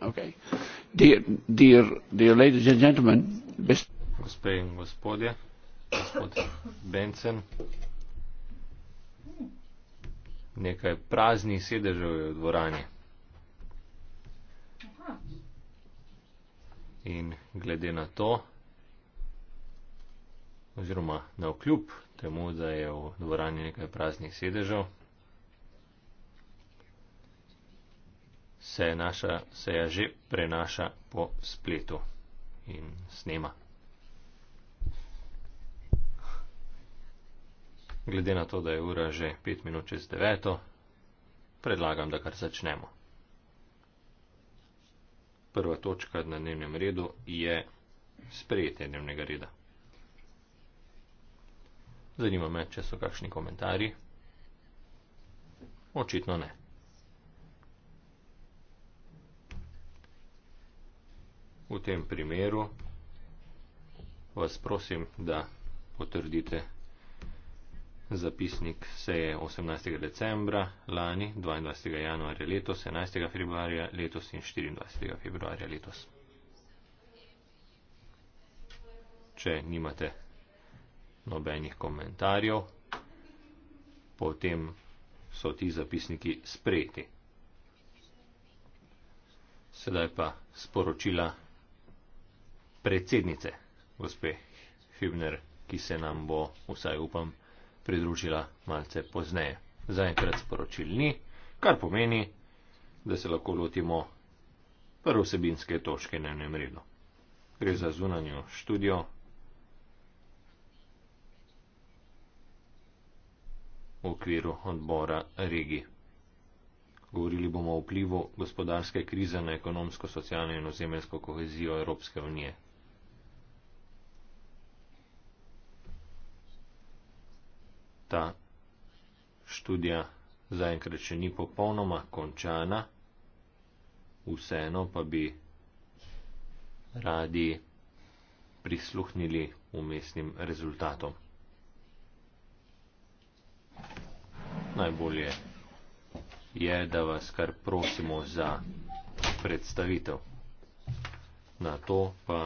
Okay. Dear, dear, dear ladies and gentlemen, best. Gospe in gospodje, gospod Bencen. Nekaj praznih sedežev je v dvorani. In glede na to, oziroma na okljub temu, da je v dvorani nekaj praznih sedežev, se naša seja že prenaša po spletu in snema. Glede na to, da je ura že pet minut čez deveto, predlagam, da kar začnemo. Prva točka na dnevnem redu je sprejetje dnevnega reda. Zanima me, če so kakšni komentarji. Očitno ne. V tem primeru vas prosim, da potrdite zapisnik seje 18. decembra lani, 22. januarja letos, 11. februarja letos in 24. februarja letos. Če nimate nobenih komentarjev, potem so ti zapisniki sprejeti. Sedaj pa sporočila predsednice, gospe Hübner, ki se nam bo, vsaj upam, pridružila malce pozneje. Zaenkrat sporočil ni, kar pomeni, da se lahko lotimo prvosebinske točke na enem redu. Gre za zunanjo študijo. V okviru odbora regi. Govorili bomo o vplivu gospodarske krize na ekonomsko, socialno in ozemeljsko kohezijo Evropske unije. ta študija zaenkrat še ni popolnoma končana, vseeno pa bi radi prisluhnili umestnim rezultatom. Najbolje je, da vas kar prosimo za predstavitev. Na to pa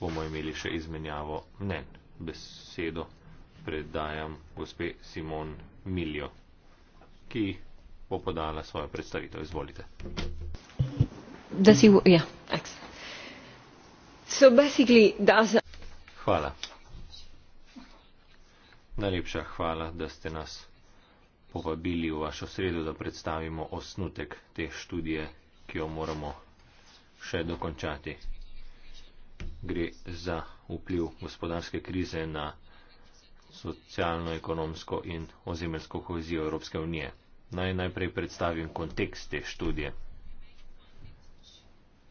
bomo imeli še izmenjavo mnen, besedo predajam gospe Simon Miljo, ki bo podala svojo predstavitev. Izvolite. Ja, hvala. Najlepša hvala, da ste nas povabili v vašo sredo, da predstavimo osnutek te študije, ki jo moramo še dokončati. Gre za vpliv gospodarske krize na socialno, ekonomsko in ozemelsko kohezijo Evropske unije. Naj najprej predstavim kontekst te študije.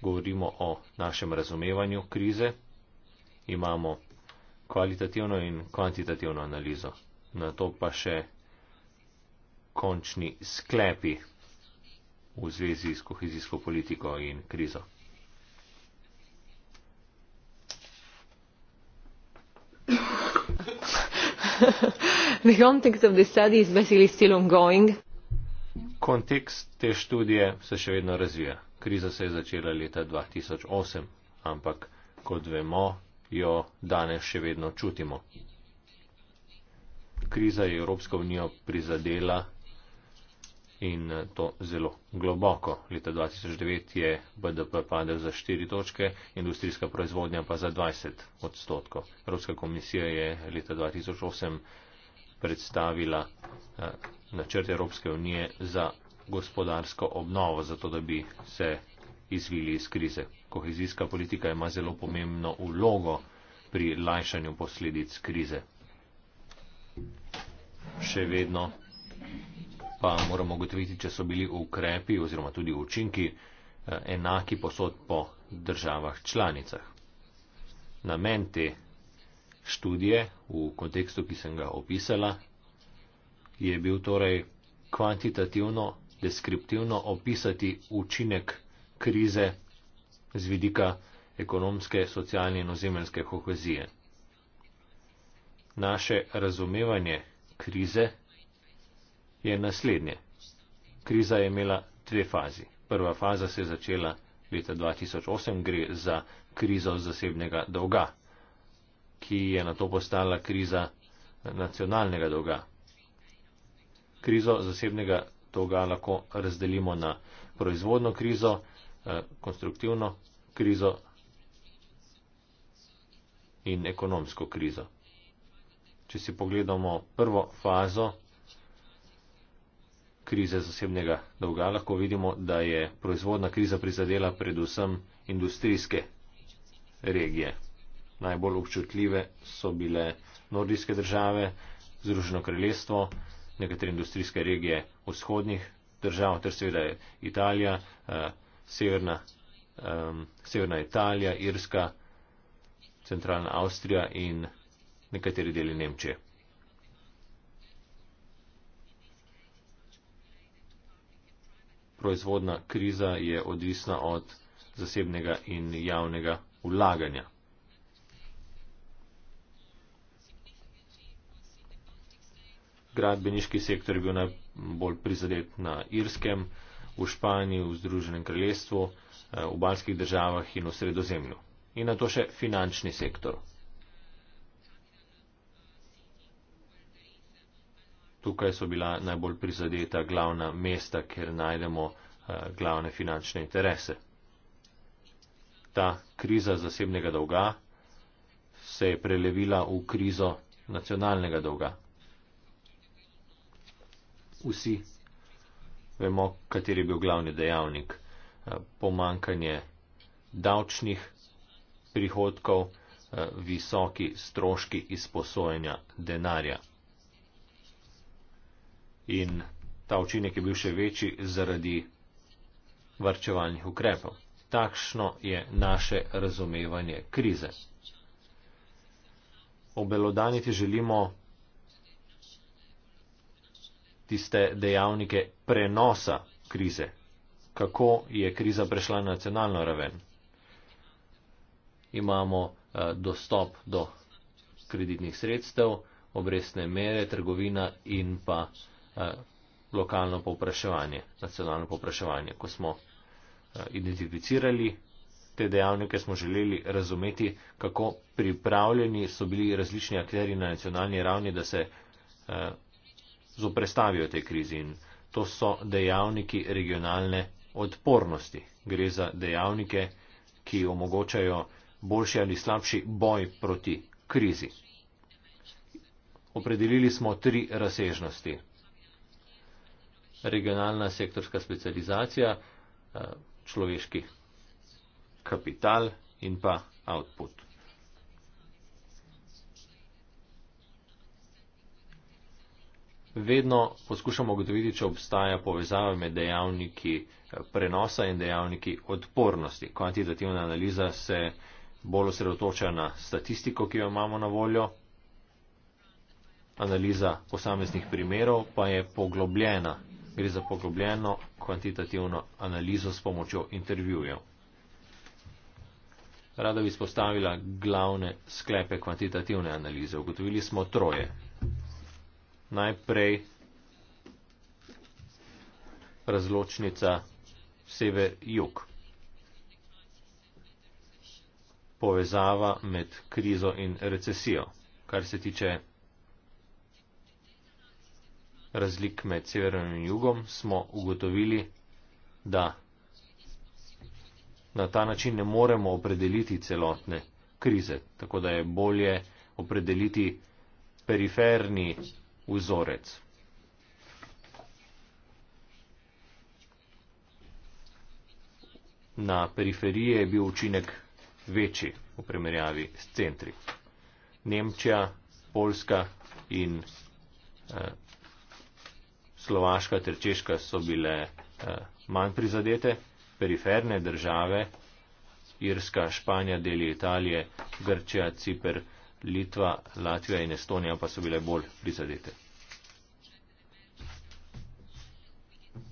Govorimo o našem razumevanju krize, imamo kvalitativno in kvantitativno analizo, na to pa še končni sklepi v zvezi s kohezijsko politiko in krizo. the context of the study is basically still ongoing. Kontekst te študije se še vedno razvija. Kriza se je začela leta 2008, ampak kot vemo, jo danes še vedno čutimo. Kriza je Evropsko unijo prizadela in eh, to zelo globoko. Leta 2009 je BDP padel za 4 točke, industrijska proizvodnja pa za 20 odstotkov. Evropska komisija je leta 2008 predstavila eh, načrt Evropske unije za gospodarsko obnovo, zato da bi se izvili iz krize. Kohezijska politika ima zelo pomembno ulogo pri lajšanju posledic krize. Še vedno pa moramo ugotoviti, če so bili ukrepi oziroma tudi učinki eh, enaki posod po državah članicah. Namen te študije v kontekstu, ki sem ga opisala, je bil torej kvantitativno, deskriptivno opisati učinek krize z vidika ekonomske, socialne in ozemeljske kohezije. Naše razumevanje krize je naslednje. Kriza je imela dve fazi. Prva faza se je začela leta 2008, gre za krizo zasebnega dolga, ki je na to postala kriza nacionalnega dolga. Krizo zasebnega dolga lahko razdelimo na proizvodno krizo, eh, konstruktivno krizo in ekonomsko krizo. Če si pogledamo prvo fazo, krize zasebnega dolga, lahko vidimo, da je proizvodna kriza prizadela predvsem industrijske regije. Najbolj občutljive so bile nordijske države, Združeno kraljestvo, nekatere industrijske regije vzhodnih držav, ter seveda Italija, eh, severna, eh, severna Italija, Irska, centralna Avstrija in nekateri deli Nemčije. proizvodna kriza je odvisna od zasebnega in javnega vlaganja. Gradbeniški sektor je bil najbolj prizadet na Irskem, v Španiji, v Združenem kraljestvu, eh, v balskih državah in v sredozemlju. In na to še finančni sektor. tukaj so bila najbolj prizadeta glavna mesta, ker najdemo eh, glavne finančne interese. Ta kriza zasebnega dolga se je prelevila v krizo nacionalnega dolga. Vsi vemo, kateri je bil glavni dejavnik. Eh, pomankanje davčnih prihodkov, eh, visoki stroški izposojenja denarja in ta učinek je bil še večji zaradi varčevalnih ukrepov. Takšno je naše razumevanje krize. Obelodaniti želimo tiste dejavnike prenosa krize, kako je kriza prešla na nacionalno raven. Imamo eh, dostop do kreditnih sredstev, obrestne mere, trgovina in pa uh, Eh, lokalno povpraševanje, nacionalno povpraševanje. Ko smo eh, identificirali te dejavnike, smo želeli razumeti, kako pripravljeni so bili različni akteri na nacionalni ravni, da se eh, zoprestavijo te krizi. In to so dejavniki regionalne odpornosti. Gre za dejavnike, ki omogočajo boljši ali slabši boj proti krizi. Opredelili smo tri razsežnosti regionalna sektorska specializacija, eh, človeški kapital in pa output. Vedno poskušamo ugotoviti, če obstaja povezava med dejavniki eh, prenosa in dejavniki odpornosti. Kvantitativna analiza se bolj osredotoča na statistiko, ki jo imamo na voljo. Analiza posameznih primerov pa je poglobljena gre za poglobljeno kvantitativno analizo s pomočjo intervjujev. Rada bi spostavila glavne sklepe kvantitativne analize. Ugotovili smo troje. Najprej razločnica sever-jug. Povezava med krizo in recesijo, kar se tiče razlik med severom in jugom, smo ugotovili, da na ta način ne moremo opredeliti celotne krize, tako da je bolje opredeliti periferni vzorec. Na periferiji je bil učinek večji v primerjavi s centri. Nemčija, Poljska in eh, Slovaška ter Češka so bile eh, manj prizadete, periferne države, Irska, Španija, deli Italije, Grčija, Cipr, Litva, Latvija in Estonija pa so bile bolj prizadete.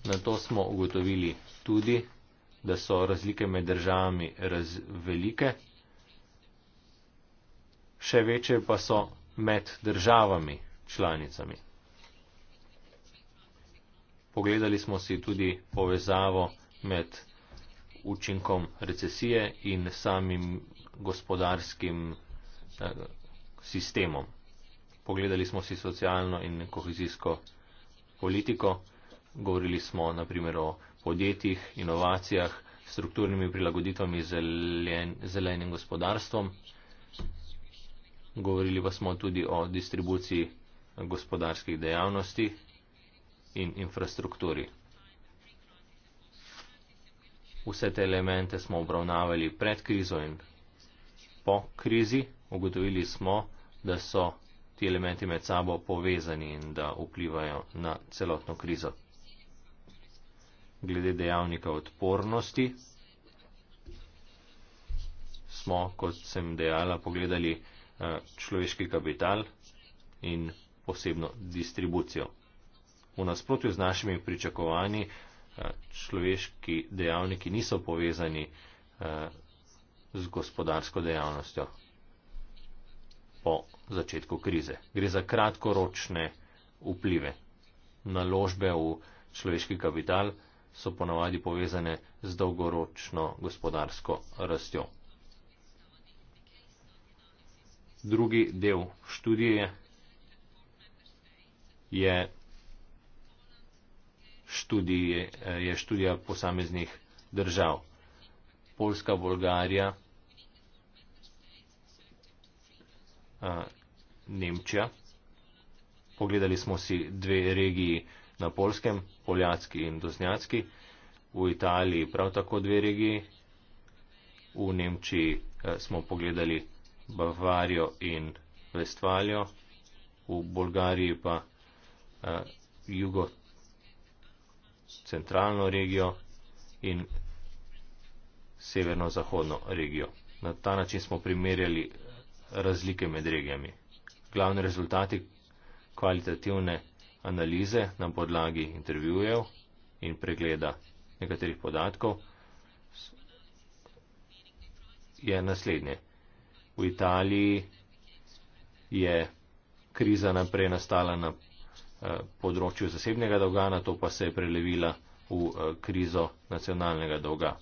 Na to smo ugotovili tudi, da so razlike med državami raz velike, še večje pa so med državami članicami. Pogledali smo si tudi povezavo med učinkom recesije in samim gospodarskim eh, sistemom. Pogledali smo si socialno in kohezijsko politiko, govorili smo naprimer o podjetjih, inovacijah, strukturnimi prilagoditvami zelen, zelenim gospodarstvom. Govorili pa smo tudi o distribuciji gospodarskih dejavnosti, in infrastrukturi. Vse te elemente smo obravnavali pred krizo in po krizi. Ugotovili smo, da so ti elementi med sabo povezani in da vplivajo na celotno krizo. Glede dejavnika odpornosti smo, kot sem dejala, pogledali eh, človeški kapital in posebno distribucijo v nasprotju z našimi pričakovanji eh, človeški dejavniki niso povezani eh, z gospodarsko dejavnostjo po začetku krize. Gre za kratkoročne vplive. Naložbe v človeški kapital so ponavadi povezane z dolgoročno gospodarsko rastjo. Drugi del študije je študij, je študija posameznih držav. Poljska, Bolgarija, Nemčija. Pogledali smo si dve regiji na Polskem, Poljatski in Dosnjatski. V Italiji prav tako dve regiji. V Nemčiji smo pogledali Bavarijo in Vestvaljo, v Bolgariji pa jugo centralno regijo in severno-zahodno regijo. Na ta način smo primerjali eh, razlike med regijami. Glavni rezultati kvalitativne analize na podlagi intervjujev in pregleda nekaterih podatkov je naslednje. V Italiji je kriza naprej nastala na Eh, področju zasebnega dolga, na to pa se je prelevila v eh, krizo nacionalnega dolga.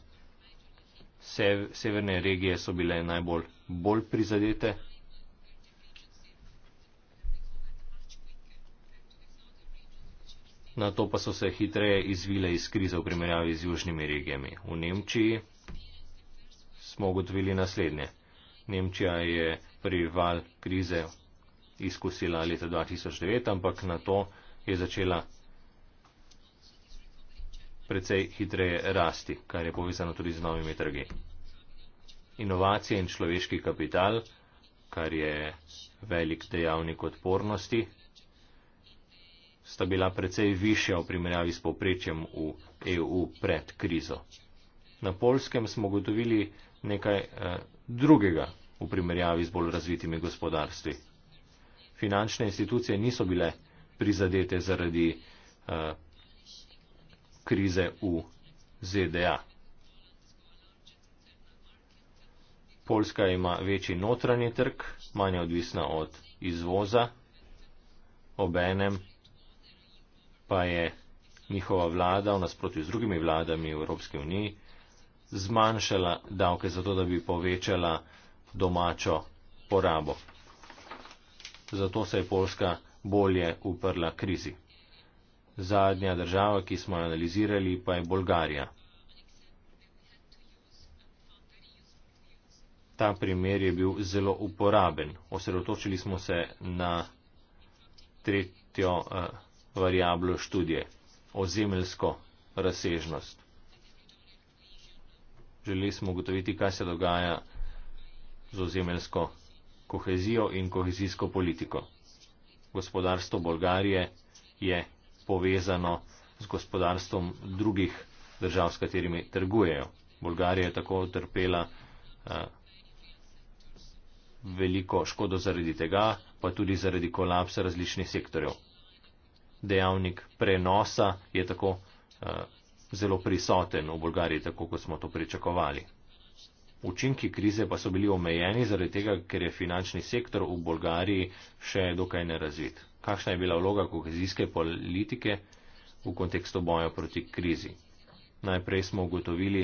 Severne regije so bile najbolj bolj prizadete. Na to pa so se hitreje izvile iz krize v primerjavi z južnimi regijami. V Nemčiji smo ugotovili naslednje. Nemčija je pri val krize izkusila leta 2009, ampak na to je začela precej hitreje rasti, kar je povezano tudi z novimi trgi. Inovacije in človeški kapital, kar je velik dejavnik odpornosti, sta bila precej više v primerjavi s povprečjem v EU pred krizo. Na polskem smo gotovili nekaj eh, drugega v primerjavi z bolj razvitimi gospodarstvi finančne institucije niso bile prizadete zaradi uh, krize v ZDA. Poljska ima večji notranji trg, manj odvisna od izvoza, obenem pa je njihova vlada v nasprotju z drugimi vladami Evropske unije zmanjšala davke zato, da bi povečala domačo porabo zato se je Polska bolje uprla krizi. Zadnja država, ki smo jo analizirali, pa je Bolgarija. Ta primer je bil zelo uporaben. Osredotočili smo se na tretjo eh, variablo študije, ozemelsko razsežnost. Želeli smo ugotoviti, kaj se dogaja z ozemelsko kohezijo in kohezijsko politiko. Gospodarstvo Bolgarije je povezano z gospodarstvom drugih držav, s katerimi trgujejo. Bolgarija je tako trpela eh, veliko škodo zaradi tega, pa tudi zaradi kolapsa različnih sektorjev. Dejavnik prenosa je tako eh, zelo prisoten v Bolgariji, tako kot smo to pričakovali. Učinki krize pa so bili omejeni zaradi tega, ker je finančni sektor v Bolgariji še dokaj nerazvit. Kakšna je bila vloga kohezijske politike v kontekstu boja proti krizi? Najprej smo ugotovili,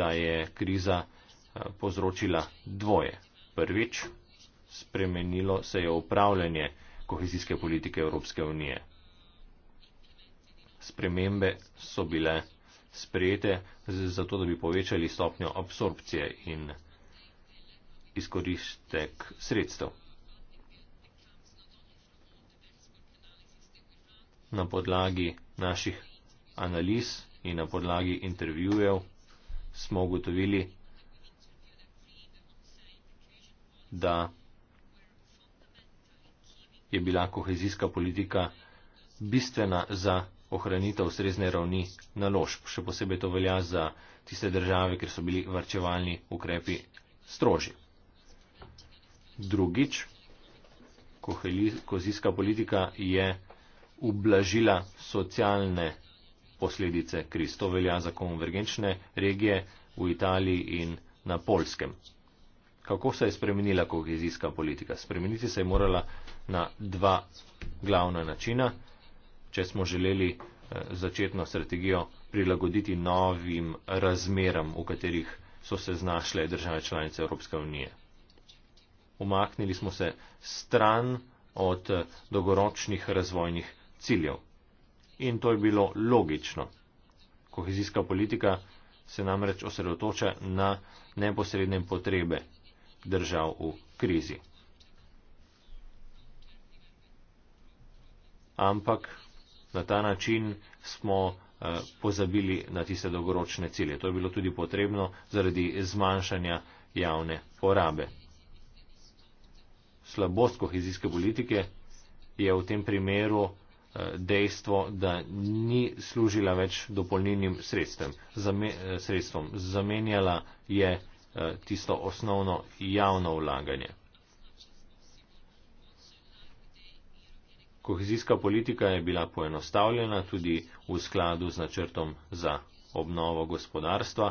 da je kriza eh, povzročila dvoje. Prvič, spremenilo se je upravljanje kohezijske politike Evropske unije. Spremembe so bile sprejete, zato da bi povečali stopnjo absorpcije in izkoristek sredstev. Na podlagi naših analiz in na podlagi intervjujev smo ugotovili, da je bila kohezijska politika bistvena za ohranitev srezne ravni naložb. Še posebej to velja za tiste države, kjer so bili varčevalni ukrepi stroži. Drugič, kozijska politika je ublažila socialne posledice kriz. To velja za konvergenčne regije v Italiji in na Polskem. Kako se je spremenila kohezijska politika? Spremeniti se je morala na dva glavna načina če smo želeli eh, začetno strategijo prilagoditi novim razmeram, v katerih so se znašle države članice Evropske unije. Umaknili smo se stran od eh, dolgoročnih razvojnih ciljev. In to je bilo logično. Kohezijska politika se namreč osredotoča na neposredne potrebe držav v krizi. Ampak na ta način smo eh, pozabili na tiste dolgoročne cilje. To je bilo tudi potrebno zaradi zmanjšanja javne porabe. Slabost kohezijske politike je v tem primeru eh, dejstvo, da ni služila več dopolnilnim sredstvem. Eh, sredstvom. Zamenjala je tisto osnovno javno vlaganje. Kohezijska politika je bila poenostavljena tudi v skladu z načrtom za obnovo gospodarstva,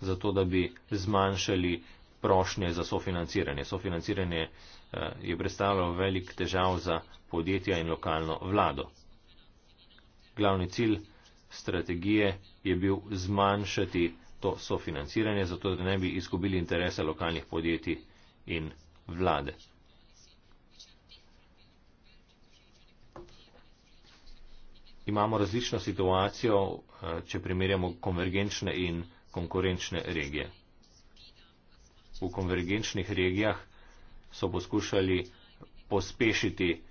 zato da bi zmanjšali prošnje za sofinanciranje. Sofinanciranje eh, je predstavljalo velik težav za podjetja in lokalno vlado. Glavni cilj strategije je bil zmanjšati to sofinanciranje, zato da ne bi izgubili interese lokalnih podjetij in vlade. imamo različno situacijo, eh, če primerjamo konvergenčne in konkurenčne regije. V konvergenčnih regijah so poskušali pospešiti eh,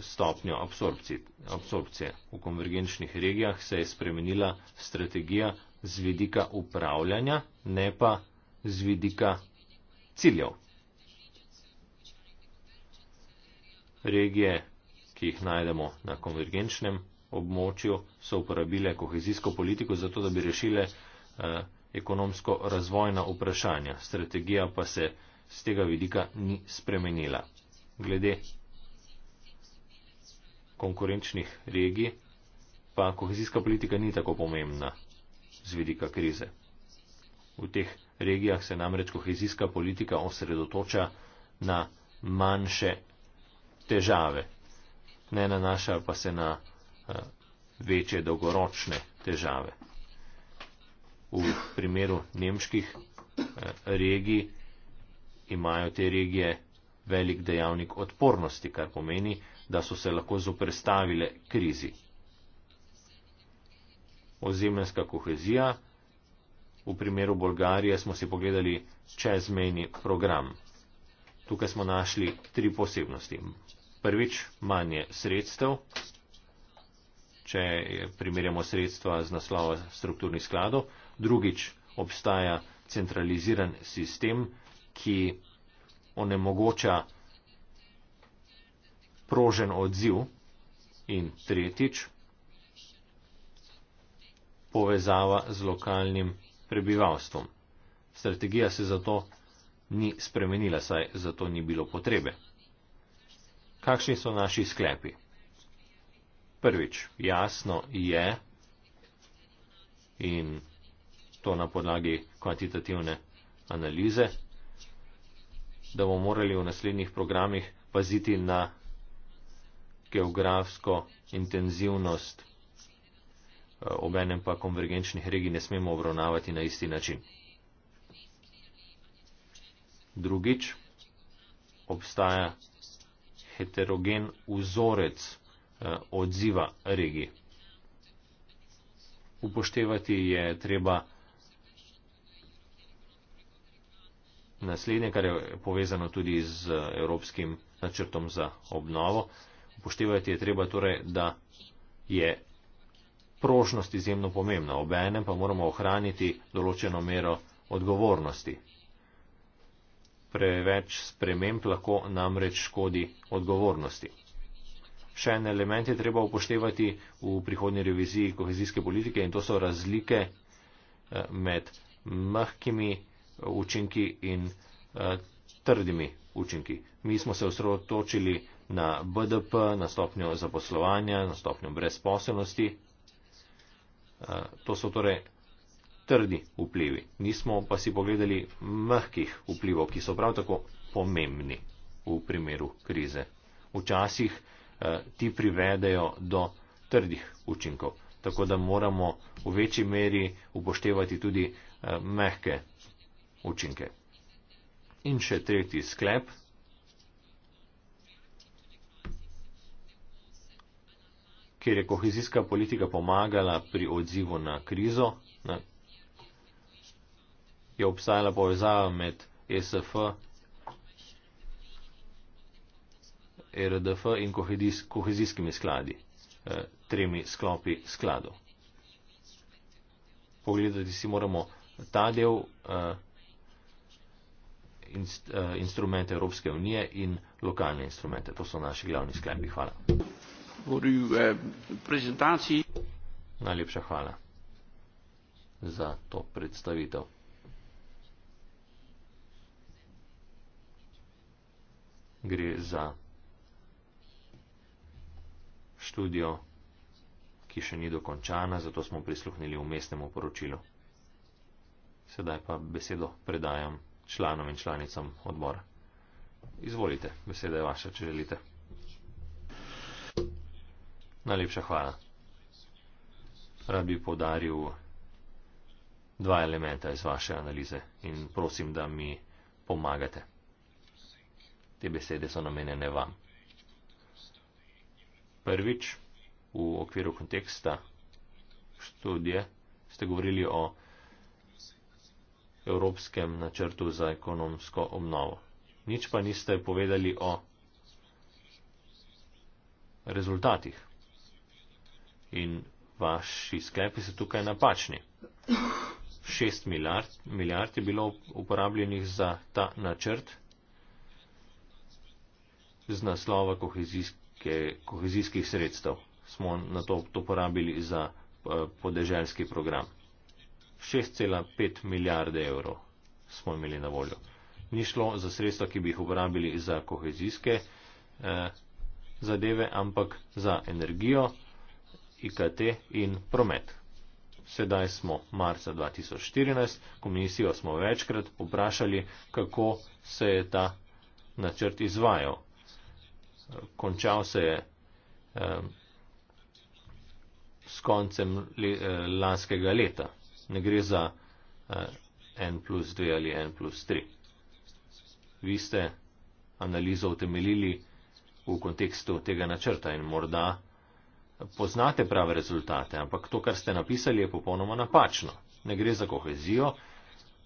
stopnjo absorpcije. V konvergenčnih regijah se je spremenila strategija z vidika upravljanja, ne pa z vidika ciljev. Regije, ki jih najdemo na konvergenčnem območju so uporabile kohezijsko politiko zato, da bi rešile eh, ekonomsko razvojna vprašanja. Strategija pa se z tega vidika ni spremenila. Glede konkurenčnih regij pa kohezijska politika ni tako pomembna z vidika krize. V teh regijah se namreč kohezijska politika osredotoča na manjše težave. Ne nanaša pa se na Eh, večje dolgoročne težave. V primeru nemških eh, regij imajo te regije velik dejavnik odpornosti, kar pomeni, da so se lahko zoprestavile krizi. Ozemljanska kohezija. V primeru Bolgarije smo si pogledali čezmejni program. Tukaj smo našli tri posebnosti. Prvič, manje sredstev, če primerjamo sredstva z naslova strukturnih skladov. Drugič, obstaja centraliziran sistem, ki onemogoča prožen odziv. In tretjič, povezava z lokalnim prebivalstvom. Strategija se zato ni spremenila, saj zato ni bilo potrebe. Kakšni so naši sklepi? Prvič, jasno je in to na podlagi kvantitativne analize, da bomo morali v naslednjih programih paziti na geografsko intenzivnost, eh, obenem pa konvergenčnih regij ne smemo obravnavati na isti način. Drugič, obstaja heterogen vzorec. Eh, odziva regiji. Upoštevati je treba naslednje, kar je povezano tudi z Evropskim načrtom za obnovo. Upoštevati je treba torej, da je prožnost izjemno pomembna, obenem pa moramo ohraniti določeno mero odgovornosti. Preveč sprememb lahko namreč škodi odgovornosti še en element je treba upoštevati v prihodnji reviziji kohezijske politike in to so razlike eh, med mehkimi učinki in eh, trdimi učinki. Mi smo se osredotočili na BDP, na stopnjo zaposlovanja, na stopnjo brezposobnosti. Eh, to so torej trdi vplivi. Nismo pa si pogledali mehkih vplivov, ki so prav tako pomembni v primeru krize. Včasih uh, Eh, ti privedejo do trdih učinkov. Tako da moramo v večji meri upoštevati tudi eh, mehke učinke. In še tretji sklep. kjer je kohezijska politika pomagala pri odzivu na krizo, je obstajala povezava med e SF RDF in kohezijskimi skladi, eh, tremi sklopi skladov. Pogledati si moramo ta del eh, eh, instrumente Evropske unije in lokalne instrumente. To so naši glavni sklepi. Hvala. Najlepša hvala za to predstavitev. Gre za študijo, ki še ni dokončana, zato smo prisluhnili umestnemu poročilu. Sedaj pa besedo predajam članom in članicam odbora. Izvolite, beseda je vaša, če želite. Najlepša hvala. Rad bi podaril dva elementa iz vaše analize in prosim, da mi pomagate. Te besede so namenjene vam prvič v okviru konteksta študije ste govorili o evropskem načrtu za ekonomsko obnovo. Nič pa niste povedali o rezultatih. In vaši sklepi so tukaj napačni. 6 milijard, milijard je bilo uporabljenih za ta načrt z naslova kohezijskih ki je eh, kohezijskih sredstev, smo na to, to porabili za eh, podeželjski program. 6,5 milijarde evrov smo imeli na voljo. Ni šlo za sredstva, ki bi jih uporabili za kohezijske eh, zadeve, ampak za energijo, IKT in promet. Sedaj smo marca 2014, komisijo smo večkrat vprašali, kako se je ta načrt izvajal končal se je s koncem eh, lanskega leta. Ne gre za eh, n plus 2 ali n plus 3. Vi ste analizo utemeljili v kontekstu tega načrta in morda poznate prave rezultate, ampak to, kar ste napisali, je popolnoma napačno. Ne gre za kohezijo,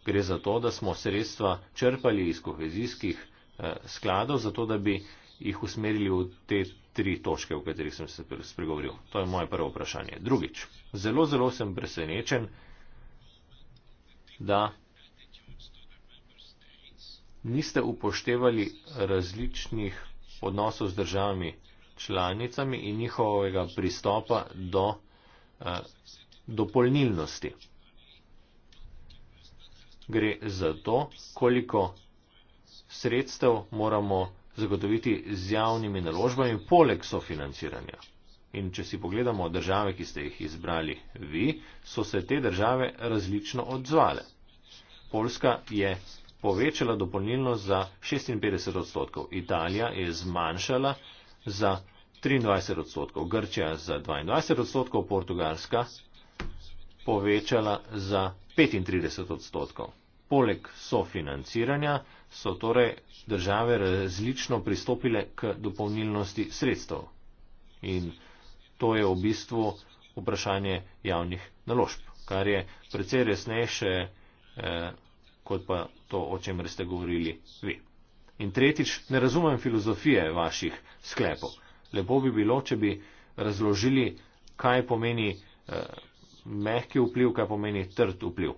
gre za to, da smo sredstva črpali iz kohezijskih eh, skladov, zato da bi jih usmerili v te tri točke, o katerih sem se spregovoril. To je moje prvo vprašanje. Drugič, zelo, zelo sem presenečen, da niste upoštevali različnih odnosov z državami članicami in njihovega pristopa do eh, dopolnilnosti. Gre za to, koliko sredstev moramo zagotoviti z javnimi naložbami poleg sofinanciranja. In če si pogledamo države, ki ste jih izbrali vi, so se te države različno odzvale. Poljska je povečala dopolnilno za 56 odstotkov, Italija je zmanjšala za 23 odstotkov, Grčija za 22 odstotkov, Portugalska povečala za 35 odstotkov poleg sofinanciranja so torej države različno pristopile k dopolnilnosti sredstev. In to je v bistvu vprašanje javnih naložb, kar je precej resnejše, eh, kot pa to, o čemer ste govorili vi. In tretjič, ne razumem filozofije vaših sklepov. Lepo bi bilo, če bi razložili, kaj pomeni eh, mehki vpliv, kaj pomeni trd vpliv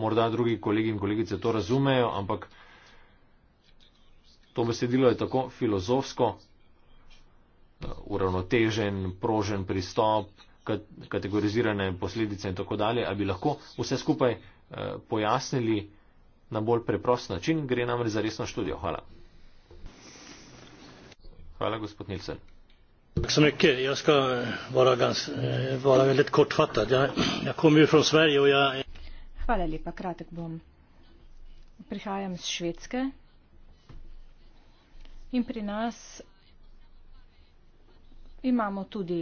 morda drugi kolegi in kolegice to razumejo, ampak to besedilo je tako filozofsko uravnotežen, prožen pristop, kategorizirane posledice in tako dalje, ali bi lahko vse skupaj eh, pojasnili na bolj preprost način, gre namreč za resno študijo. Hvala. Hvala, gospod Nilsen. Tack så mycket. Jag ska eh, vara, ganska, eh, vara väldigt kortfattad. Jag, jag kommer ju från Sverige och jag... Hvala lepa, kratek bom. Prihajam z Švedske in pri nas imamo tudi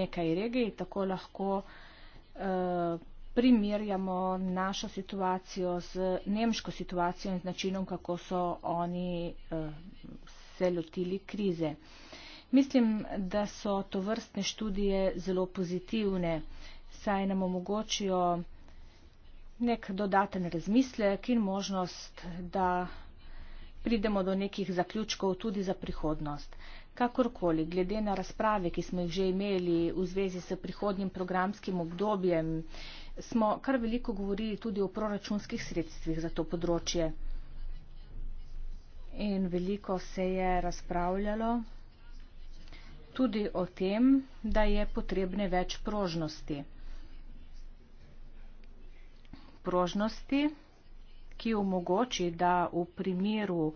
nekaj regij, tako lahko uh, primerjamo našo situacijo z nemško situacijo in z načinom, kako so oni uh, se lotili krize. Mislim, da so to vrstne študije zelo pozitivne, saj nam omogočijo, nek dodaten razmislek in možnost, da pridemo do nekih zaključkov tudi za prihodnost. Kakorkoli, glede na razprave, ki smo jih že imeli v zvezi s prihodnjim programskim obdobjem, smo kar veliko govorili tudi o proračunskih sredstvih za to področje. In veliko se je razpravljalo tudi o tem, da je potrebne več prožnosti prožnosti, ki omogoči, da v primeru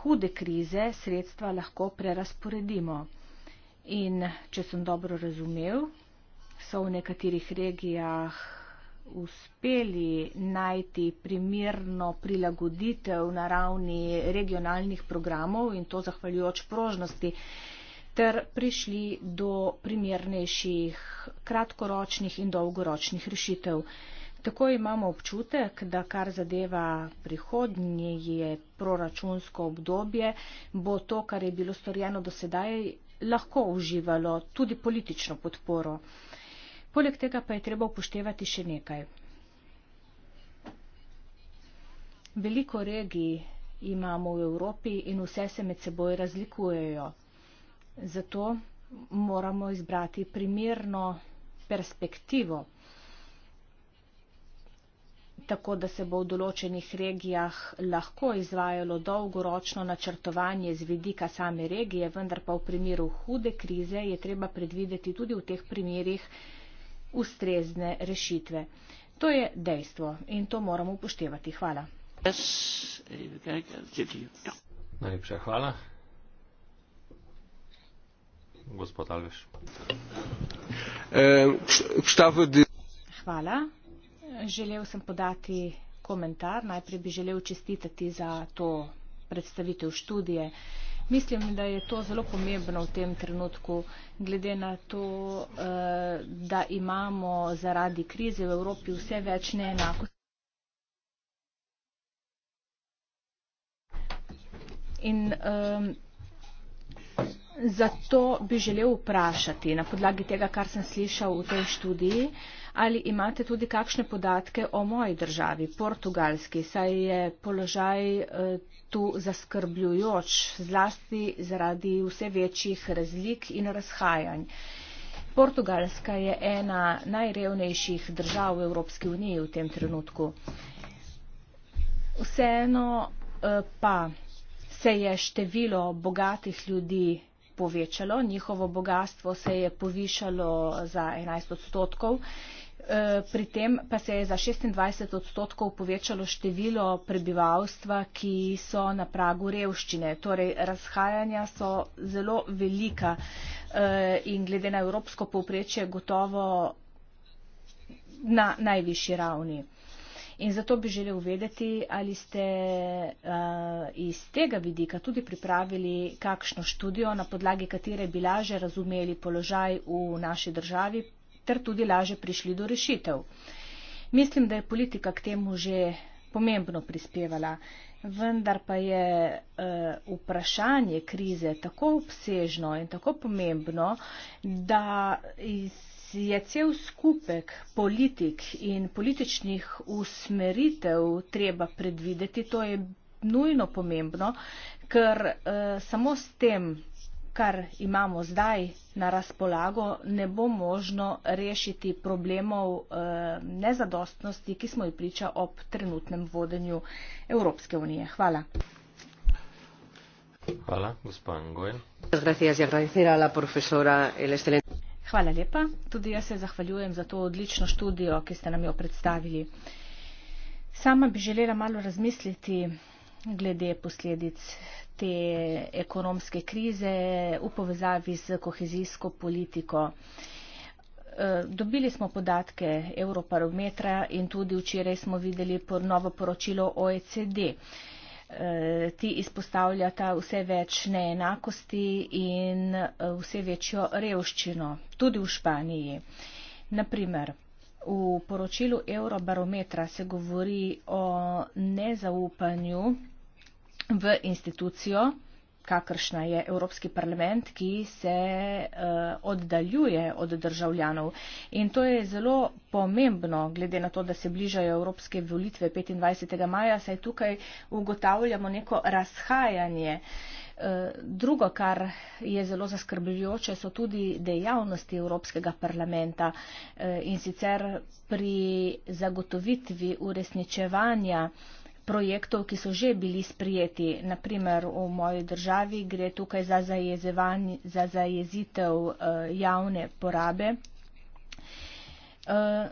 hude krize sredstva lahko prerasporedimo. In če sem dobro razumev, so v nekaterih regijah uspeli najti primerno prilagoditev na ravni regionalnih programov in to zahvaljujoč prožnosti ter prišli do primernejših kratkoročnih in dolgoročnih rešitev. Tako imamo občutek, da kar zadeva prihodnje je proračunsko obdobje, bo to, kar je bilo storjeno do sedaj, lahko uživalo tudi politično podporo. Poleg tega pa je treba upoštevati še nekaj. Veliko regij imamo v Evropi in vse se med seboj razlikujejo. Zato moramo izbrati primerno perspektivo tako da se bo v določenih regijah lahko izvajalo dolgoročno načrtovanje z vidika same regije, vendar pa v primeru hude krize je treba predvideti tudi v teh primerjih ustrezne rešitve. To je dejstvo in to moramo upoštevati. Hvala. Eh, Najlepša hvala. Gospod Alves. Eh, hvala. Želel sem podati komentar. Najprej bi želel čestitati za to predstavitev študije. Mislim, da je to zelo pomembno v tem trenutku, glede na to, eh, da imamo zaradi krize v Evropi vse več neenakosti. In um, zato bi želel vprašati na podlagi tega, kar sem slišal v tej študiji. Uh, ali imate tudi kakšne podatke o moji državi, Portugalski, saj je položaj eh, tu zaskrbljujoč, zlasti zaradi vse večjih razlik in razhajanj. Portugalska je ena najrevnejših držav v Evropski uniji v tem trenutku. Vseeno eh, pa se je število bogatih ljudi povečalo, njihovo bogatstvo se je povišalo za 11 odstotkov Eh, pri tem pa se je za 26 odstotkov povečalo število prebivalstva, ki so na pragu revščine. Torej, razhajanja so zelo velika eh, in glede na evropsko povprečje gotovo na najvišji ravni. In zato bi želel vedeti, ali ste uh, iz tega vidika tudi pripravili kakšno študijo, na podlagi katere bi laže razumeli položaj v naši državi, ter tudi laže prišli do rešitev. Mislim, da je politika k temu že pomembno prispevala, vendar pa je uh, vprašanje krize tako obsežno in tako pomembno, da je cel skupek politik in političnih usmeritev treba predvideti. To je nujno pomembno, ker uh, samo s tem kar imamo zdaj na razpolago, ne bo možno rešiti problemov eh, nezadostnosti, ki smo jih priča ob trenutnem vodenju Evropske unije. Hvala. Hvala, gospod Angoen. Hvala lepa. Tudi jaz se zahvaljujem za to odlično študijo, ki ste nam jo predstavili. Sama bi želela malo razmisliti glede posledic te ekonomske krize v povezavi z kohezijsko politiko. E, dobili smo podatke Europarometra in tudi včeraj smo videli novo poročilo OECD. E, ti izpostavljata vse več neenakosti in e, vse večjo revščino, tudi v Španiji. Naprimer, v poročilu Eurobarometra se govori o nezaupanju v institucijo, kakršna je Evropski parlament, ki se uh, oddaljuje od državljanov. In to je zelo pomembno, glede na to, da se bližajo Evropske volitve 25. maja, saj tukaj ugotavljamo neko razhajanje. Eh, drugo, kar je zelo zaskrbljujoče, so tudi dejavnosti Evropskega parlamenta eh, in sicer pri zagotovitvi uresničevanja projektov, ki so že bili sprijeti. Naprimer, v moji državi gre tukaj za, za zajezitev uh, javne porabe. Uh,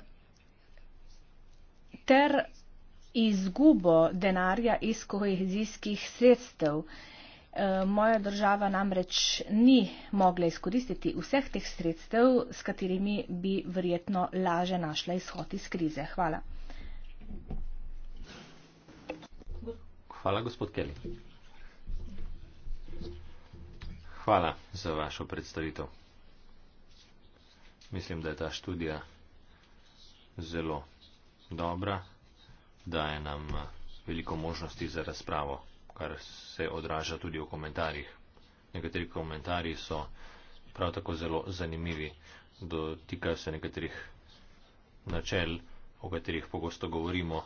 ter izgubo denarja iz kohezijskih sredstev. Eh, moja država namreč ni mogla izkoristiti vseh teh sredstev, s katerimi bi verjetno laže našla izhod iz krize. Hvala. Hvala, gospod Kelly. Hvala za vašo predstavitev. Mislim, da je ta študija zelo dobra, daje nam veliko možnosti za razpravo, kar se odraža tudi v komentarjih. Nekateri komentarji so prav tako zelo zanimivi, dotikajo se nekaterih načel, o katerih pogosto govorimo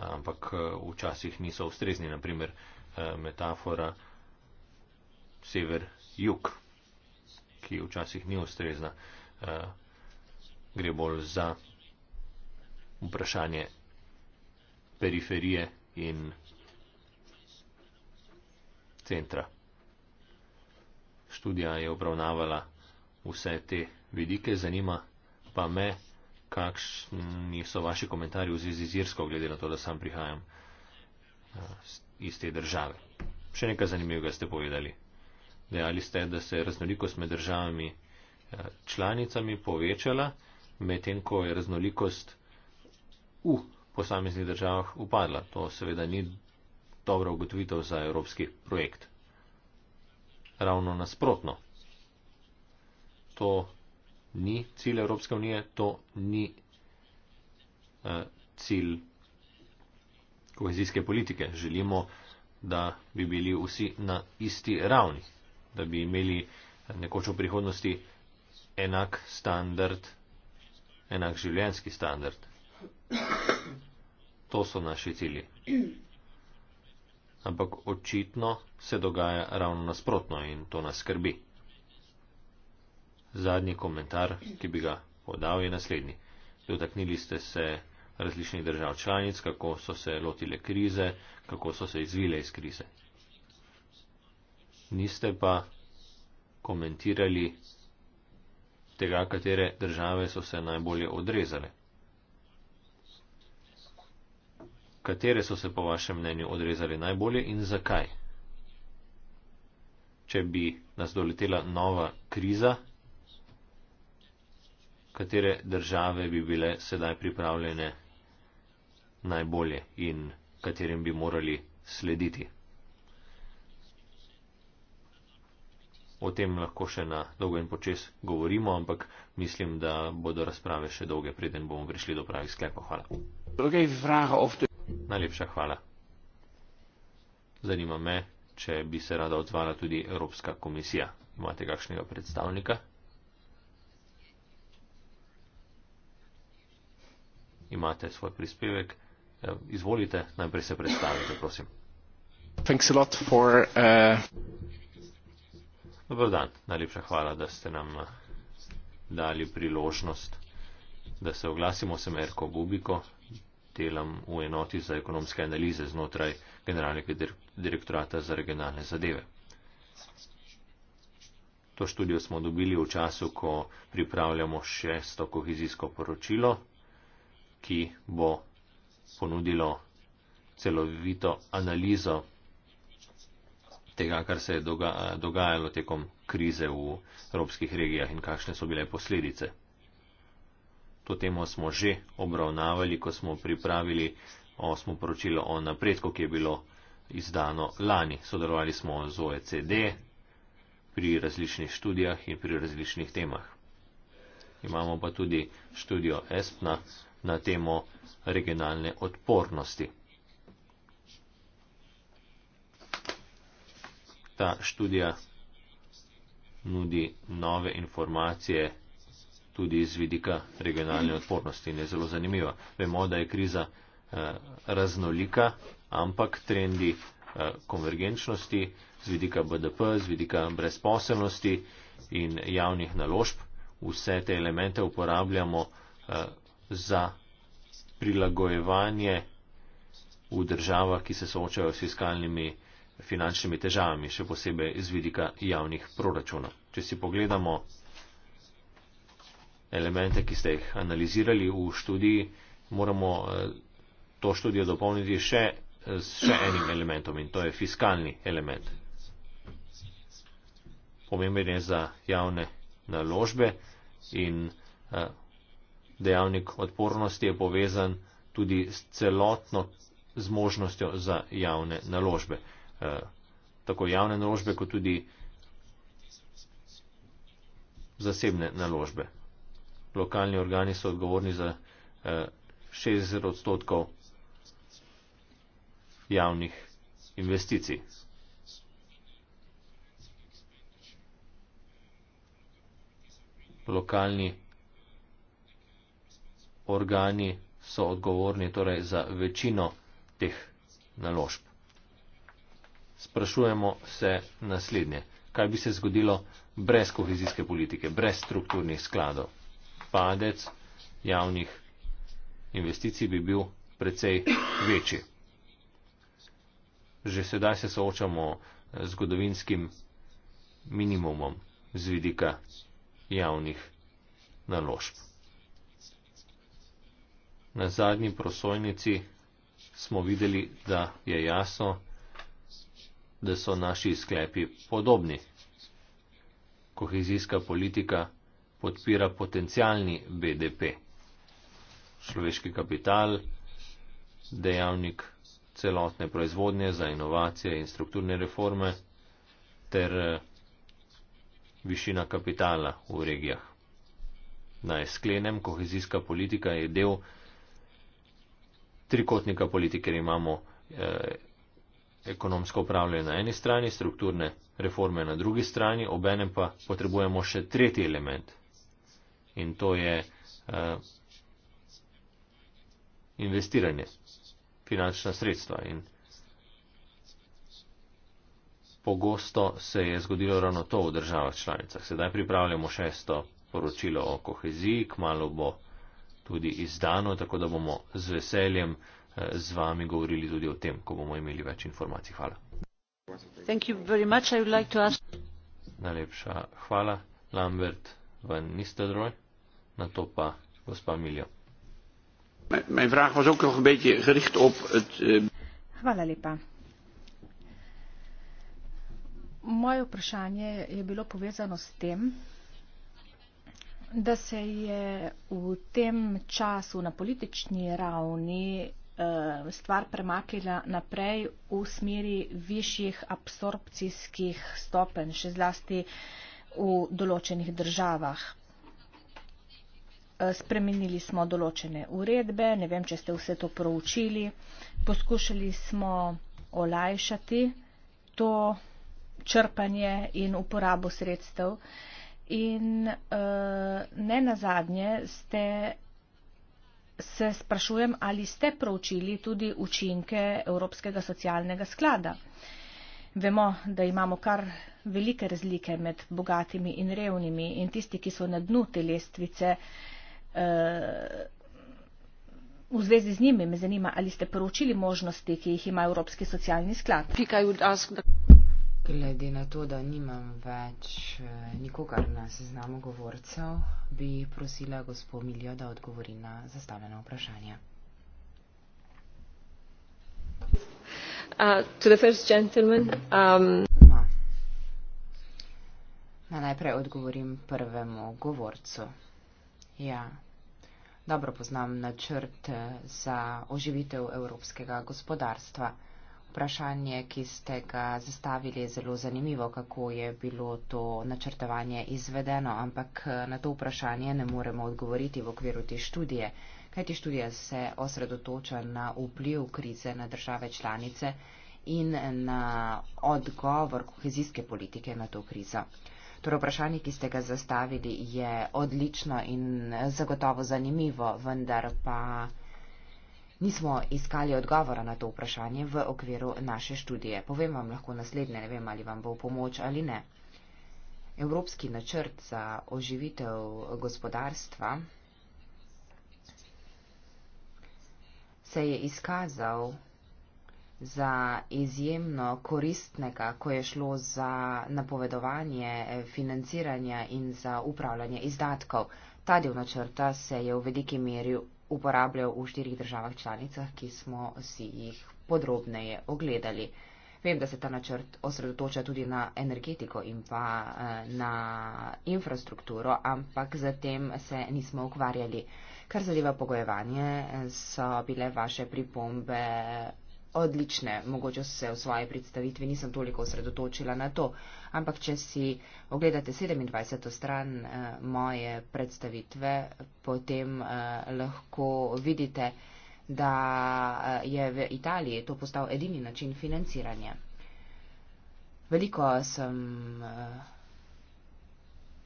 ampak eh, včasih niso ustrezni, naprimer eh, metafora sever-jug, ki včasih ni ustrezna, eh, gre bolj za vprašanje periferije in centra. Študija je obravnavala vse te vidike, zanima pa me, kakšni so vaši komentarji v zvezi z Irsko, glede na to, da sam prihajam eh, iz te države. Še nekaj zanimivega ste povedali. Dejali ste, da se je raznolikost med državami eh, članicami povečala, medtem ko je raznolikost v posameznih državah upadla. To seveda ni dobra ugotovitev za evropski projekt. Ravno nasprotno. To ni cilj Evropske unije, to ni eh, cilj kohezijske politike. Želimo, da bi bili vsi na isti ravni, da bi imeli nekoč v prihodnosti enak standard, enak življenski standard. To so naši cilji. Ampak očitno se dogaja ravno nasprotno in to nas skrbi. Zadnji komentar, ki bi ga podal, je naslednji. Dotaknili ste se različnih držav članic, kako so se lotile krize, kako so se izvile iz krize. Niste pa komentirali tega, katere države so se najbolje odrezale. Katere so se po vašem mnenju odrezali najbolje in zakaj? Če bi nas doletela nova kriza, katere države bi bile sedaj pripravljene najbolje in katerim bi morali slediti. O tem lahko še na dolgo in počes govorimo, ampak mislim, da bodo razprave še dolge, preden bomo prišli do pravih sklepov. Hvala. Najlepša hvala. Zanima me, če bi se rada odzvala tudi Evropska komisija. Imate kakšnega predstavnika? imate svoj prispevek. Eh, izvolite, najprej se predstavite, prosim. For, uh... Eh, Dobar dan, najlepša hvala, da ste nam eh, dali priložnost, da se oglasimo. Sem Erko Bubiko, delam v enoti za ekonomske analize znotraj Generalnega direktorata za regionalne zadeve. To študijo smo dobili v času, ko pripravljamo šesto kohezijsko poročilo 2014-2020 ki bo ponudilo celovito analizo tega, kar se je doga dogajalo tekom krize v evropskih regijah in kakšne so bile posledice. To temo smo že obravnavali, ko smo pripravili osmo poročilo o napredku, ki je bilo izdano lani. Sodelovali smo z OECD pri različnih študijah in pri različnih temah. Imamo pa tudi študijo ESPNA, na temo regionalne odpornosti. Ta študija nudi nove informacije tudi iz vidika regionalne odpornosti in je zelo zanimiva. Vemo, da je kriza eh, raznolika, ampak trendi eh, konvergenčnosti z vidika BDP, z vidika brezposelnosti in javnih naložb, vse te elemente uporabljamo eh, za prilagojevanje v državah, ki se soočajo s fiskalnimi finančnimi težavami, še posebej z vidika javnih proračunov. Če si pogledamo elemente, ki ste jih analizirali v študiji, moramo eh, to študijo dopolniti še eh, s še enim elementom in to je fiskalni element. Pomemben je za javne naložbe in eh, dejavnik odpornosti je povezan tudi s celotno zmožnostjo za javne naložbe. Eh, tako javne naložbe, kot tudi zasebne naložbe. Lokalni organi so odgovorni za 60 eh, odstotkov javnih investicij. Lokalni organi so odgovorni torej za večino teh naložb. Sprašujemo se naslednje, kaj bi se zgodilo brez kohezijske politike, brez strukturnih skladov. Padec javnih investicij bi bil precej večji. Že sedaj se soočamo z zgodovinskim minimumom z vidika javnih naložb na zadnji prosojnici smo videli, da je jasno, da so naši sklepi podobni. Kohezijska politika podpira potencialni BDP, človeški kapital, dejavnik celotne proizvodnje za inovacije in strukturne reforme ter eh, višina kapitala v regijah. Naj sklenem, kohezijska politika je del trikotnika politike, ker imamo eh, ekonomsko upravljanje na eni strani, strukturne reforme na drugi strani, obenem pa potrebujemo še tretji element in to je eh, investiranje, finančna sredstva. In pogosto se je zgodilo ravno to v državah članicah. Sedaj pripravljamo šesto poročilo o koheziji, kmalo bo tudi izdano, tako da bomo z veseljem eh, z vami govorili tudi o tem, ko bomo imeli več informacij. Hvala. Najlepša hvala, Lambert, van niste droj, na to pa gospa Miljo. Eh, hvala lepa. Moje vprašanje je bilo povezano s tem, da se je v tem času na politični ravni eh, stvar premaknila naprej v smeri višjih absorpcijskih stopenj, še zlasti v določenih državah. Eh, spremenili smo določene uredbe, ne vem, če ste vse to proučili, poskušali smo olajšati to črpanje in uporabo sredstev in uh, ne nazadnje ste se sprašujem, ali ste proučili tudi učinke Evropskega socialnega sklada. Vemo, da imamo kar velike razlike med bogatimi in revnimi in tisti, ki so na dnu te lestvice. Eh, v zvezi z njimi me zanima, ali ste poročili možnosti, ki jih ima Evropski socialni sklad. Pika, Glede na to, da nimam več eh, nikogar na seznamu govorcev, bi prosila gospod Miljo, da odgovori na zastavljeno vprašanje. Uh, um... no. Na najprej odgovorim prvemu govorcu. Ja, dobro poznam načrt eh, za oživitev evropskega gospodarstva vprašanje, ki ste ga zastavili, je zelo zanimivo, kako je bilo to načrtovanje izvedeno, ampak eh, na to vprašanje ne moremo odgovoriti v okviru te študije. Kajti študija se osredotoča na vpliv krize na države članice in na odgovor kohezijske politike na to krizo. Torej, vprašanje, ki ste ga zastavili, je odlično in eh, zagotovo zanimivo, vendar pa nismo iskali odgovora na to vprašanje v okviru naše študije. Povem vam lahko naslednje, ne vem, ali vam bo v pomoč ali ne. Evropski načrt za oživitev gospodarstva se je izkazal za izjemno koristnega, ko je šlo za napovedovanje eh, financiranja in za upravljanje izdatkov. Ta del načrta se je v veliki meri uporabljajo v štirih državah članicah, ki smo si jih podrobneje ogledali. Vem, da se ta načrt osredotoča tudi na energetiko in pa eh, na infrastrukturo, ampak zatem se nismo ukvarjali. Kar zadeva pogojevanje, eh, so bile vaše pripombe odlične. Mogoče se v svoji predstavitvi nisem toliko osredotočila na to, ampak če si ogledate 27. stran eh, moje predstavitve, potem eh, lahko vidite, da eh, je v Italiji to postal edini način financiranja. Veliko sem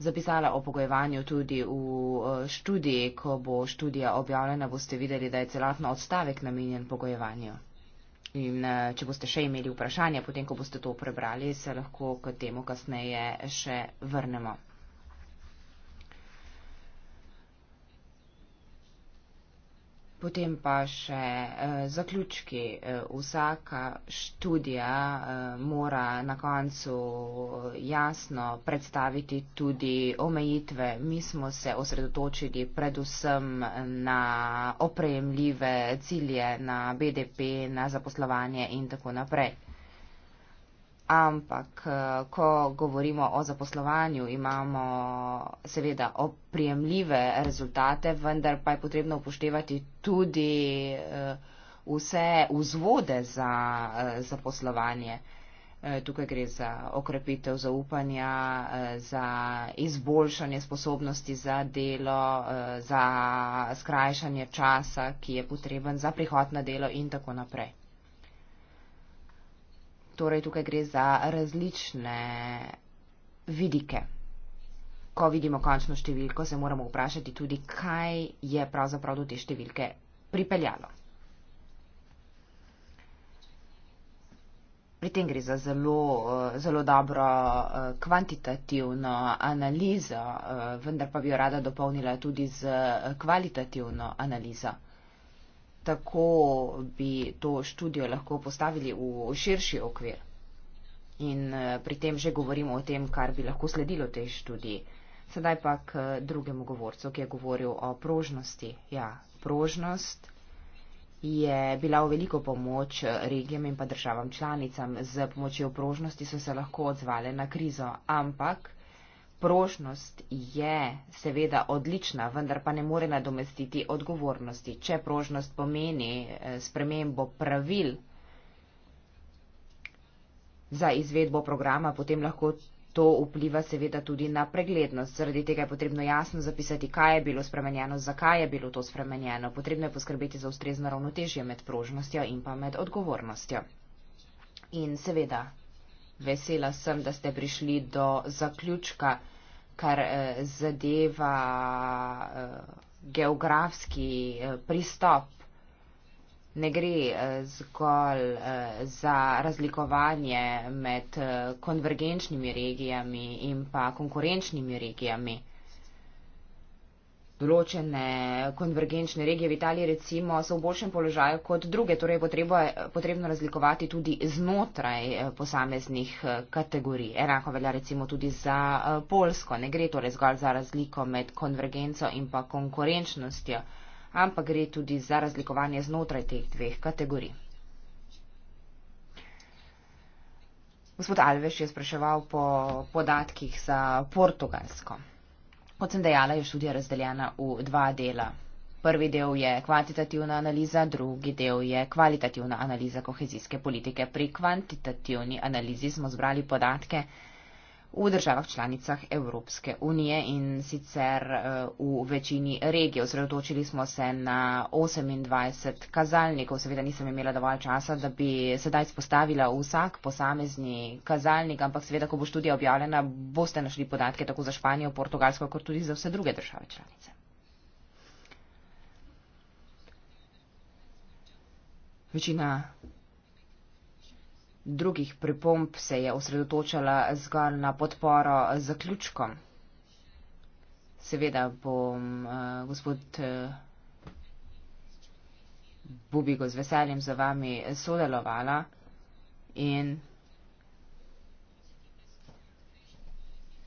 zapisala o pogojevanju tudi v študiji, ko bo študija objavljena, boste videli, da je celotno odstavek namenjen pogojevanju. In eh, če boste še imeli vprašanja, potem, ko boste to prebrali, se lahko k temu kasneje še vrnemo. potem pa še eh, zaključki. Eh, vsaka študija eh, mora na koncu jasno predstaviti tudi omejitve. Mi smo se osredotočili predvsem na oprejemljive cilje, na BDP, na zaposlovanje in tako naprej. Ampak, eh, ko govorimo o zaposlovanju, imamo seveda oprijemljive rezultate, vendar pa je potrebno upoštevati tudi eh, vse vzvode za eh, zaposlovanje. Tukaj gre za okrepitev zaupanja, za izboljšanje sposobnosti za delo, za skrajšanje časa, ki je potreben za prihod na delo in tako naprej. Torej, tukaj gre za različne vidike. Ko vidimo končno številko, se moramo vprašati tudi, kaj je pravzaprav do te številke pripeljalo. Pri tem gre za zelo, eh, zelo dobro eh, kvantitativno analizo, eh, vendar pa bi jo rada dopolnila tudi z kvalitativno analizo tako bi to študijo lahko postavili v širši okvir. In eh, pri tem že govorimo o tem, kar bi lahko sledilo tej študiji. Sedaj pa k eh, drugemu govorcu, ki je govoril o prožnosti. Ja, prožnost je bila v veliko pomoč eh, regijam in pa državam članicam. Z pomočjo prožnosti so se lahko odzvale na krizo, ampak Prošnost je seveda odlična, vendar pa ne more nadomestiti odgovornosti. Če prošnost pomeni eh, spremembo pravil za izvedbo programa, potem lahko to vpliva seveda tudi na preglednost. Zaradi tega je potrebno jasno zapisati, kaj je bilo spremenjeno, zakaj je bilo to spremenjeno. Potrebno je poskrbeti za ustrezno ravnotežje med prožnostjo in pa med odgovornostjo. In seveda Vesela sem, da ste prišli do zaključka, kar eh, zadeva eh, geografski eh, pristop. Ne gre eh, zgolj eh, za razlikovanje med eh, konvergenčnimi regijami in pa konkurenčnimi regijami določene konvergenčne regije v Italiji, recimo, so v boljšem položaju kot druge, torej je potrebno razlikovati tudi znotraj eh, posameznih eh, kategorij. Enako velja recimo tudi za eh, Polsko. Ne gre torej zgolj za razliko med konvergenco in pa konkurenčnostjo, ampak gre tudi za razlikovanje znotraj teh dveh kategorij. Gospod Alves je spraševal po podatkih za portugalsko. Kot sem dejala, je študija razdeljena v dva dela. Prvi del je kvantitativna analiza, drugi del je kvalitativna analiza kohezijske politike. Pri kvantitativni analizi smo zbrali podatke, v državah članicah Evropske unije in sicer eh, v večini regij. Osredotočili smo se na 28 kazalnikov. Seveda nisem imela dovolj časa, da bi sedaj spostavila vsak posamezni kazalnik, ampak seveda, ko bo študija objavljena, boste našli podatke tako za Španijo, Portugalsko, kot tudi za vse druge države članice. Večina drugih pripomb se je osredotočala zgolj na podporo zaključkom. Seveda bom uh, gospod uh, Bubigo z veseljem za vami sodelovala in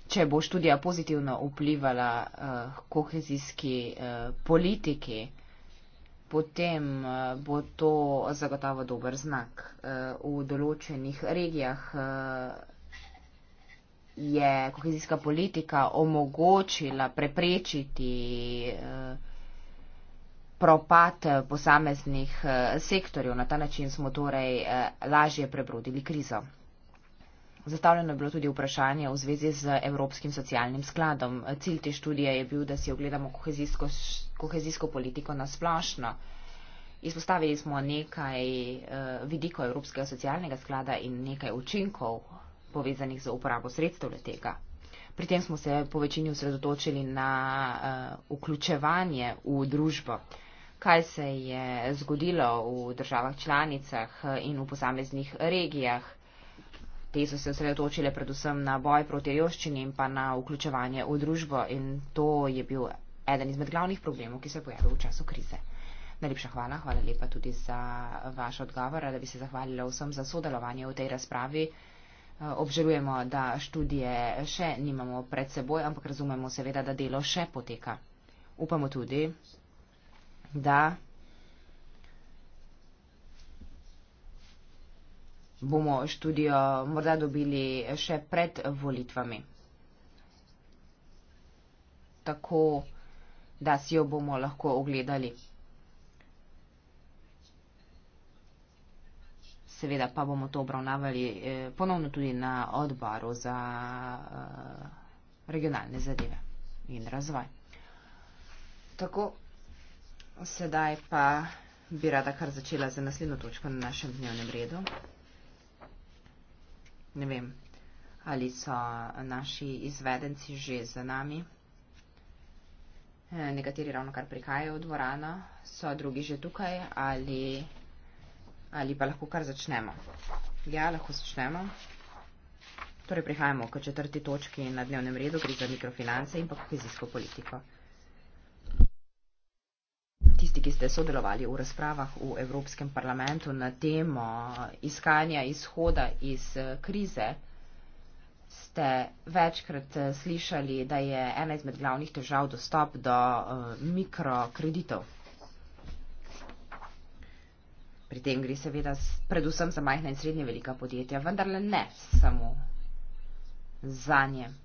če bo študija pozitivno vplivala uh, kohezijski uh, politiki, uh, potem eh, bo to zagotovo dober znak. Eh, v določenih regijah eh, je kohezijska politika omogočila preprečiti propad posameznih sektorjev. Na ta način smo torej lažje prebrodili krizo. Zastavljeno je bilo tudi vprašanje v zvezi z Evropskim socialnim skladom. Cilj te študije je bil, da si ogledamo kohezijsko, kohezijsko politiko na splošno. Izpostavili smo nekaj eh, vidikov Evropskega socialnega sklada in nekaj učinkov povezanih z uporabo sredstev letega. Pri tem smo se po večini usredotočili na eh, vključevanje v družbo. Kaj se je zgodilo v državah članicah eh, in v posameznih regijah? Te so se osredotočile predvsem na boj proti revščini in pa na vključevanje v družbo in to je bil eden izmed glavnih problemov, ki se je pojavil v času krize. Najlepša hvala, hvala lepa tudi za vaš odgovor, da bi se zahvalila vsem za sodelovanje v tej razpravi. Eh, obžalujemo, da študije še nimamo pred seboj, ampak razumemo seveda, da delo še poteka. Upamo tudi, da bomo študijo morda dobili še pred volitvami. Tako, da si jo bomo lahko ogledali. Seveda pa bomo to obravnavali eh, ponovno tudi na odboru za eh, regionalne zadeve in razvoj. Tako, sedaj pa bi rada kar začela za naslednjo točko na našem dnevnem redu ne vem, ali so naši izvedenci že za nami. Eh, nekateri ravno kar prihajajo v dvorano, so drugi že tukaj ali, ali pa lahko kar začnemo. Ja, lahko začnemo. Torej prihajamo k četrti točki na dnevnem redu, gre za mikrofinance in pa kohezijsko politiko tisti, ki ste sodelovali v razpravah v Evropskem parlamentu na temo iskanja izhoda iz eh, krize, ste večkrat eh, slišali, da je ena izmed glavnih težav dostop do eh, mikrokreditov. Pri tem gre seveda predvsem za majhna in srednje velika podjetja, vendar le ne samo za njem.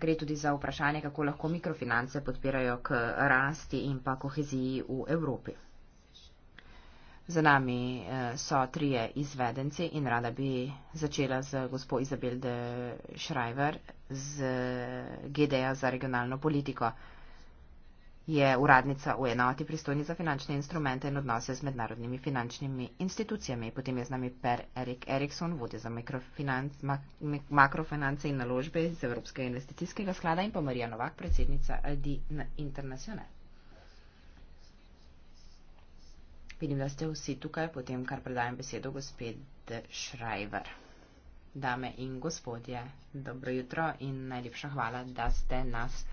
Gre tudi za vprašanje, kako lahko mikrofinance podpirajo k rasti in pa koheziji v Evropi. Za nami eh, so trije izvedenci in rada bi začela z gospo Izabel de Schreiber z GDA za regionalno politiko je uradnica v enoti pristojni za finančne instrumente in odnose z mednarodnimi finančnimi institucijami. Potem je z nami Per Erik Erikson, vodja za mikrofinanc, mak, makrofinance in naložbe iz Evropskega investicijskega sklada in pa Marija Novak, predsednica ID International. Vidim, da ste vsi tukaj, potem kar predajam besedo gospod Šrajver. Dame in gospodje, dobro jutro in najlepša hvala, da ste nas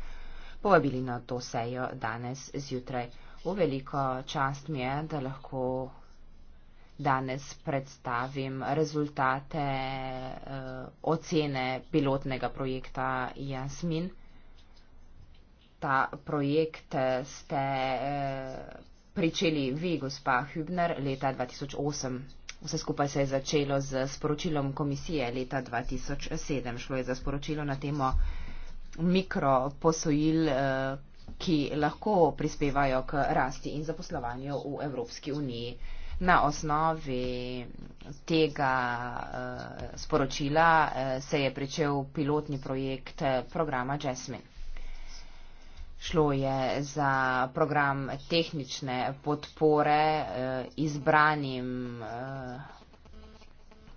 povabili na to sejo danes zjutraj. V veliko čast mi je, da lahko danes predstavim rezultate eh, ocene pilotnega projekta Jasmin. Ta projekt eh, ste eh, pričeli vi, gospa Hübner, leta 2008. Vse skupaj se je začelo z sporočilom komisije leta 2007. Šlo je za sporočilo na temo mikroposojil, eh, ki lahko prispevajo k rasti in zaposlovanju v Evropski uniji. Na osnovi tega eh, sporočila eh, se je pričel pilotni projekt programa Jasmine. Šlo je za program tehnične podpore izbranim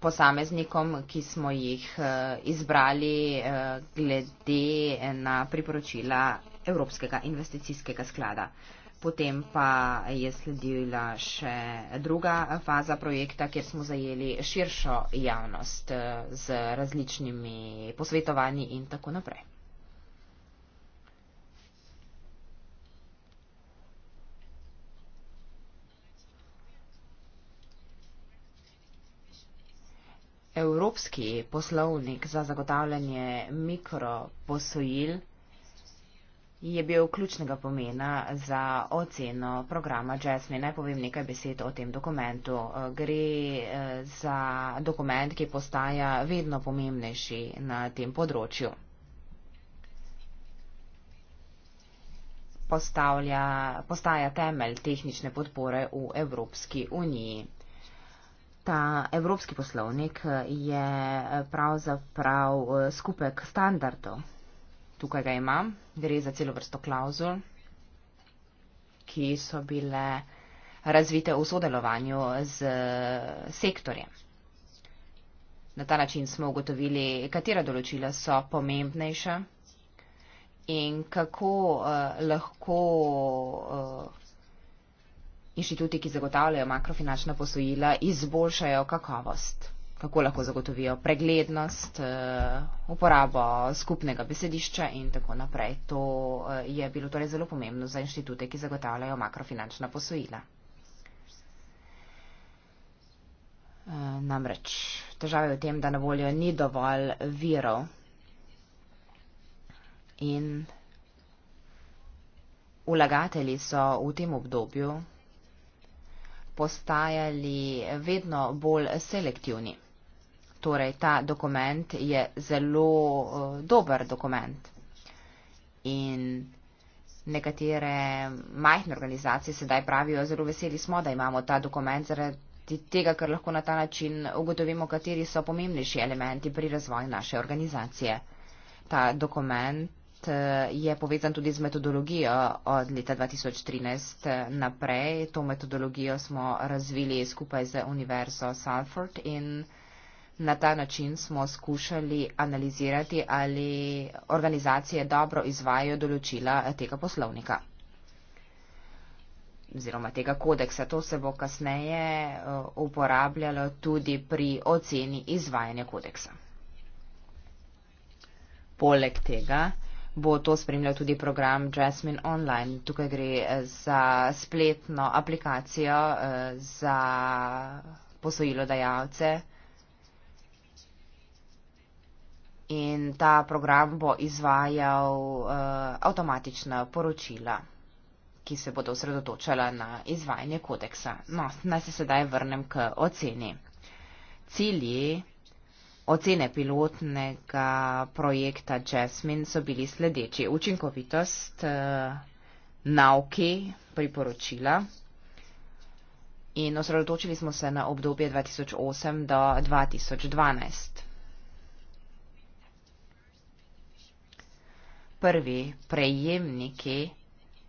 posameznikom, ki smo jih eh, izbrali eh, glede na priporočila Evropskega investicijskega sklada. Potem pa je sledila še druga faza projekta, kjer smo zajeli širšo javnost eh, z različnimi posvetovanji in tako naprej. Evropski poslovnik za zagotavljanje mikroposojil je bil ključnega pomena za oceno programa JASMI. Naj povem nekaj besed o tem dokumentu. Gre eh, za dokument, ki postaja vedno pomembnejši na tem področju. Postaja temelj tehnične podpore v Evropski uniji ta evropski poslovnik je eh, pravzaprav eh, skupek standardov. Tukaj ga imam. Gre za celo vrsto klauzul, ki so bile razvite v sodelovanju z eh, sektorjem. Na ta način smo ugotovili, katera določila so pomembnejša in kako uh, lahko uh, inštituti, ki zagotavljajo makrofinančna posojila, izboljšajo kakovost, kako lahko zagotovijo preglednost, eh, uporabo skupnega besedišča in tako naprej. To eh, je bilo torej zelo pomembno za inštitute, ki zagotavljajo makrofinančna posojila. Eh, namreč težava je v tem, da na voljo ni dovolj virov in vlagateli so v tem obdobju postajali vedno bolj selektivni. Torej, ta dokument je zelo eh, dober dokument. In nekatere majhne organizacije sedaj pravijo, zelo veseli smo, da imamo ta dokument zaradi tega, ker lahko na ta način ugotovimo, kateri so pomembnejši elementi pri razvoju naše organizacije. Ta dokument projekt eh, je povezan tudi z metodologijo od leta 2013 eh, naprej. To metodologijo smo razvili skupaj z Univerzo Salford in na ta način smo skušali analizirati, ali organizacije dobro izvajajo določila eh, tega poslovnika oziroma tega kodeksa. To se bo kasneje uporabljalo tudi pri oceni izvajanja kodeksa. Poleg tega bo to spremljal tudi program Jasmine Online. Tukaj gre eh, za spletno aplikacijo eh, za posojilo dajalce. In ta program bo izvajal eh, avtomatična poročila, ki se bodo osredotočala na izvajanje kodeksa. No, naj se sedaj vrnem k oceni. Cilji Ocene pilotnega projekta Jasmine so bili sledeči. Učinkovitost uh, nauki priporočila in osredotočili smo se na obdobje 2008 do 2012. Prvi prejemniki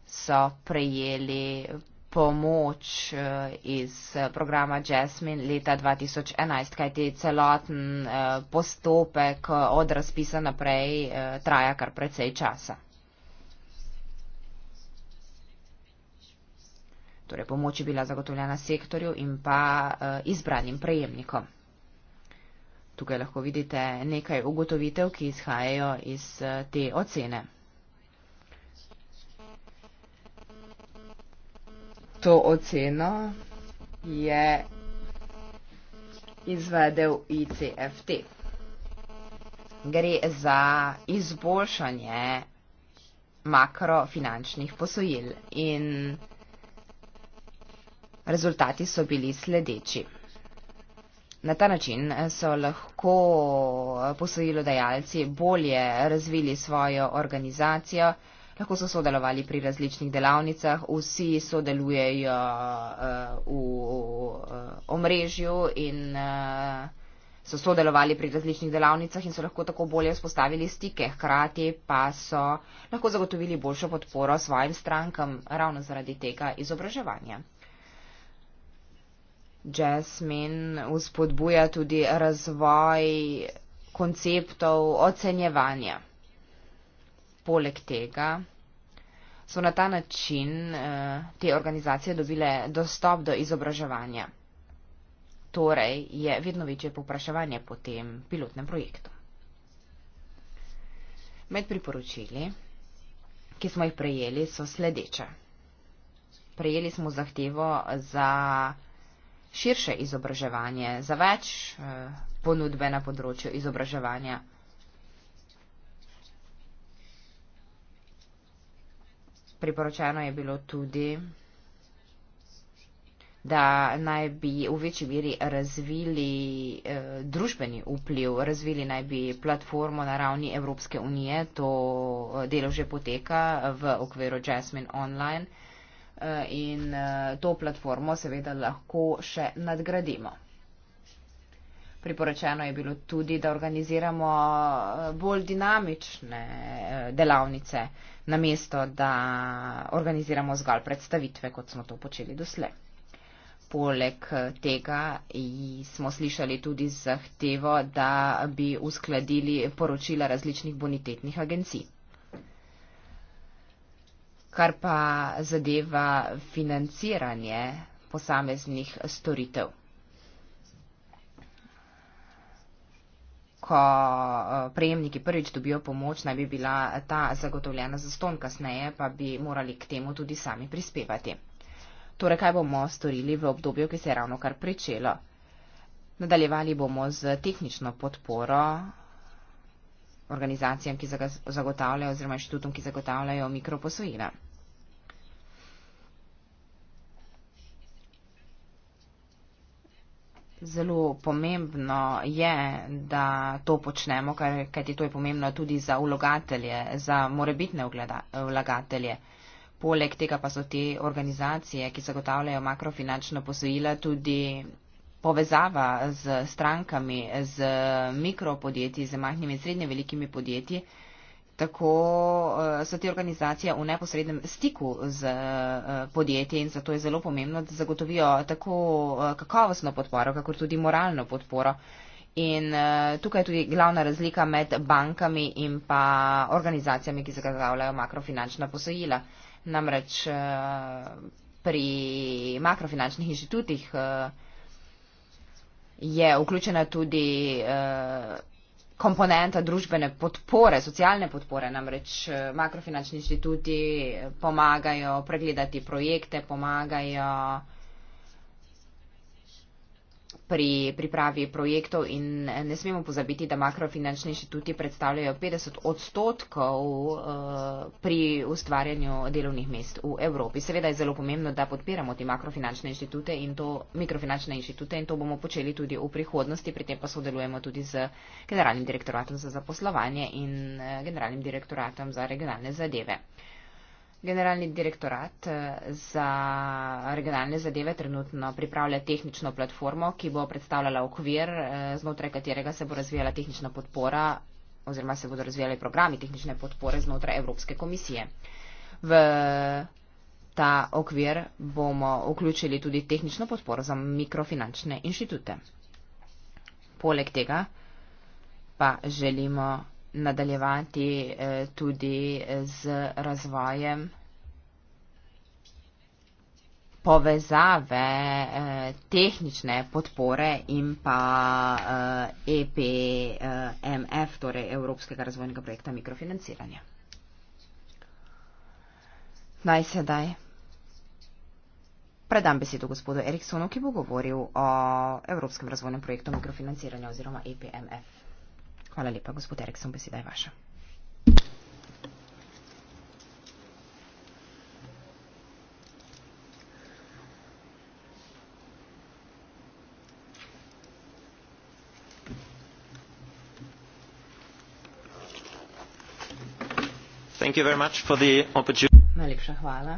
so prejeli pomoč eh, iz eh, programa Jasmine leta 2011, kajti celoten eh, postopek od razpisa naprej traja kar precej časa. Torej, pomoč je bila zagotovljena sektorju in pa izbranim prejemnikom. Tukaj lahko vidite nekaj ugotovitev, ki izhajajo iz te ocene. to oceno je izvedel ICFT. Gre za izboljšanje makrofinančnih posojil in rezultati so bili sledeči. Na ta način so lahko posojilodajalci bolje razvili svojo organizacijo, Lahko so sodelovali pri različnih delavnicah, vsi sodelujejo uh, v uh, omrežju in uh, so sodelovali pri različnih delavnicah in so lahko tako bolje vzpostavili stike. Hkrati pa so lahko zagotovili boljšo podporo svojim strankam ravno zaradi tega izobraževanja. Jasmin uspodbuja tudi razvoj konceptov ocenjevanja. Poleg tega, so na ta način eh, te organizacije dobile dostop do izobraževanja. Torej je vedno večje popraševanje po tem pilotnem projektu. Med priporočili, ki smo jih prejeli, so sledeče. Prejeli smo zahtevo za širše izobraževanje, za več eh, ponudbe na področju izobraževanja. Priporočeno je bilo tudi, da naj bi v večji veri razvili eh, družbeni vpliv, razvili naj bi platformo na ravni Evropske unije. To eh, delo že poteka eh, v okviru Jasmine Online eh, in eh, to platformo seveda lahko še nadgradimo. Priporočeno je bilo tudi, da organiziramo eh, bolj dinamične delavnice, namesto da organiziramo zgolj predstavitve, kot smo to počeli doslej. Poleg eh, tega smo slišali tudi zahtevo, da bi uskladili poročila različnih bonitetnih agencij. Kar pa zadeva financiranje posameznih storitev. ko eh, prejemniki prvič dobijo pomoč, naj bi bila ta zagotovljena za ston, kasneje pa bi morali k temu tudi sami prispevati. Torej, kaj bomo storili v obdobju, ki se je ravno kar pričelo? Nadaljevali bomo z tehnično podporo organizacijam, ki zagotavljajo, oziroma inštitutom, ki zagotavljajo mikroposojila. Zelo pomembno je, da to počnemo, kajti to je pomembno tudi za vlagatelje, za morebitne vlagatelje. Poleg tega pa so te organizacije, ki zagotavljajo makrofinančno posojila, tudi povezava z strankami, z mikropodjetji, z majhnimi in srednje velikimi podjetji tako eh, so te organizacije v neposrednem stiku z eh, podjetji in zato je zelo pomembno, da zagotovijo tako eh, kakovostno podporo, kakor tudi moralno podporo. In tukaj je tudi glavna razlika med bankami in pa organizacijami, ki zagotavljajo makrofinančna posojila. Namreč pri makrofinančnih inštitutih je vključena tudi komponenta družbene podpore, socialne podpore, namreč eh, makrofinančni inštituti eh, pomagajo pregledati projekte, pomagajo pri pripravi projektov in ne smemo pozabiti, da makrofinančni inštituti predstavljajo 50 odstotkov eh, pri ustvarjanju delovnih mest v Evropi. Seveda je zelo pomembno, da podpiramo te makrofinančne inštitute in to, mikrofinančne inštitute in to bomo počeli tudi v prihodnosti, pri tem pa sodelujemo tudi z generalnim direktoratom za zaposlovanje in eh, generalnim direktoratom za regionalne zadeve. Generalni direktorat eh, za regionalne zadeve trenutno pripravlja tehnično platformo, ki bo predstavljala okvir, eh, znotraj katerega se bo razvijala tehnična podpora oziroma se bodo razvijali programi tehnične podpore znotraj Evropske komisije. V ta okvir bomo vključili tudi tehnično podporo za mikrofinančne inštitute. Poleg tega pa želimo nadaljevati eh, tudi z razvojem povezave eh, tehnične podpore in pa EPMF, eh, e torej Evropskega razvojnega projekta mikrofinanciranja. Naj sedaj predam besedo gospodu Eriksonu, ki bo govoril o Evropskem razvojnem projektu mikrofinanciranja oziroma EPMF. Hvala lepa, gospod Erikson, beseda je vaša. Najlepša hvala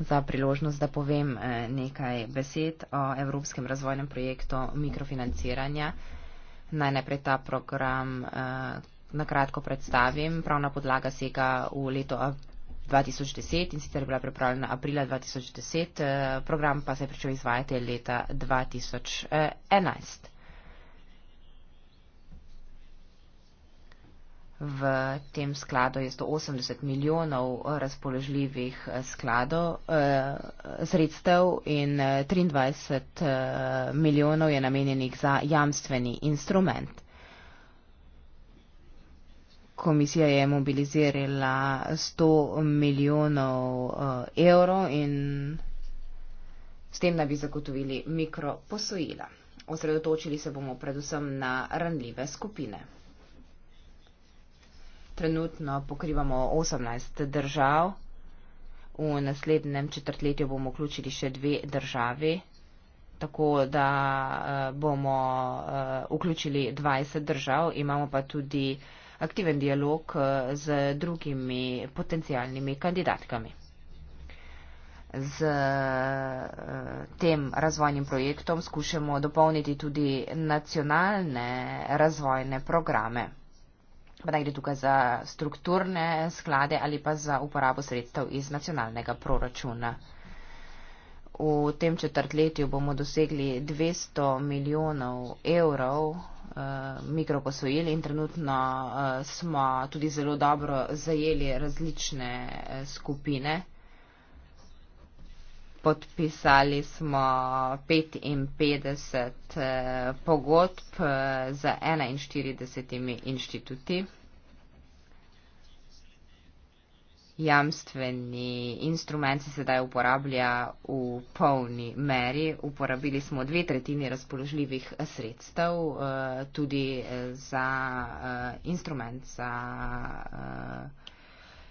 za priložnost, da povem eh, nekaj besed o Evropskem razvojnem projektu mikrofinanciranja naj najprej ta program uh, eh, nakratko predstavim. Pravna podlaga sega v leto 2010 in sicer je bila pripravljena aprila 2010, uh, eh, program pa se je pričel izvajati leta 2011. v tem skladu je 180 milijonov razpoložljivih eh, skladov, eh, sredstev in 23 eh, milijonov je namenjenih za jamstveni instrument. Komisija je mobilizirala 100 milijonov evrov in s tem naj bi zagotovili mikroposojila. Osredotočili se bomo predvsem na ranljive skupine. Trenutno pokrivamo 18 držav, v naslednjem četrtletju bomo vključili še dve državi, tako da eh, bomo eh, vključili 20 držav, imamo pa tudi aktiven dialog eh, z drugimi potencijalnimi kandidatkami. Z tem razvojnim projektom skušamo dopolniti tudi nacionalne razvojne programe pa da gre tukaj za strukturne sklade ali pa za uporabo sredstev iz nacionalnega proračuna. V tem četrtletju bomo dosegli 200 milijonov evrov uh, mikroposojil in trenutno uh, smo tudi zelo dobro zajeli različne uh, skupine. Podpisali smo 55 uh, pogodb uh, za 41 inštituti. jamstveni instrument se sedaj uporablja v polni meri. Uporabili smo dve tretjini razpoložljivih sredstev eh, tudi eh, za eh, instrument za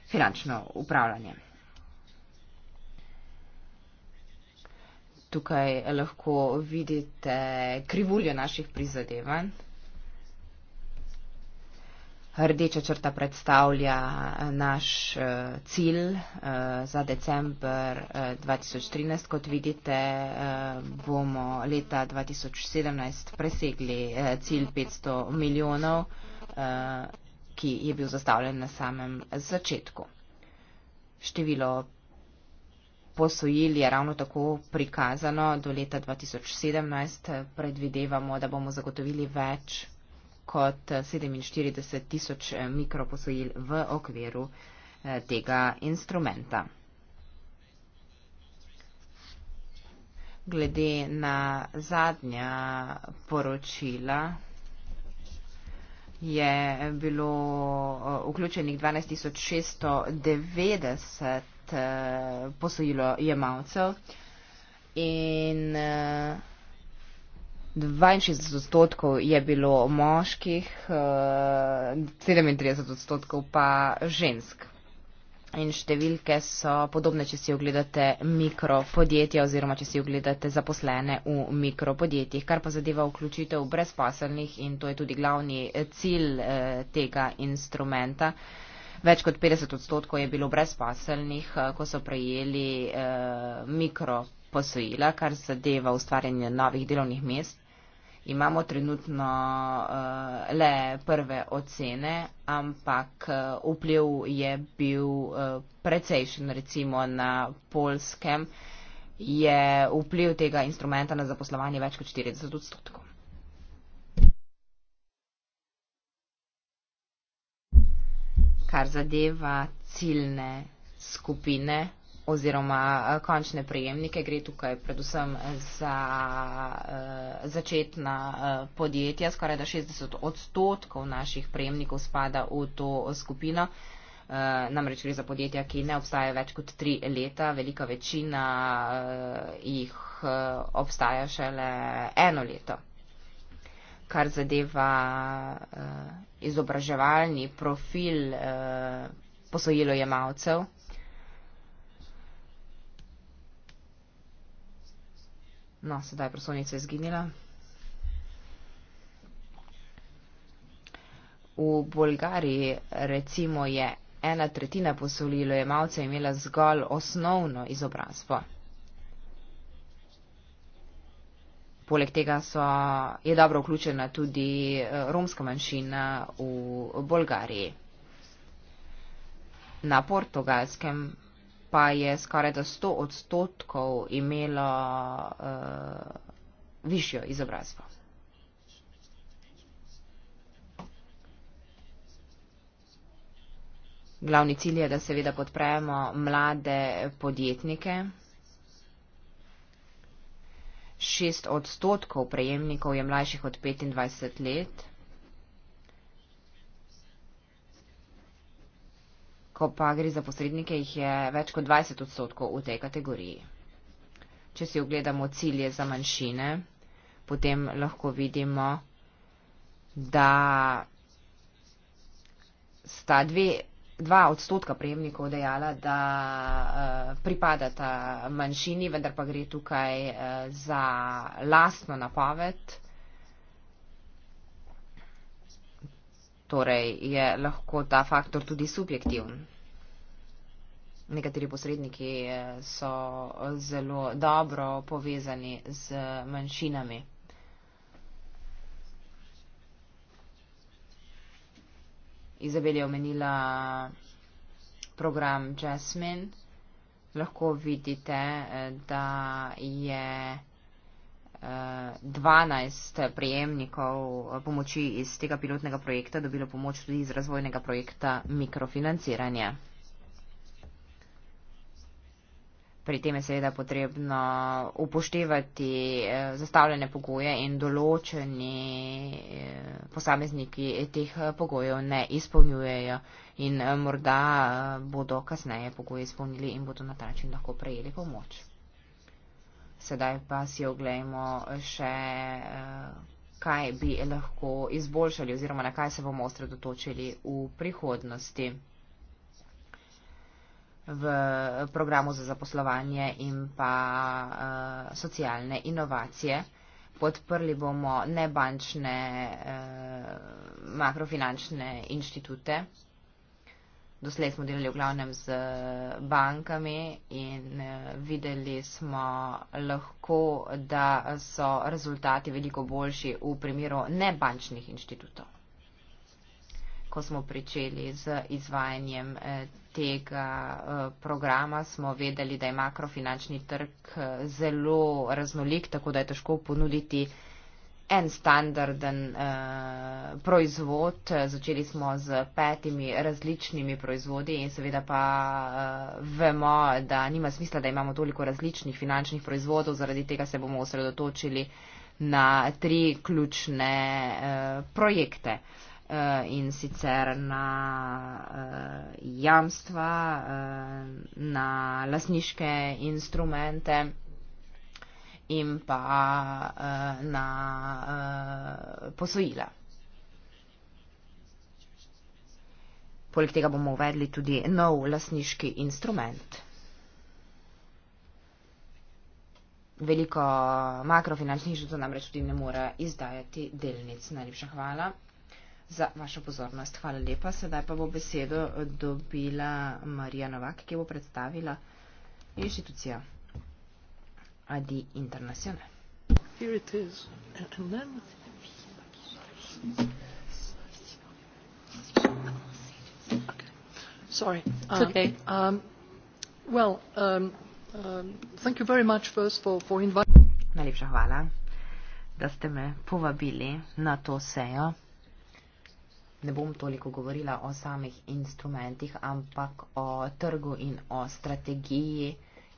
finančno upravljanje. Tukaj lahko vidite krivuljo naših prizadevanj. Rdeča črta predstavlja eh, naš eh, cilj eh, za decembr 2013. Kot vidite, bomo leta 2017 presegli cilj 500 milijonov, ki je bil zastavljen na samem začetku. Število posojil je ravno tako prikazano. Do leta 2017 predvidevamo, da bomo zagotovili več kot 47 tisoč eh, mikroposojil v okviru eh, tega instrumenta. Glede na zadnja poročila je bilo eh, vključenih 12.690 posojilo jemalcev in 62 odstotkov je bilo moških, 37 eh, odstotkov pa žensk. In številke so podobne, če si ogledate mikropodjetja oziroma če si ogledate zaposlene v mikropodjetjih, kar pa zadeva vključitev brezposelnih in to je tudi glavni eh, cilj eh, tega instrumenta. Več kot 50 odstotkov je bilo brezposelnih, ko so prejeli mikroposojila, kar zadeva ustvarjanje novih delovnih mest imamo trenutno uh, le prve ocene, ampak uh, vpliv je bil uh, precejšen recimo na polskem, je vpliv tega instrumenta na zaposlovanje več kot 40 odstotkov. Kar zadeva ciljne skupine oziroma eh, končne prejemnike. Gre tukaj predvsem za uh, začetna uh, podjetja. Skoraj da 60 odstotkov naših prejemnikov spada v to skupino. Uh, namreč gre za podjetja, ki ne obstajajo več kot tri leta, velika večina uh, jih uh, obstaja šele eno leto. Kar zadeva uh, izobraževalni profil uh, posojilojemalcev. No, sedaj prosovnica je izginila. V Bolgariji recimo je ena tretjina posolilojemalcev imela zgolj osnovno izobrazbo. Poleg tega so, je dobro vključena tudi eh, romska manjšina v Bolgariji. Na portugalskem pa je skoraj da 100 odstotkov imelo uh, višjo izobrazbo. Glavni cilj je, da seveda podpremo mlade podjetnike. Šest odstotkov prejemnikov je mlajših od 25 let. ko pa gre za posrednike, jih je več kot 20 odstotkov v tej kategoriji. Če si ogledamo cilje za manjšine, potem lahko vidimo, da sta dve, dva odstotka prejemnikov dejala, da uh, pripadata manjšini, vendar pa gre tukaj uh, za lastno napoved. Torej je lahko ta faktor tudi subjektiven. Nekateri posredniki eh, so zelo dobro povezani z manjšinami. Izabel je omenila program Jasmine. Lahko vidite, eh, da je. 12 prejemnikov eh, pomoči iz tega pilotnega projekta dobilo pomoč tudi iz razvojnega projekta mikrofinanciranje. Pri tem je seveda potrebno upoštevati eh, zastavljene pogoje in določeni eh, posamezniki teh pogojev ne izpolnjujejo in morda bodo kasneje pogoje izpolnili in bodo na ta način lahko prejeli pomoč sedaj pa si oglejmo še, eh, kaj bi lahko izboljšali oziroma na kaj se bomo osredotočili v prihodnosti v programu za zaposlovanje in pa eh, socialne inovacije. Podprli bomo nebančne eh, makrofinančne inštitute, doslej smo delali v glavnem z eh, bankami in eh, videli smo lahko, da so rezultati veliko boljši v primeru nebančnih inštitutov. Ko smo pričeli z izvajanjem eh, tega programa, smo vedeli, da je makrofinančni trg zelo raznolik, tako da je težko ponuditi en standarden eh, proizvod, začeli smo z petimi različnimi proizvodi in seveda pa eh, vemo, da nima smisla, da imamo toliko različnih finančnih proizvodov, zaradi tega se bomo osredotočili na tri ključne eh, projekte eh, in sicer na eh, jamstva, eh, na lasniške instrumente in pa uh, na uh, posojila. Poleg tega bomo uvedli tudi nov lasniški instrument. Veliko makrofinančnih žutov namreč tudi ne more izdajati delnic. Najlepša hvala za vašo pozornost. Hvala lepa. Sedaj pa bo besedo dobila Marija Novak, ki bo predstavila inštitucijo. AD International. Here it is. Sorry. It's um, okay. Um, um, well, um, um, thank you very much first for, for inviting Najlepša hvala, da ste me povabili na to sejo. Ne bom toliko govorila o samih instrumentih, ampak o trgu in o strategiji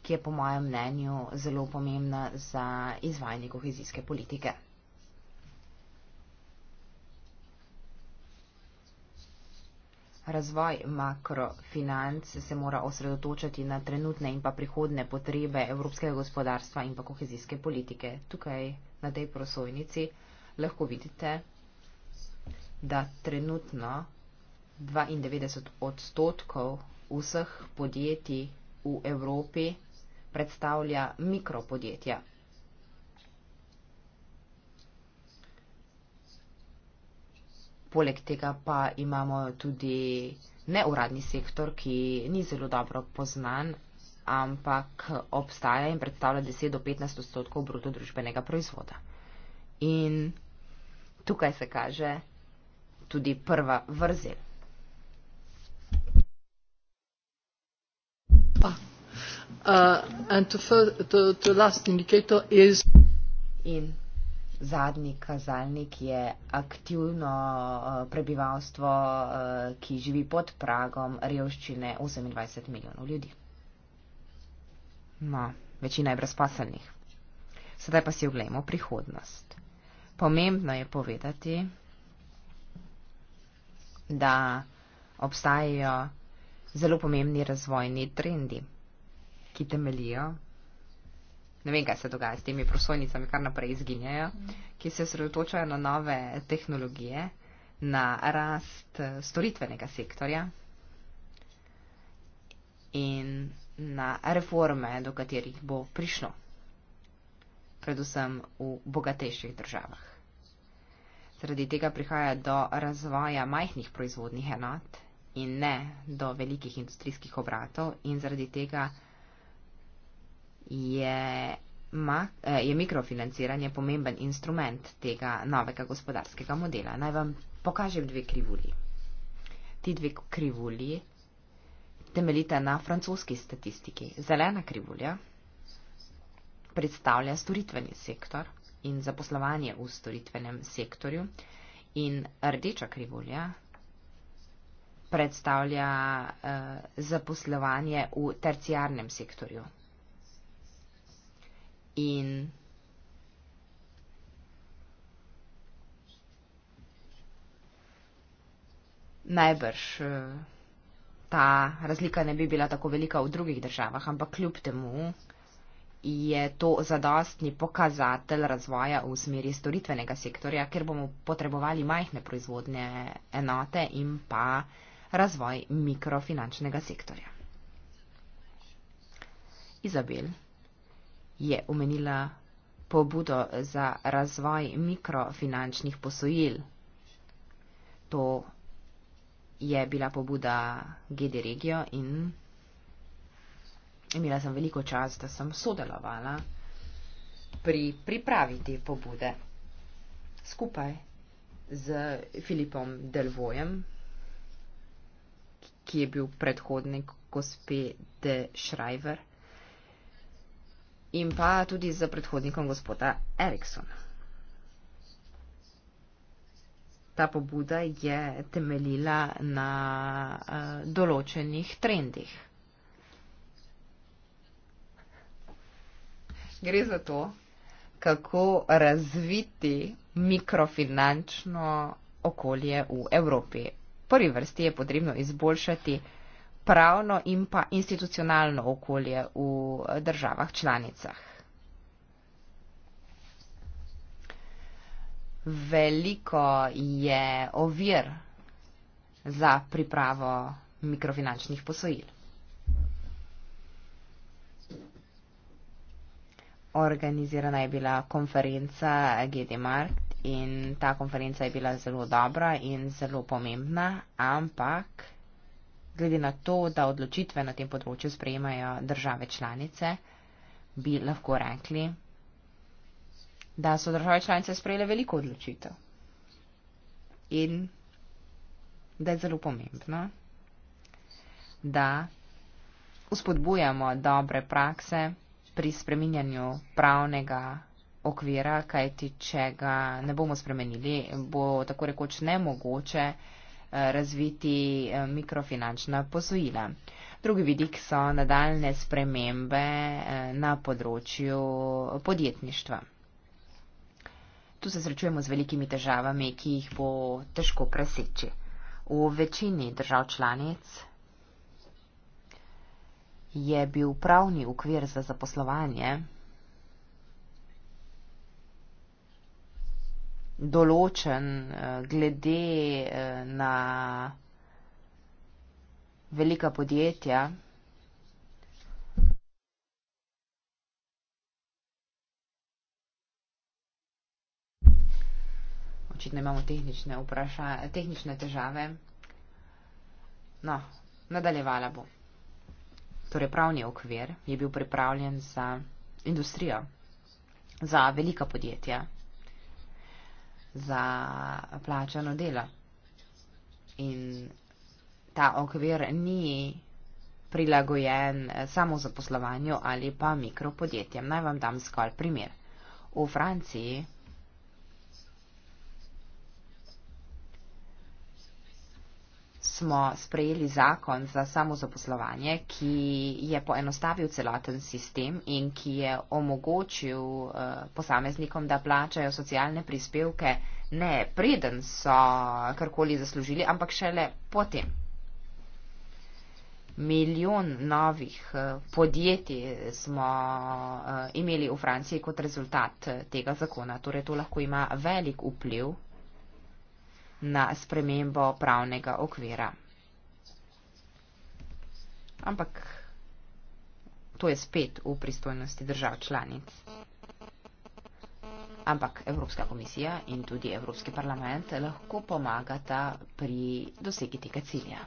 ki je po mojem mnenju zelo pomembna za izvajanje kohezijske politike. Razvoj makrofinanc se mora osredotočati na trenutne in pa prihodne potrebe evropskega gospodarstva in pa kohezijske politike. Tukaj na tej prosojnici lahko vidite, da trenutno 92 odstotkov vseh podjetij v Evropi predstavlja mikropodjetja. Poleg tega pa imamo tudi neuradni sektor, ki ni zelo dobro poznan, ampak obstaja in predstavlja 10 do 15 odstotkov bruto družbenega proizvoda. In tukaj se kaže tudi prva vrzel. Pa. Uh, In zadnji kazalnik je aktivno uh, prebivalstvo, uh, ki živi pod pragom revščine 28 milijonov ljudi. No, večina je brezpaselnih. Sedaj pa si oglejmo prihodnost. Pomembno je povedati, da obstajajo zelo pomembni razvojni trendi ki temelijo. Ne vem, kaj se dogaja s temi prosojnicami, kar naprej izginjajo, mm. ki se sredotočajo na nove tehnologije, na rast eh, storitvenega sektorja in na reforme, do katerih bo prišlo, predvsem v bogatejših državah. Zaradi tega prihaja do razvoja majhnih proizvodnih enot in ne do velikih industrijskih obratov in zaradi tega je, eh, je mikrofinanciranje pomemben instrument tega novega gospodarskega modela. Naj vam pokažem dve krivulji. Ti dve krivulji temeljita na francoski statistiki. Zelena krivulja predstavlja storitveni sektor in zaposlovanje v storitvenem sektorju in rdeča krivulja predstavlja uh, zaposlovanje v terciarnem sektorju, in najbrž eh, ta razlika ne bi bila tako velika v drugih državah, ampak kljub temu je to zadostni pokazatelj razvoja v smeri storitvenega sektorja, ker bomo potrebovali majhne proizvodne enote in pa razvoj mikrofinančnega sektorja. Izabel je omenila pobudo za razvoj mikrofinančnih posojil. To je bila pobuda GD Regio in imela sem veliko čas, da sem sodelovala pri pripravi te pobude skupaj z Filipom Delvojem, ki je bil predhodnik gospe de Schreiber in pa tudi z predhodnikom gospoda Eriksona. Ta pobuda je temeljila na uh, določenih trendih. Gre za to, kako razviti mikrofinančno okolje v Evropi. Prvi vrsti je potrebno izboljšati pravno in pa institucionalno okolje v državah članicah. Veliko je ovir za pripravo mikrofinančnih posojil. Organizirana je bila konferenca GD Markt in ta konferenca je bila zelo dobra in zelo pomembna, ampak glede na to, da odločitve na tem področju sprejemajo države članice, bi lahko rekli, da so države članice sprejele veliko odločitev in da je zelo pomembno, da uspodbujamo dobre prakse pri spreminjanju pravnega okvira, kajti če ga ne bomo spremenili, bo tako rekoč nemogoče, Eh, razviti eh, mikrofinančna posojila. Drugi vidik so nadaljne spremembe eh, na področju podjetništva. Tu se srečujemo z velikimi težavami, ki jih bo težko preseči. V večini držav članic je bil pravni ukvir za zaposlovanje določen eh, glede eh, na velika podjetja. Očitno imamo tehnične, vpraša, tehnične težave. No, nadaljevala bo. Torej, pravni okvir je bil pripravljen za industrijo, za velika podjetja za plačano delo. In ta okvir ni prilagojen samo za poslovanju ali pa mikropodjetjem. Naj vam dam skolj primer. V Franciji smo sprejeli zakon za samozaposlovanje, ki je poenostavil celoten sistem in ki je omogočil eh, posameznikom, da plačajo socialne prispevke ne preden so karkoli zaslužili, ampak šele potem. Milijon novih eh, podjetij smo eh, imeli v Franciji kot rezultat tega zakona, torej to lahko ima velik vpliv na spremembo pravnega okvira. Ampak to je spet v pristojnosti držav članic. Ampak Evropska komisija in tudi Evropski parlament lahko pomagata pri dosegi tega cilja.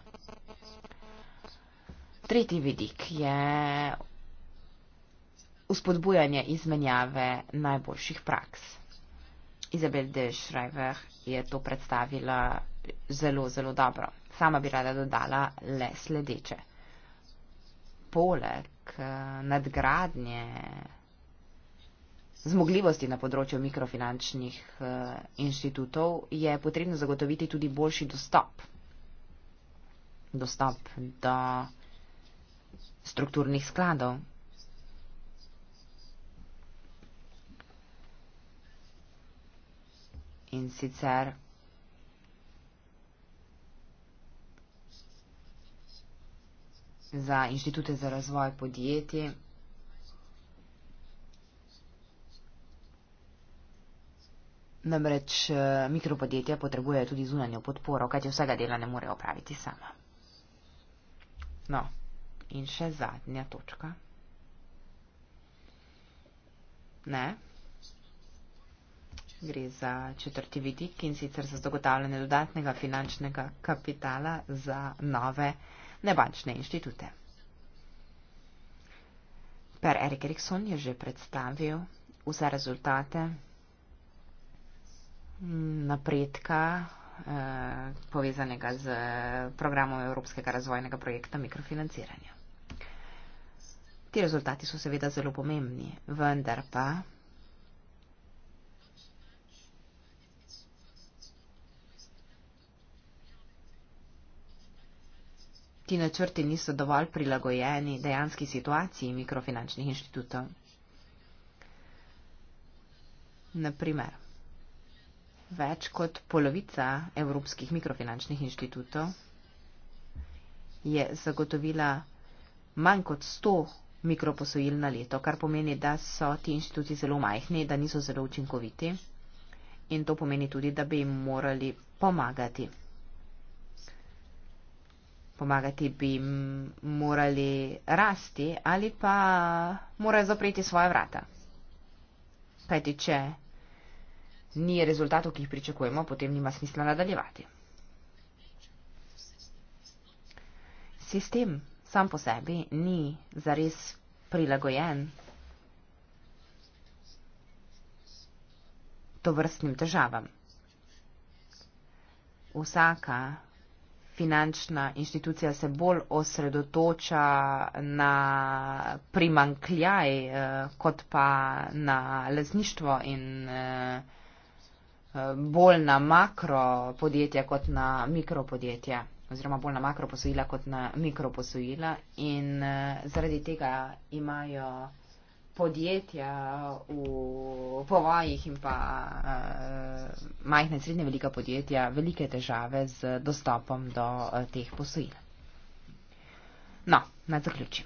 Tretji vidik je uspodbujanje izmenjave najboljših praks. Izabel de Schreiber je to predstavila zelo, zelo dobro. Sama bi rada dodala le sledeče. Poleg eh, nadgradnje zmogljivosti na področju mikrofinančnih eh, inštitutov je potrebno zagotoviti tudi boljši dostop. Dostop do strukturnih skladov, in sicer za inštitute za razvoj podjetij. Namreč eh, mikropodjetja potrebujejo tudi zunanjo podporo, kajti vsega dela ne morejo opraviti sama. No, in še zadnja točka. Ne? Ne? gre za četrti vidik in sicer za zagotavljanje dodatnega finančnega kapitala za nove nebančne inštitute. Per Erik Eriksson je že predstavil vse rezultate napredka eh, povezanega z programom Evropskega razvojnega projekta mikrofinanciranja. Ti rezultati so seveda zelo pomembni, vendar pa ti načrti niso dovolj prilagojeni dejanski situaciji mikrofinančnih inštitutov. Naprimer, več kot polovica evropskih mikrofinančnih inštitutov je zagotovila manj kot 100 mikroposojil na leto, kar pomeni, da so ti inštituti zelo majhni, da niso zelo učinkoviti in to pomeni tudi, da bi jim morali pomagati pomagati, bi morali rasti ali pa morajo zapreti svoje vrata. Kajti, če ni rezultatov, ki jih pričakujemo, potem nima smisla nadaljevati. Sistem sam po sebi ni zares prilagojen to vrstnim težavam. Vsaka finančna inštitucija se bolj osredotoča na primankljaj, eh, kot pa na lasništvo in eh, eh, bolj na makro podjetja kot na mikropodjetja oziroma bolj na makroposojila kot na mikroposojila in zaradi tega imajo podjetja v povojih in pa uh, eh, majhne in srednje velika podjetja velike težave z dostopom do uh, teh posojil. No, naj zaključim.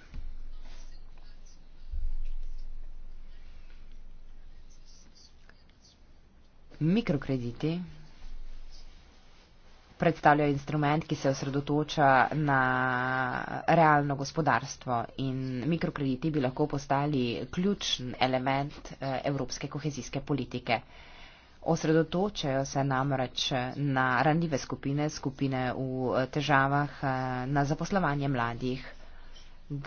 Mikrokrediti predstavljajo instrument, ki se osredotoča na realno gospodarstvo in mikrokrediti bi lahko postali ključen element eh, evropske kohezijske politike. Osredotočajo se namreč na ranljive skupine, skupine v eh, težavah, eh, na zaposlovanje mladih.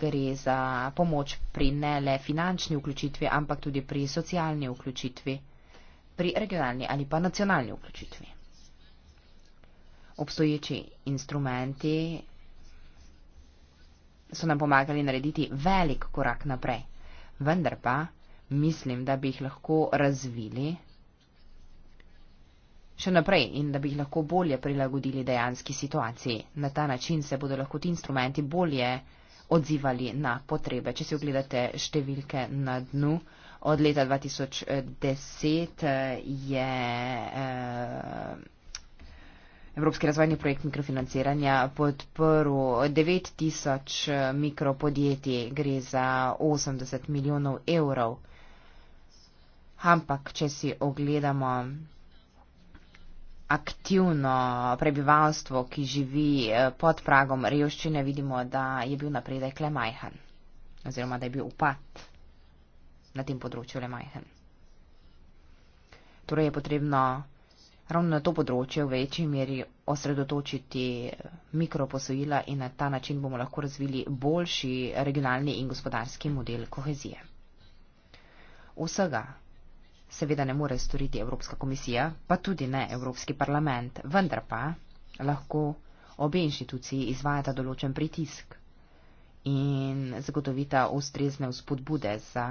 Gre za pomoč pri ne le finančni vključitvi, ampak tudi pri socialni vključitvi, pri regionalni ali pa nacionalni vključitvi obstoječi instrumenti so nam pomagali narediti velik korak naprej. Vendar pa mislim, da bi jih lahko razvili še naprej in da bi jih lahko bolje prilagodili dejanski situaciji. Na ta način se bodo lahko ti instrumenti bolje odzivali na potrebe. Če si ogledate številke na dnu, od leta 2010 eh, je. Eh, Evropski razvojni projekt mikrofinanciranja podprl 9000 eh, mikropodjetij, gre za 80 milijonov evrov. Ampak, če si ogledamo aktivno prebivalstvo, ki živi eh, pod pragom revščine, vidimo, da je bil napredek le majhen oziroma da je bil upad na tem področju le majhen. Torej je potrebno ravno na to področje v večji meri osredotočiti eh, mikroposojila in na ta način bomo lahko razvili boljši regionalni in gospodarski model kohezije. Vsega seveda ne more storiti Evropska komisija, pa tudi ne Evropski parlament, vendar pa lahko obe inštituciji izvajata določen pritisk in zagotovita ustrezne vzpodbude za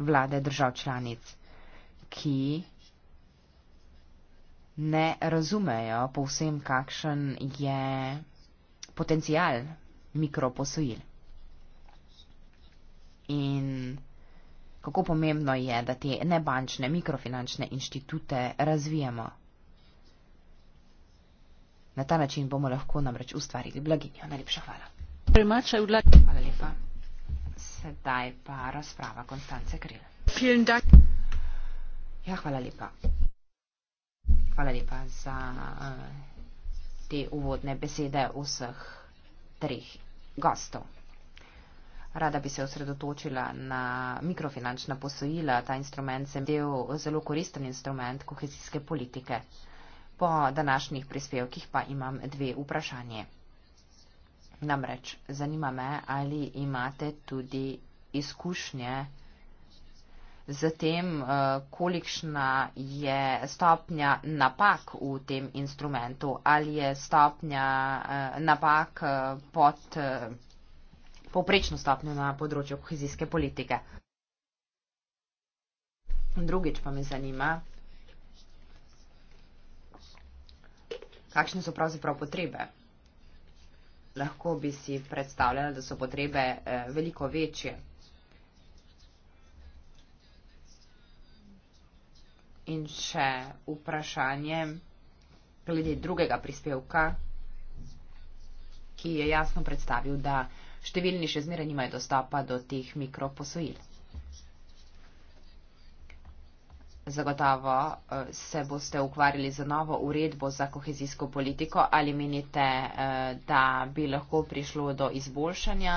vlade držav članic, ki ne razumejo povsem, kakšen je potencial mikroposojil. In kako pomembno je, da te nebančne mikrofinančne inštitute razvijemo. Na ta način bomo lahko namreč ustvarili blaginjo. Najlepša hvala. Hvala lepa. Sedaj pa razprava Konstance Kril. Ja, hvala lepa hvala lepa za uh, te uvodne besede vseh treh gostov. Rada bi se osredotočila na mikrofinančna posojila. Ta instrument se mi zdel zelo koristen instrument kohezijske politike. Po današnjih prispevkih pa imam dve vprašanje. Namreč, zanima me, ali imate tudi izkušnje, zatem, eh, kolikšna je stopnja napak v tem instrumentu, ali je stopnja eh, napak eh, pod poprečno stopnjo na področju kohezijske politike. Drugič pa me zanima, kakšne so pravzaprav potrebe. Lahko bi si predstavljala, da so potrebe veliko večje. in še vprašanje glede drugega prispevka, ki je jasno predstavil, da številni še zmeraj nimajo dostopa do teh mikroposojil. Zagotovo eh, se boste ukvarjali za novo uredbo za kohezijsko politiko ali menite, eh, da bi lahko prišlo do izboljšanja?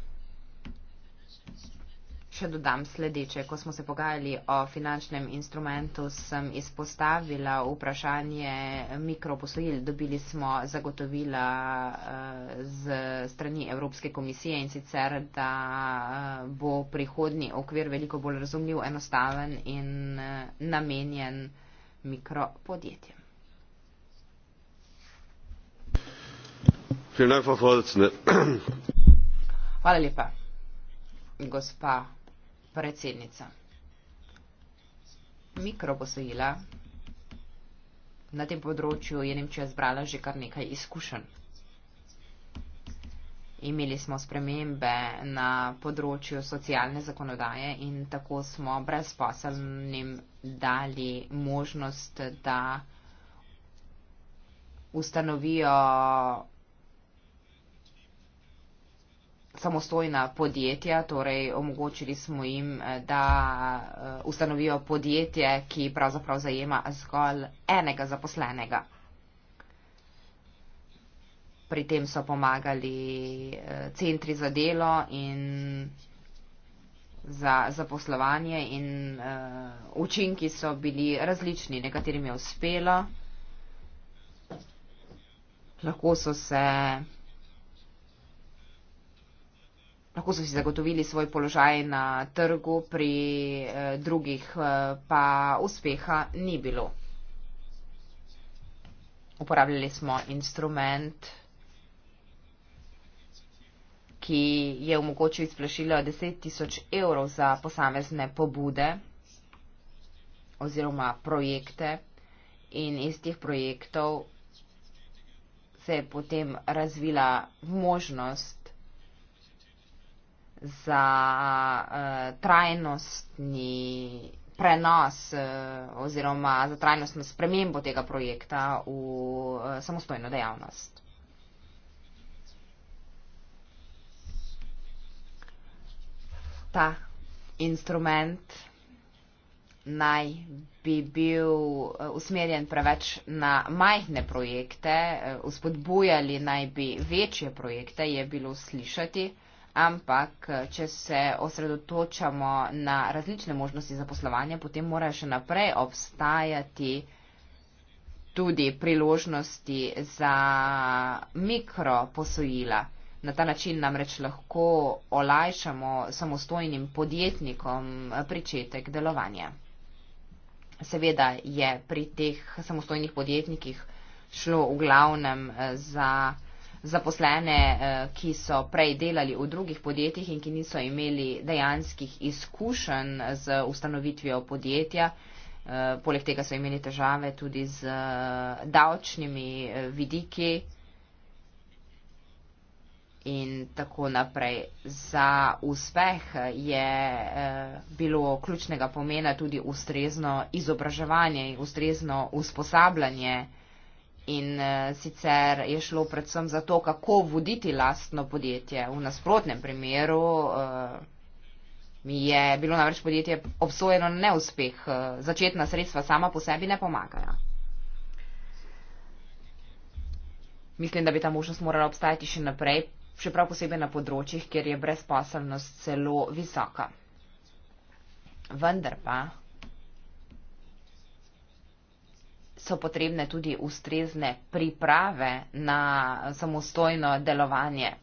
še dodam sledeče. Ko smo se pogajali o finančnem instrumentu, sem izpostavila vprašanje mikroposojil. Dobili smo zagotovila eh, z strani Evropske komisije in sicer, da eh, bo prihodni okvir veliko bolj razumljiv, enostaven in eh, namenjen mikropodjetjem. Hvala lepa. Gospa predsednica. Mikroposojila. Na tem področju je Nemčija zbrala že kar nekaj izkušenj. Imeli smo spremembe na področju socialne zakonodaje in tako smo brezposelnim dali možnost, da ustanovijo samostojna podjetja, torej omogočili smo jim, eh, da eh, ustanovijo podjetje, ki pravzaprav zajema zgolj enega zaposlenega. Pri tem so pomagali eh, centri za delo in za zaposlovanje in učinki so bili različni, nekaterim je uspelo. Lahko so se lahko so si zagotovili svoj položaj na trgu, pri eh, drugih eh, pa uspeha ni bilo. Uporabljali smo instrument, ki je omogočil izplašilo 10 tisoč evrov za posamezne pobude oziroma projekte in iz teh projektov se je potem razvila možnost za uh, trajnostni prenos uh, oziroma za trajnostno spremembo tega projekta v uh, samostojno dejavnost. Ta instrument naj bi bil usmerjen preveč na majhne projekte, uspodbujali naj bi večje projekte, je bilo slišati. Uh, ampak če se osredotočamo na različne možnosti zaposlovanja, potem morajo še naprej obstajati tudi priložnosti za mikroposojila. Na ta način namreč lahko olajšamo samostojnim podjetnikom pričetek delovanja. Seveda je pri teh samostojnih podjetnikih šlo v glavnem eh, za zaposlene, eh, ki so prej delali v drugih podjetjih in ki niso imeli dejanskih izkušenj z ustanovitvijo podjetja. Eh, poleg tega so imeli težave tudi z eh, davčnimi vidiki in tako naprej. Za uspeh je bilo ključnega pomena tudi ustrezno izobraževanje in ustrezno usposabljanje in eh, sicer je šlo predvsem za to, kako voditi lastno podjetje. V nasprotnem primeru eh, mi je bilo namreč podjetje obsojeno na neuspeh. Eh, začetna sredstva sama po sebi ne pomagajo. Mislim, da bi ta možnost morala obstajati še naprej, še prav posebej na področjih, kjer je brezposobnost celo visoka. Vendar pa. so potrebne tudi ustrezne priprave na samostojno delovanje,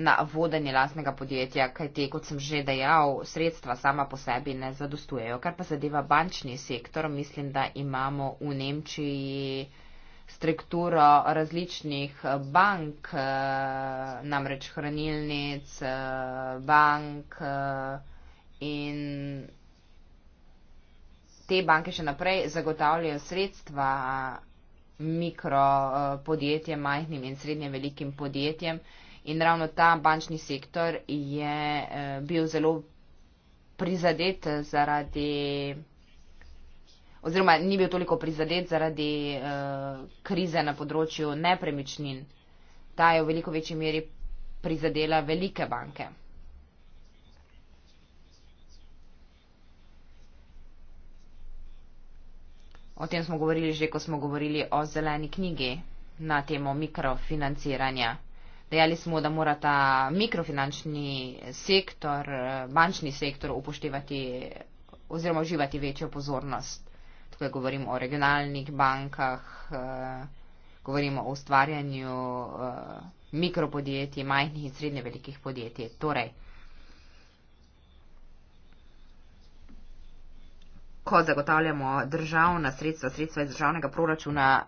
na vodenje lastnega podjetja, kaj te, kot sem že dejal, sredstva sama po sebi ne zadostujejo. Kar pa zadeva bančni sektor, mislim, da imamo v Nemčiji strukturo različnih bank, namreč hranilnic, bank eh, in te banke še naprej zagotavljajo sredstva mikropodjetjem, eh, majhnim in srednje velikim podjetjem. In ravno ta bančni sektor je eh, bil zelo prizadet zaradi, oziroma ni bil toliko prizadet zaradi eh, krize na področju nepremičnin. Ta je v veliko večji meri prizadela velike banke. O tem smo govorili že, ko smo govorili o zeleni knjigi na temo mikrofinanciranja. Dejali smo, da mora ta mikrofinančni sektor, eh, bančni sektor upoštevati oziroma uživati večjo pozornost. Tukaj govorimo o regionalnih bankah, eh, govorimo o ustvarjanju eh, mikropodjetij, majhnih in srednje velikih podjetij. Torej, ko zagotavljamo državna sredstva, sredstva iz državnega proračuna,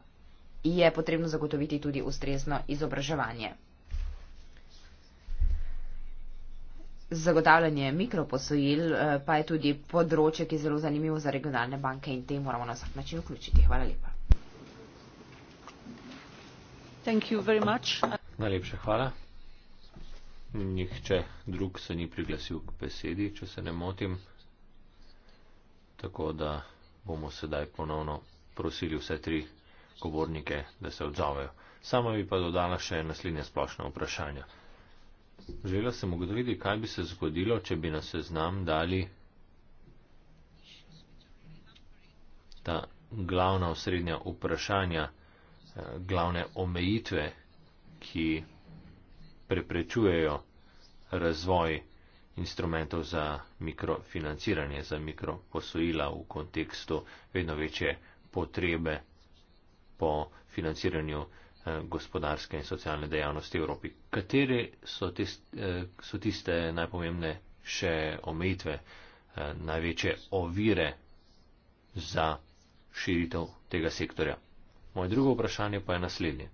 je potrebno zagotoviti tudi ustrezno izobraževanje. Zagotavljanje mikroposojil eh, pa je tudi področje, ki je zelo zanimivo za regionalne banke in te moramo na vsak način vključiti. Hvala lepa. Najlepša hvala. Nihče drug se ni priglasil k besedi, če se ne motim tako da bomo sedaj ponovno prosili vse tri govornike, da se odzovejo. Sama bi pa dodala še naslednje splošno vprašanje. Želela sem ugotoviti, kaj bi se zgodilo, če bi na seznam dali ta glavna osrednja vprašanja, eh, glavne omejitve, ki preprečujejo razvoj instrumentov za mikrofinanciranje, za mikroposojila v kontekstu vedno večje potrebe po financiranju eh, gospodarske in socialne dejavnosti v Evropi. Katere so, tist, eh, so tiste najpomembne še omejitve, eh, največje ovire za širitev tega sektorja? Moje drugo vprašanje pa je naslednje.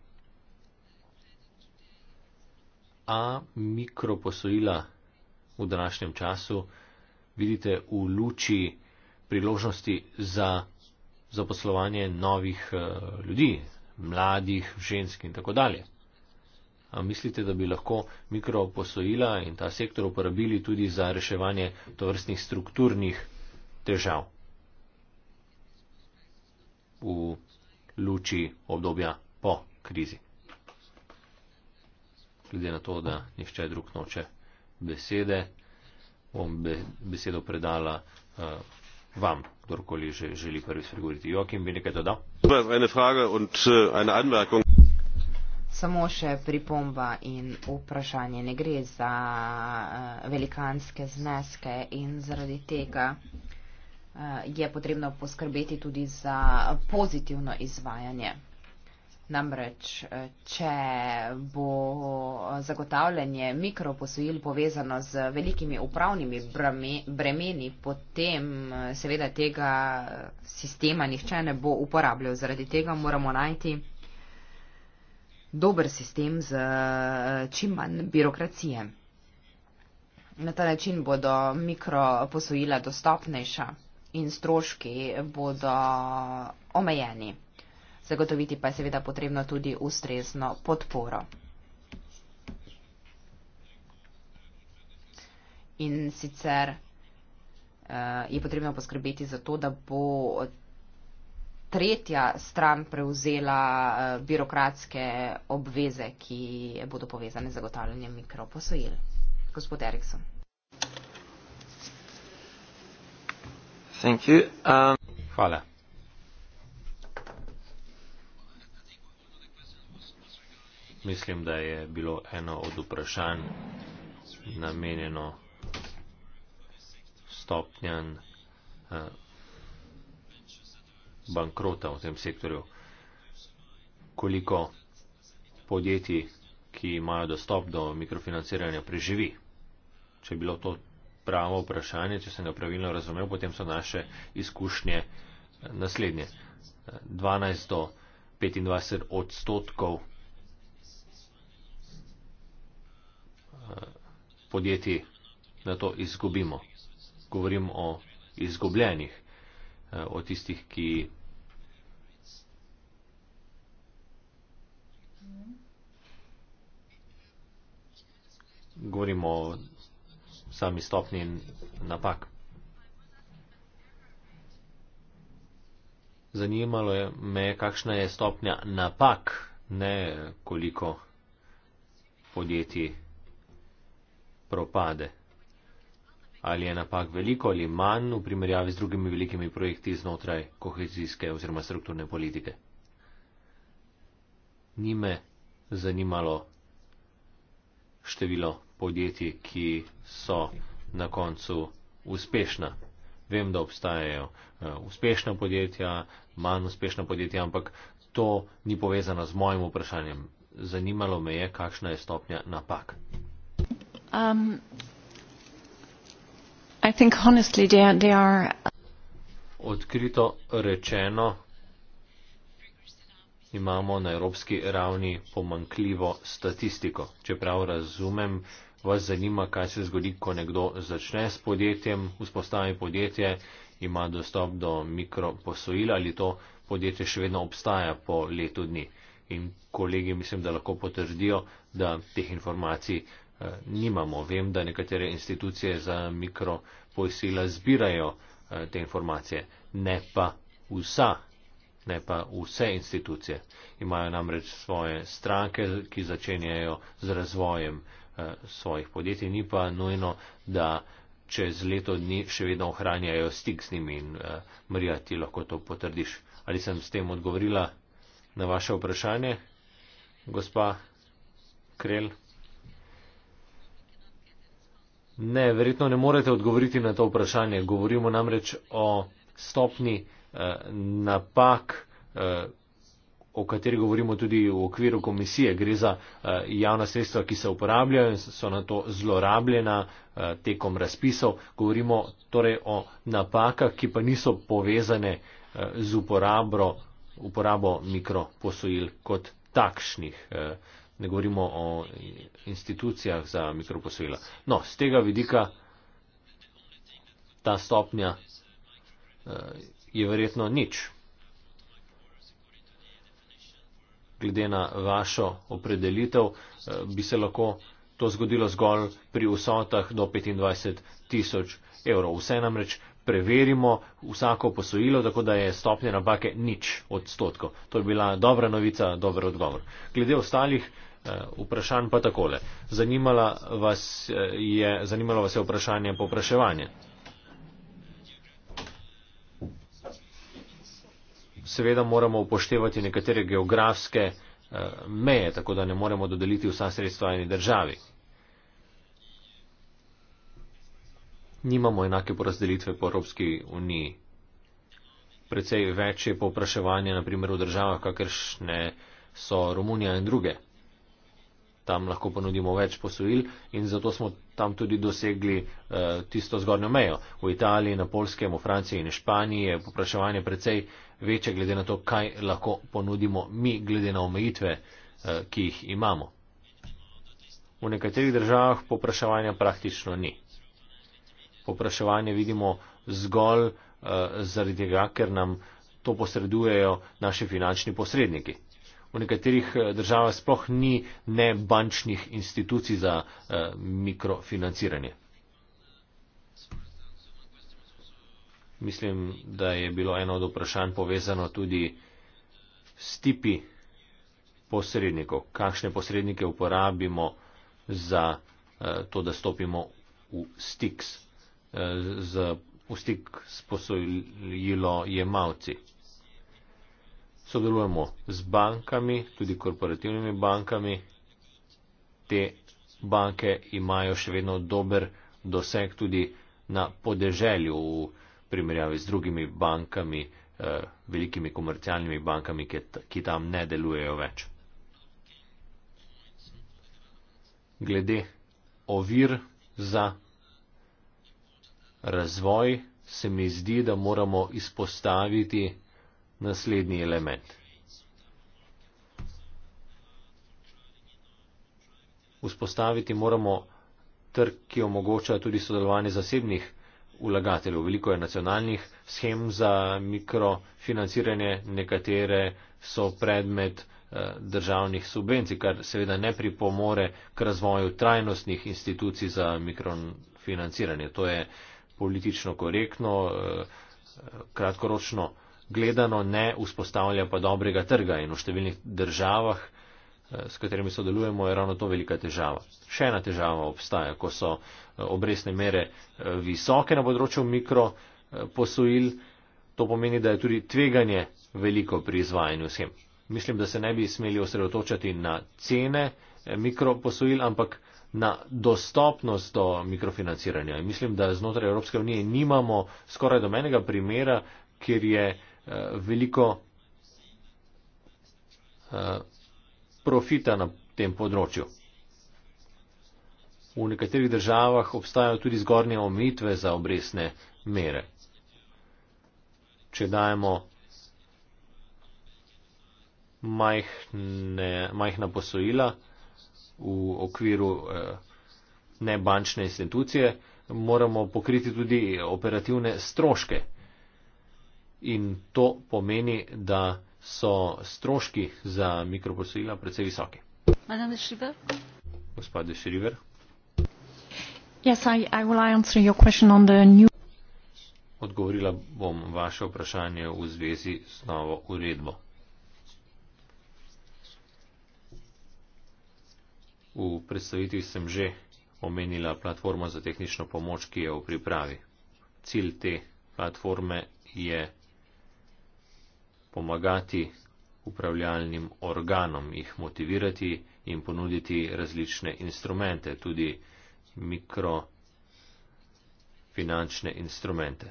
A mikroposojila v današnjem času vidite v luči priložnosti za zaposlovanje novih eh, ljudi, mladih, žensk in tako dalje. A mislite, da bi lahko mikroposojila in ta sektor uporabili tudi za reševanje tovrstnih strukturnih težav v luči obdobja po krizi? Glede na to, da nihče drug noče besede, bom be, besedo predala uh, vam, kdorkoli že želi prvi spregovoriti. Joakim, bi nekaj dodal? Äh, Samo še pripomba in vprašanje. Ne gre za uh, velikanske zneske in zaradi tega uh, je potrebno poskrbeti tudi za pozitivno izvajanje. Namreč, eh, če bo zagotavljanje mikroposojil povezano z velikimi upravnimi bremeni, potem eh, seveda tega eh, sistema nihče ne bo uporabljal. Zaradi tega moramo najti dober sistem z čim manj birokracije. Na ta način bodo mikroposojila dostopnejša in stroški bodo omejeni. Zagotoviti pa je seveda potrebno tudi ustrezno podporo. In sicer uh, je potrebno poskrbeti za to, da bo tretja stran prevzela uh, birokratske obveze, ki bodo povezane z zagotavljanjem mikroposojil. Gospod Erikson. Um. Hvala. mislim, da je bilo eno od vprašanj namenjeno stopnjan eh, bankrota v tem sektorju. Koliko podjetij, ki imajo dostop do mikrofinanciranja, preživi? Če je bilo to pravo vprašanje, če sem ga pravilno razumel, potem so naše izkušnje eh, naslednje. 12 eh, do 25 odstotkov podjetij na to izgubimo. Govorim o izgubljenih, eh, o tistih, ki govorimo o sami stopni napak. Zanimalo je me, kakšna je stopnja napak, ne koliko podjetij propade. Ali je napak veliko ali manj v primerjavi z drugimi velikimi projekti znotraj kohezijske oziroma strukturne politike? Ni me zanimalo število podjetij, ki so na koncu uspešna. Vem, da obstajajo eh, uspešna podjetja, manj uspešna podjetja, ampak to ni povezano z mojim vprašanjem. Zanimalo me je, kakšna je stopnja napak. Um, Odkrito rečeno imamo na evropski ravni pomankljivo statistiko. Čeprav razumem, vas zanima, kaj se zgodi, ko nekdo začne s podjetjem, vzpostavi podjetje, ima dostop do mikroposojila ali to podjetje še vedno obstaja po letu dni. In kolegi mislim, da lahko potrdijo, da teh informacij Eh, nimamo. Vem, da nekatere institucije za mikropojsila zbirajo eh, te informacije, ne pa vsa, ne pa vse institucije. Imajo namreč svoje stranke, ki začenjajo z razvojem eh, svojih podjetij, ni pa nujno, da čez leto dni še vedno ohranjajo stik z njimi in Marija, ti lahko to potrdiš. Ali sem s tem odgovorila na vaše vprašanje, gospa Krel? Ne, verjetno ne morete odgovoriti na to vprašanje. Govorimo namreč o stopni eh, napak, eh, o kateri govorimo tudi v okviru komisije. Gre za eh, javna sredstva, ki se uporabljajo in so na to zlorabljena eh, tekom razpisov. Govorimo torej o napakah, ki pa niso povezane eh, z uporabo, uporabo mikroposojil kot takšnih. Eh, ne govorimo o institucijah za mikroposojila. No, z tega vidika ta stopnja eh, je verjetno nič. Glede na vašo opredelitev eh, bi se lahko to zgodilo zgolj pri vsotah do 25 tisoč evrov. Vse namreč preverimo vsako posojilo, tako da je stopnje napake nič odstotkov. To je bila dobra novica, dober odgovor. Glede ostalih Eh, vprašanj pa takole. Zanimala vas eh, je, zanimalo vas je vprašanje popraševanja. Seveda moramo upoštevati nekatere geografske eh, meje, tako da ne moremo dodeliti vsa sredstva eni državi. Nimamo enake porazdelitve po Evropski uniji. Precej več je povpraševanje, naprimer, v državah, kakršne so Romunija in druge tam lahko ponudimo več posojil in zato smo tam tudi dosegli eh, tisto zgornjo mejo. V Italiji, na Polskem, v Franciji in Španiji je popraševanje precej večje glede na to, kaj lahko ponudimo mi glede na omejitve, eh, ki jih imamo. V nekaterih državah popraševanja praktično ni. Popraševanje vidimo zgolj eh, zaradi tega, ker nam to posredujejo naši finančni posredniki v nekaterih eh, državah sploh ni ne bančnih institucij za eh, mikrofinanciranje. Mislim, da je bilo eno od vprašanj povezano tudi s tipi posrednikov, kakšne posrednike uporabimo za eh, to, da stopimo v stik s posojilo jemalci sodelujemo z bankami, tudi korporativnimi bankami. Te banke imajo še vedno dober doseg tudi na podeželju v primerjavi z drugimi bankami, eh, velikimi komercialnimi bankami, ki tam ne delujejo več. Glede ovir za razvoj se mi zdi, da moramo izpostaviti naslednji element. Vzpostaviti moramo trg, ki omogoča tudi sodelovanje zasebnih vlagateljev. Veliko je nacionalnih schem za mikrofinanciranje, nekatere so predmet eh, državnih subvencij, kar seveda ne pripomore k razvoju trajnostnih institucij za mikrofinanciranje. To je politično korektno, eh, kratkoročno gledano ne vzpostavlja pa dobrega trga in v številnih državah, eh, s katerimi sodelujemo, je ravno to velika težava. Še ena težava obstaja, ko so eh, obresne mere eh, visoke na področju mikroposojil, to pomeni, da je tudi tveganje veliko pri izvajanju vsem. Mislim, da se ne bi smeli osredotočati na cene mikroposojil, ampak na dostopnost do mikrofinanciranja. In mislim, da znotraj Evropske unije nimamo skoraj domenega primera, kjer je Eh, veliko eh, profita na tem področju. V nekaterih državah obstajajo tudi zgornje omitve za obresne mere. Če dajemo majhne, majhna posojila v okviru eh, nebančne institucije, moramo pokriti tudi operativne stroške in to pomeni, da so stroški za mikroposojila precej visoki. Gospod Šriver. Yes, I, I new... Odgovorila bom vaše vprašanje v zvezi z novo uredbo. V predstavitvi sem že omenila platformo za tehnično pomoč, ki je v pripravi. Cilj te platforme je pomagati upravljalnim organom, jih motivirati in ponuditi različne instrumente, tudi mikrofinančne instrumente.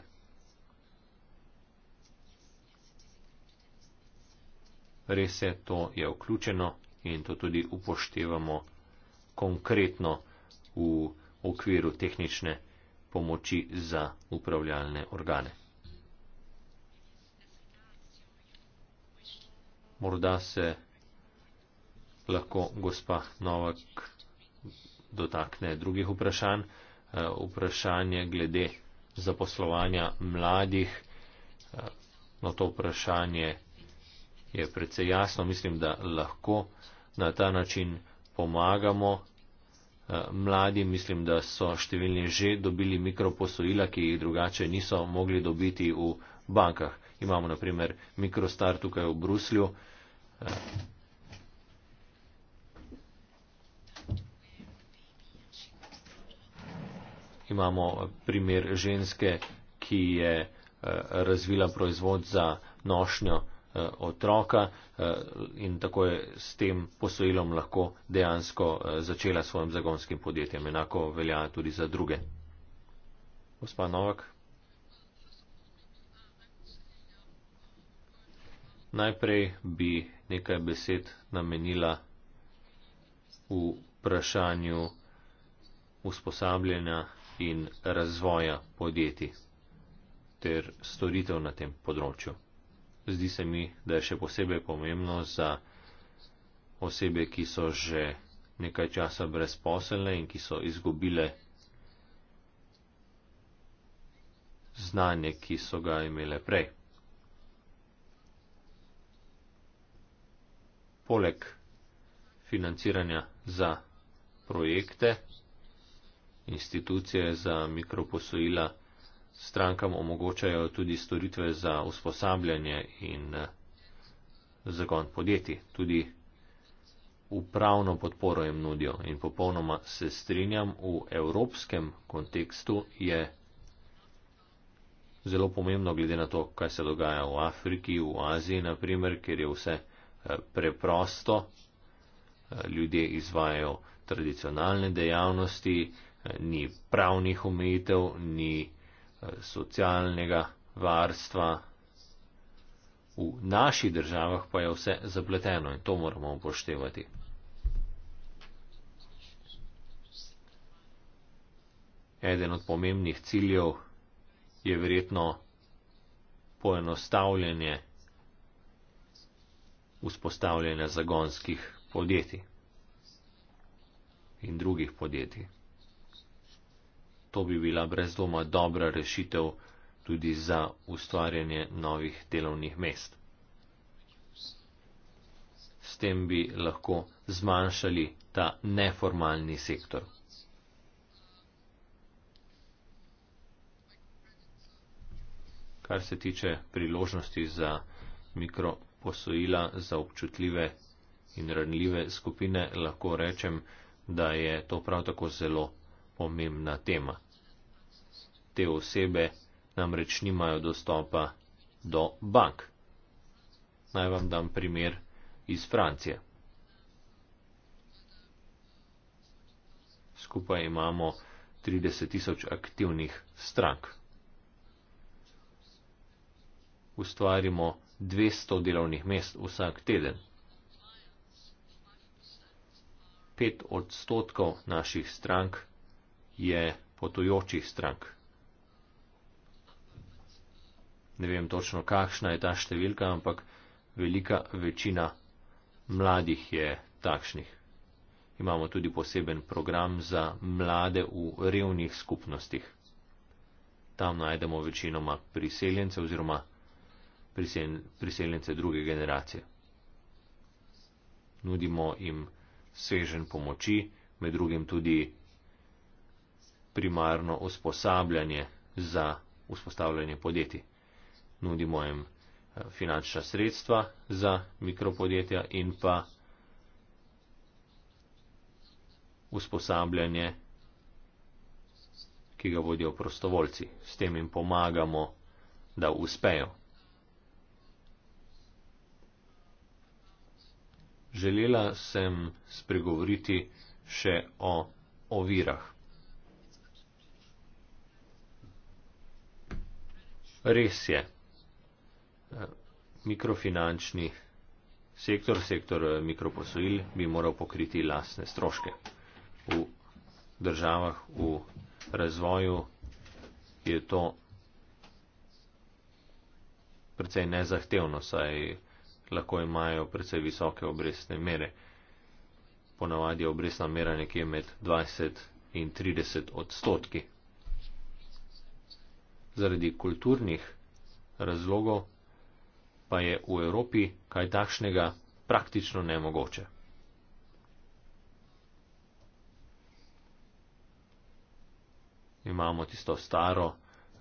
Res je, to je vključeno in to tudi upoštevamo konkretno v okviru tehnične pomoči za upravljalne organe. morda se lahko gospa Novak dotakne drugih vprašanj. Eh, vprašanje glede zaposlovanja mladih. Eh, no, to vprašanje je precej jasno. Mislim, da lahko na ta način pomagamo eh, mladim. Mislim, da so številni že dobili mikroposojila, ki jih drugače niso mogli dobiti v bankah. Imamo naprimer Mikrostar tukaj v Bruslju. Imamo primer ženske, ki je eh, razvila proizvod za nošnjo eh, otroka eh, in tako je s tem posojilom lahko dejansko začela svojim zagonskim podjetjem. Enako velja tudi za druge. Gospa Novak. Najprej bi nekaj besed namenila v vprašanju usposabljanja in razvoja podjetij ter storitev na tem področju. Zdi se mi, da je še posebej pomembno za osebe, ki so že nekaj časa brezposelne in ki so izgubile znanje, ki so ga imele prej. poleg financiranja za projekte, institucije za mikroposojila, strankam omogočajo tudi storitve za usposabljanje in eh, zagon podjetij. Tudi upravno podporo jim nudijo in popolnoma se strinjam, v evropskem kontekstu je zelo pomembno, glede na to, kaj se dogaja v Afriki, v Aziji, naprimer, kjer je vse preprosto. Ljudje izvajajo tradicionalne dejavnosti, ni pravnih omejitev, ni eh, socialnega varstva. V naših državah pa je vse zapleteno in to moramo upoštevati. Eden od pomembnih ciljev je verjetno poenostavljanje vzpostavljanja zagonskih podjetij in drugih podjetij. To bi bila brez doma dobra rešitev tudi za ustvarjanje novih delovnih mest. S tem bi lahko zmanjšali ta neformalni sektor. Kar se tiče priložnosti za mikro posojila za občutljive in ranljive skupine, lahko rečem, da je to prav tako zelo pomembna tema. Te osebe namreč nimajo dostopa do bank. Naj vam dam primer iz Francije. Skupaj imamo 30 tisoč aktivnih strank. Ustvarimo 200 delovnih mest vsak teden. Pet odstotkov naših strank je potujočih strank. Ne vem točno, kakšna je ta številka, ampak velika večina mladih je takšnih. Imamo tudi poseben program za mlade v revnih skupnostih. Tam najdemo večinoma priseljence oziroma priseljence priseljence druge generacije. Nudimo jim svežen pomoči, med drugim tudi primarno usposabljanje za vzpostavljanje podjetij. Nudimo jim eh, finančna sredstva za mikropodjetja in pa usposabljanje, ki ga vodijo prostovoljci. S tem jim pomagamo, da uspejo. želela sem spregovoriti še o ovirah. Res je, mikrofinančni sektor, sektor eh, mikroposojil bi moral pokriti lasne stroške. V državah v razvoju je to precej nezahtevno, saj lahko imajo precej visoke obrestne mere. Ponavadi je obrestna mera nekje med 20 in 30 odstotki. Zaradi kulturnih razlogov pa je v Evropi kaj takšnega praktično nemogoče. Imamo tisto staro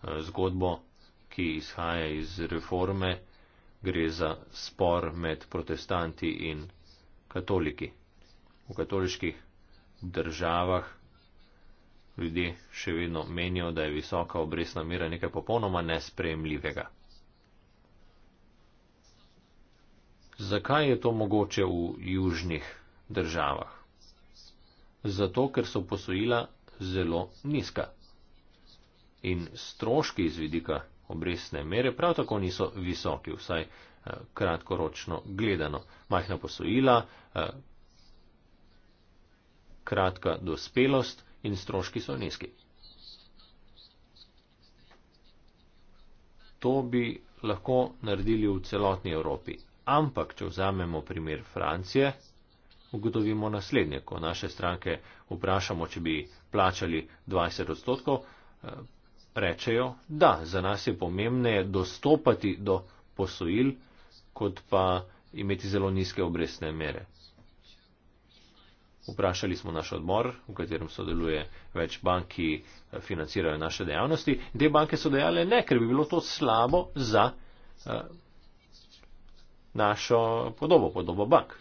eh, zgodbo, ki izhaja iz reforme gre za spor med protestanti in katoliki. V katoliških državah ljudje še vedno menijo, da je visoka obresna mera nekaj popolnoma nespremljivega. Zakaj je to mogoče v južnih državah? Zato, ker so posojila zelo nizka. In stroški iz vidika obrestne mere prav tako niso visoki, vsaj eh, kratkoročno gledano. Majhna posojila, eh, kratka dospelost in stroški so nizki. To bi lahko naredili v celotni Evropi. Ampak, če vzamemo primer Francije, ugotovimo naslednje. Ko naše stranke vprašamo, če bi plačali 20 odstotkov, eh, rečejo, da za nas je pomembneje dostopati do posojil, kot pa imeti zelo nizke obrestne mere. Vprašali smo naš odbor, v katerem sodeluje več bank, ki eh, financirajo naše dejavnosti. Te banke so dejale ne, ker bi bilo to slabo za uh, našo podobo, podobo bank.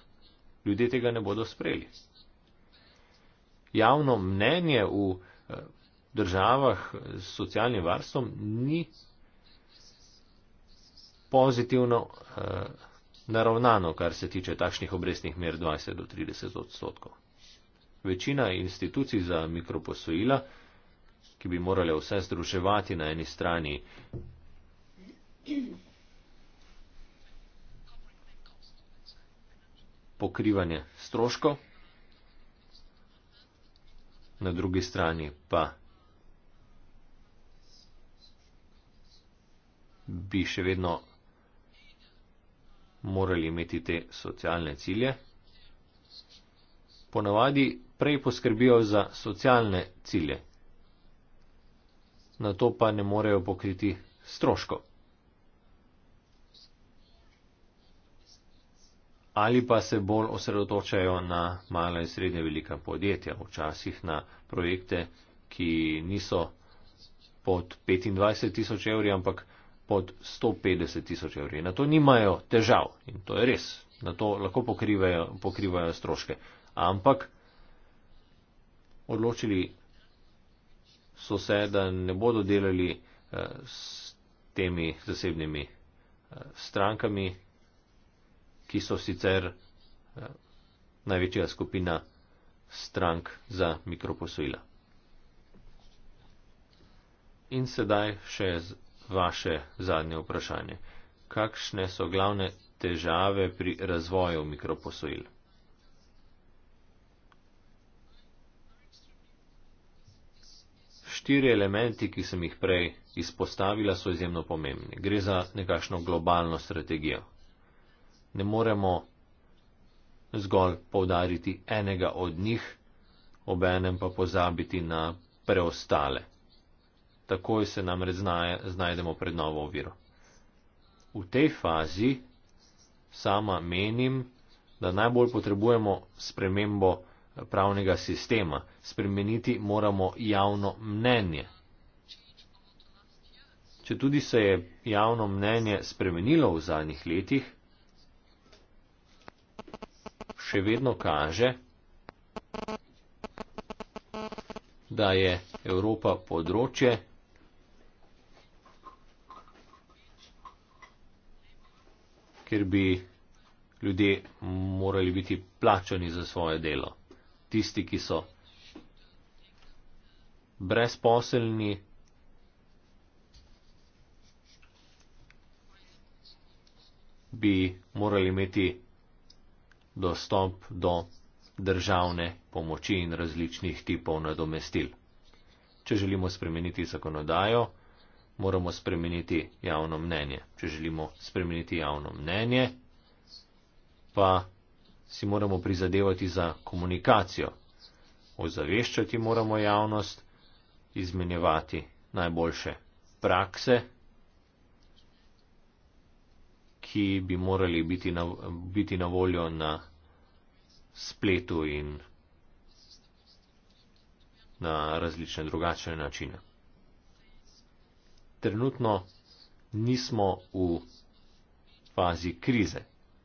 Ljudje tega ne bodo sprejeli. Javno mnenje v uh, državah s socialnim varstvom ni pozitivno eh, naravnano, kar se tiče takšnih obrestnih mer 20 do 30 odstotkov. Večina institucij za mikroposojila, ki bi morale vse združevati na eni strani pokrivanje stroškov, na drugi strani pa bi še vedno morali imeti te socialne cilje. Ponavadi prej poskrbijo za socialne cilje, na to pa ne morejo pokriti stroško. Ali pa se bolj osredotočajo na mala in srednje velika podjetja, včasih na projekte, ki niso pod 25 tisoč evri, ampak pod 150 tisoč evri. Na to nimajo težav in to je res. Na to lahko pokrivajo, pokrivajo stroške. Ampak odločili so se, da ne bodo delali eh, s temi zasebnimi eh, strankami, ki so sicer eh, največja skupina strank za mikroposojila. In sedaj še vaše zadnje vprašanje. Kakšne so glavne težave pri razvoju mikroposojil? Štiri elementi, ki sem jih prej izpostavila, so izjemno pomembni. Gre za nekakšno globalno strategijo. Ne moremo zgolj poudariti enega od njih, obenem pa pozabiti na preostale takoj se namreč znajdemo pred novo oviro. V tej fazi sama menim, da najbolj potrebujemo spremembo pravnega sistema, spremeniti moramo javno mnenje. Če tudi se je javno mnenje spremenilo v zadnjih letih, še vedno kaže, da je Evropa področje, kjer bi ljudje morali biti plačani za svoje delo. Tisti, ki so brezposelni, bi morali imeti dostop do državne pomoči in različnih tipov nadomestil. Če želimo spremeniti zakonodajo, moramo spremeniti javno mnenje. Če želimo spremeniti javno mnenje, pa si moramo prizadevati za komunikacijo. Ozaveščati moramo javnost, izmenjevati najboljše prakse, ki bi morali biti na, biti na voljo na spletu in na različne drugačne načine trenutno nismo v fazi krize,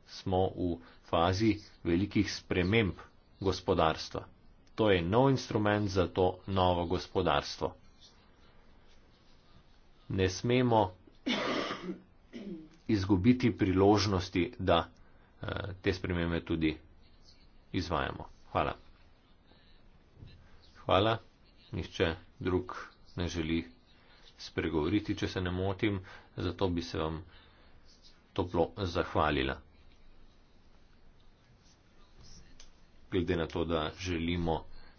smo v fazi velikih sprememb gospodarstva. To je nov instrument za to novo gospodarstvo. Ne smemo izgubiti priložnosti, da eh, te spremembe tudi izvajamo. Hvala. Hvala. Nihče drug ne želi spregovoriti, če se ne motim, zato bi se vam toplo zahvalila. Glede na to, da želimo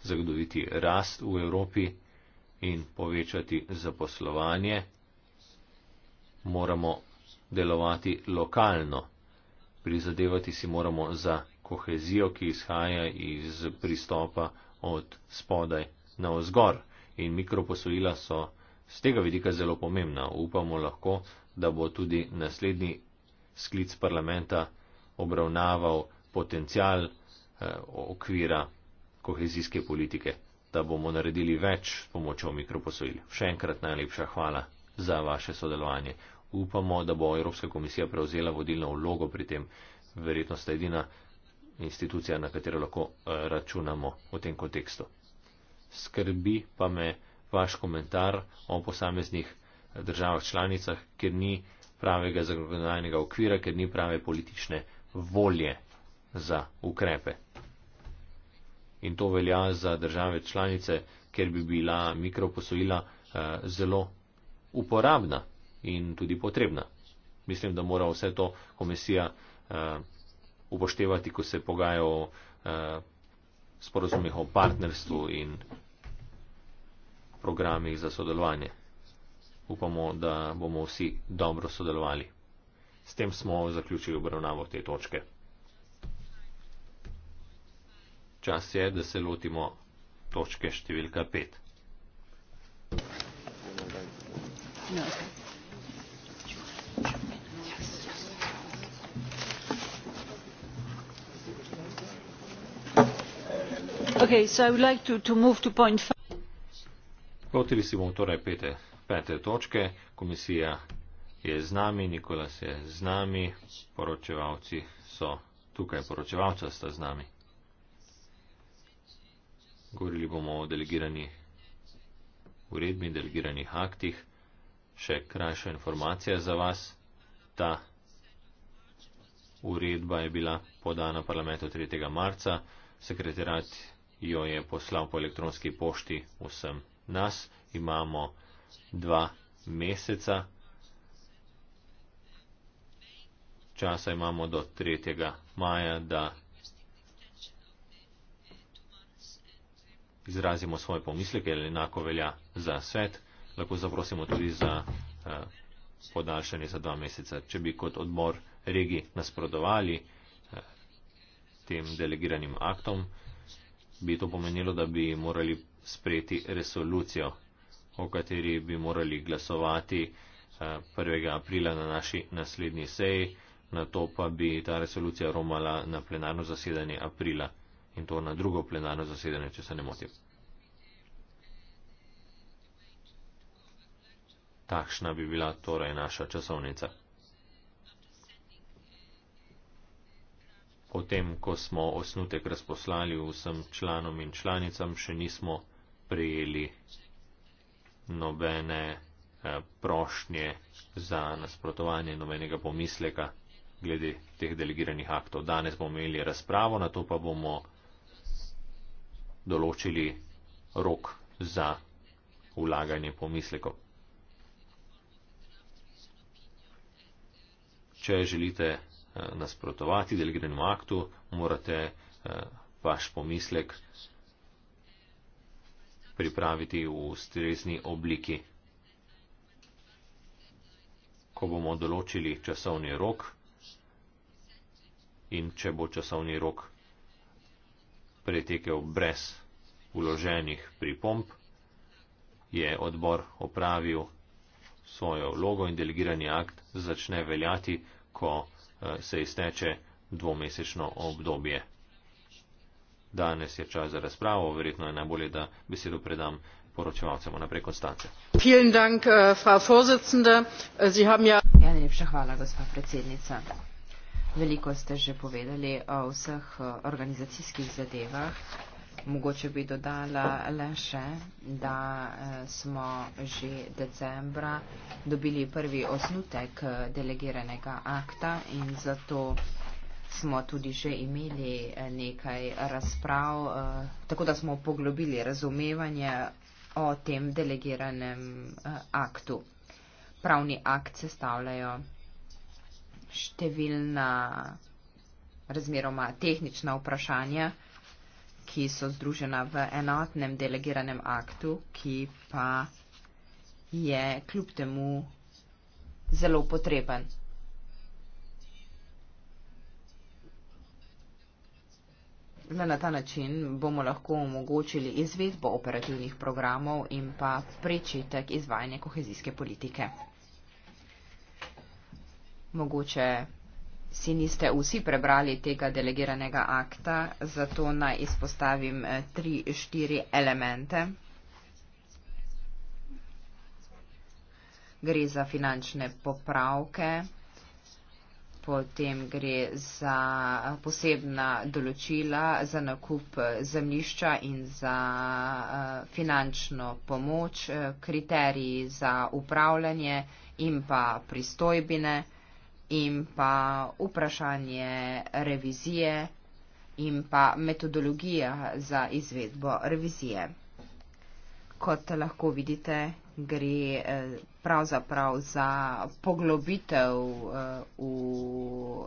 zagotoviti rast v Evropi in povečati zaposlovanje, moramo delovati lokalno. Prizadevati si moramo za kohezijo, ki izhaja iz pristopa od spodaj na vzgor. In mikroposojila so z tega vidika zelo pomembna. Upamo lahko, da bo tudi naslednji sklic parlamenta obravnaval potencial eh, okvira kohezijske politike, da bomo naredili več s pomočjo mikroposojil. Še enkrat najlepša hvala za vaše sodelovanje. Upamo, da bo Evropska komisija prevzela vodilno vlogo pri tem. Verjetno ste edina institucija, na katero lahko eh, računamo v tem kontekstu. Skrbi pa me vaš komentar o posameznih državah članicah, ker ni pravega zakonodajnega okvira, ker ni prave politične volje za ukrepe. In to velja za države članice, ker bi bila mikroposojila eh, zelo uporabna in tudi potrebna. Mislim, da mora vse to komisija eh, upoštevati, ko se pogaja o eh, sporozumih o partnerstvu in programih za sodelovanje. Upamo, da bomo vsi dobro sodelovali. S tem smo zaključili obravnavo te točke. Čas je, da se lotimo točke številka 5. No. Okay, so I would like to, to move to point five. Lotili si bomo torej pete, pete točke. Komisija je z nami, Nikolas je z nami, poročevalci so tukaj, poročevalca sta z nami. Govorili bomo o delegirani uredbi, delegiranih aktih. Še krajša informacija za vas. Ta uredba je bila podana parlamentu 3. marca. Sekretarat jo je poslal po elektronski pošti vsem nas imamo dva meseca, časa imamo do 3. maja, da izrazimo svoje pomisleke, ali enako velja za svet, lahko zaprosimo tudi za eh, podaljšanje za dva meseca. Če bi kot odbor regi nasprodovali eh, tem delegiranim aktom, bi to pomenilo, da bi morali sprejeti resolucijo, o kateri bi morali glasovati 1. Eh, aprila na naši naslednji seji, na to pa bi ta resolucija romala na plenarno zasedanje aprila in to na drugo plenarno zasedanje, če se ne motim. Takšna bi bila torej naša časovnica. Potem, ko smo osnutek razposlali vsem članom in članicam, še nismo prijeli nobene eh, prošnje za nasprotovanje, nobenega pomisleka glede teh delegiranih aktov. Danes bomo imeli razpravo, na to pa bomo določili rok za ulaganje pomislekov. Če želite eh, nasprotovati delegiranemu aktu, morate eh, vaš pomislek pripraviti v ustrezni obliki. Ko bomo določili časovni rok in če bo časovni rok pretekel brez uloženih pripomp, je odbor opravil svojo vlogo in delegirani akt začne veljati, ko eh, se izteče dvomesečno obdobje. Danes je čas za razpravo, verjetno je najbolje, da besedo predam poročevalcem naprej kot stance. Äh, äh, ja- ja, najlepša hvala, gospa predsednica. Veliko ste že povedali o vseh äh, organizacijskih zadevah. Mogoče bi dodala le še, da smo že decembra dobili prvi osnutek delegiranega akta in zato smo tudi že imeli eh, nekaj eh, razprav, eh, tako da smo poglobili razumevanje o tem delegiranem aktu. Pravni akt sestavljajo številna razmeroma tehnična vprašanja, ki so združena v enotnem delegiranem aktu, ki pa je kljub temu zelo potreben. Le na ta način bomo lahko omogočili izvedbo operativnih programov in pa prečetek izvajanja kohezijske politike. Mogoče si niste vsi prebrali tega delegiranega akta, zato naj izpostavim eh, tri, štiri elemente. Gre za finančne popravke, potem gre za posebna določila za nakup zemlišča in za eh, finančno pomoč, eh, kriteriji za upravljanje in pa pristojbine in pa vprašanje revizije in pa metodologija za izvedbo revizije. Kot lahko vidite, gre eh, pravzaprav za poglobitev eh, v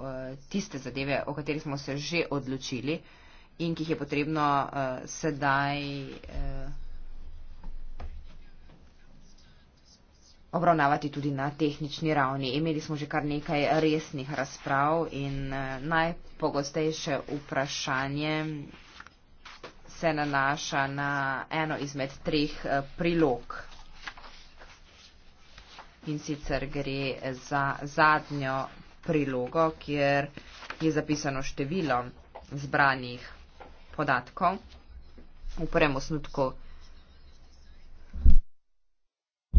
eh, tiste zadeve, o katerih smo se že odločili in ki jih je potrebno sedaj obravnavati tudi na tehnični ravni. Imeli smo že kar nekaj resnih razprav in najpogostejše vprašanje se nanaša na eno izmed treh prilog in sicer gre za zadnjo prilogo, kjer je zapisano število zbranih podatkov. V prvem osnutku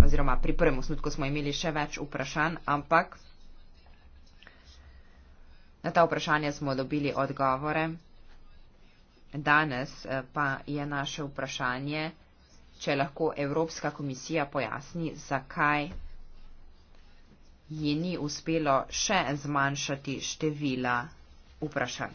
oziroma pri prvem osnutku smo imeli še več vprašanj, ampak na ta vprašanja smo dobili odgovore. Danes eh, pa je naše vprašanje, če lahko Evropska komisija pojasni, zakaj ji ni uspelo še zmanjšati števila vprašanj.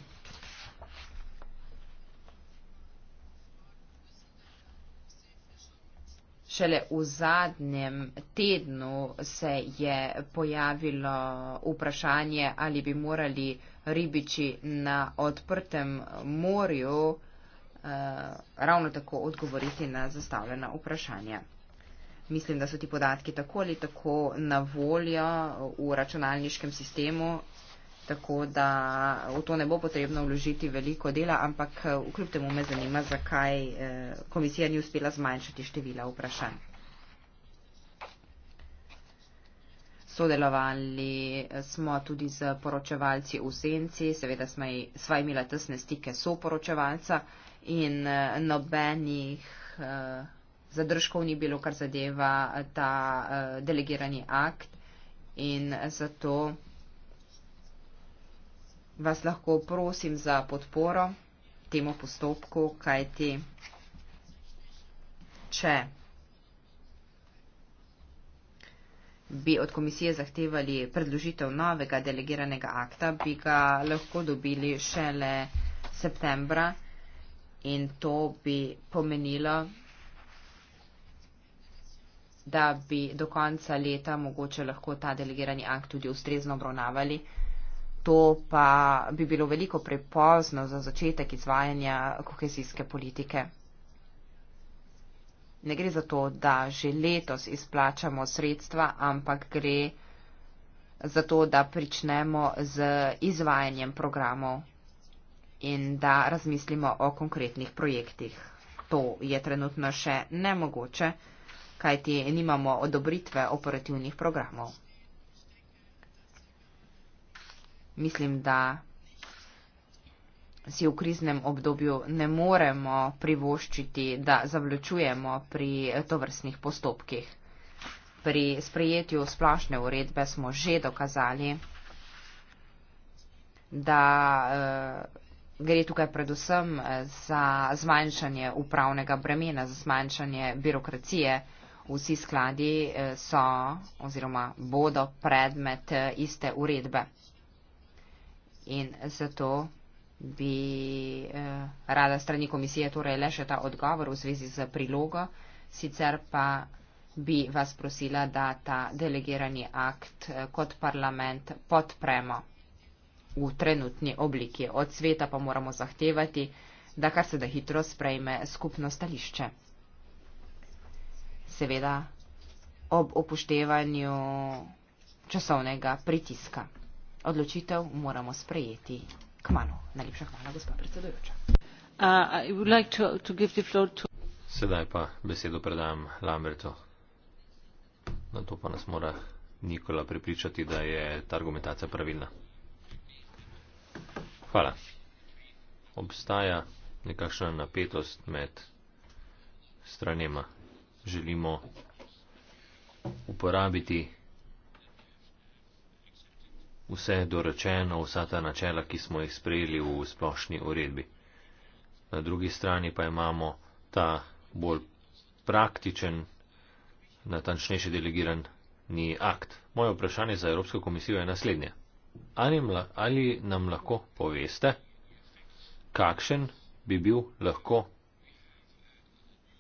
Šele v zadnjem tednu se je pojavilo vprašanje, ali bi morali ribiči na odprtem morju eh, ravno tako odgovoriti na zastavljena vprašanja mislim, da so ti podatki tako ali tako na voljo v računalniškem sistemu, tako da v to ne bo potrebno vložiti veliko dela, ampak kljub temu me zanima, zakaj eh, komisija ni uspela zmanjšati števila vprašanj. Sodelovali eh, smo tudi z poročevalci v Senci, seveda sva imela tesne stike soporočevalca in eh, nobenih. Uh, zadržkov ni bilo, kar zadeva eh, ta uh, delegirani akt in zato vas lahko prosim za podporo temu postopku, kajti če bi od komisije zahtevali predložitev novega delegiranega akta, bi ga lahko dobili šele septembra in to bi pomenilo, da bi do konca leta mogoče lahko ta delegirani akt tudi ustrezno obravnavali. To pa bi bilo veliko prepozno za začetek izvajanja kohezijske politike. Ne gre za to, da že letos izplačamo sredstva, ampak gre za to, da pričnemo z izvajanjem programov in da razmislimo o konkretnih projektih. To je trenutno še nemogoče kajti nimamo odobritve operativnih programov. Mislim, da si v kriznem obdobju ne moremo privoščiti, da zavlačujemo pri tovrstnih postopkih. Pri sprejetju splošne uredbe smo že dokazali, da eh, gre tukaj predvsem eh, za zmanjšanje upravnega bremena, za zmanjšanje birokracije vsi skladi eh, so oziroma bodo predmet eh, iste uredbe. In zato bi eh, rada strani komisije torej le še ta odgovor v zvezi z prilogo, sicer pa bi vas prosila, da ta delegirani akt kot parlament podpremo v trenutni obliki. Od sveta pa moramo zahtevati, da kar se da hitro sprejme skupno stališče seveda ob upoštevanju časovnega pritiska. Odločitev moramo sprejeti k manu. Najlepša hvala, gospod predsedujoča. Uh, like to, to to... Sedaj pa besedo predam Lambertu. Na to pa nas mora Nikola prepričati, da je ta argumentacija pravilna. Hvala. Obstaja nekakšna napetost med stranema želimo uporabiti vse dorečeno, vsa ta načela, ki smo jih sprejeli v splošni uredbi. Na drugi strani pa imamo ta bolj praktičen, natančnejši delegirani akt. Moje vprašanje za Evropsko komisijo je naslednje. Ali, mla, ali nam lahko poveste, kakšen bi bil lahko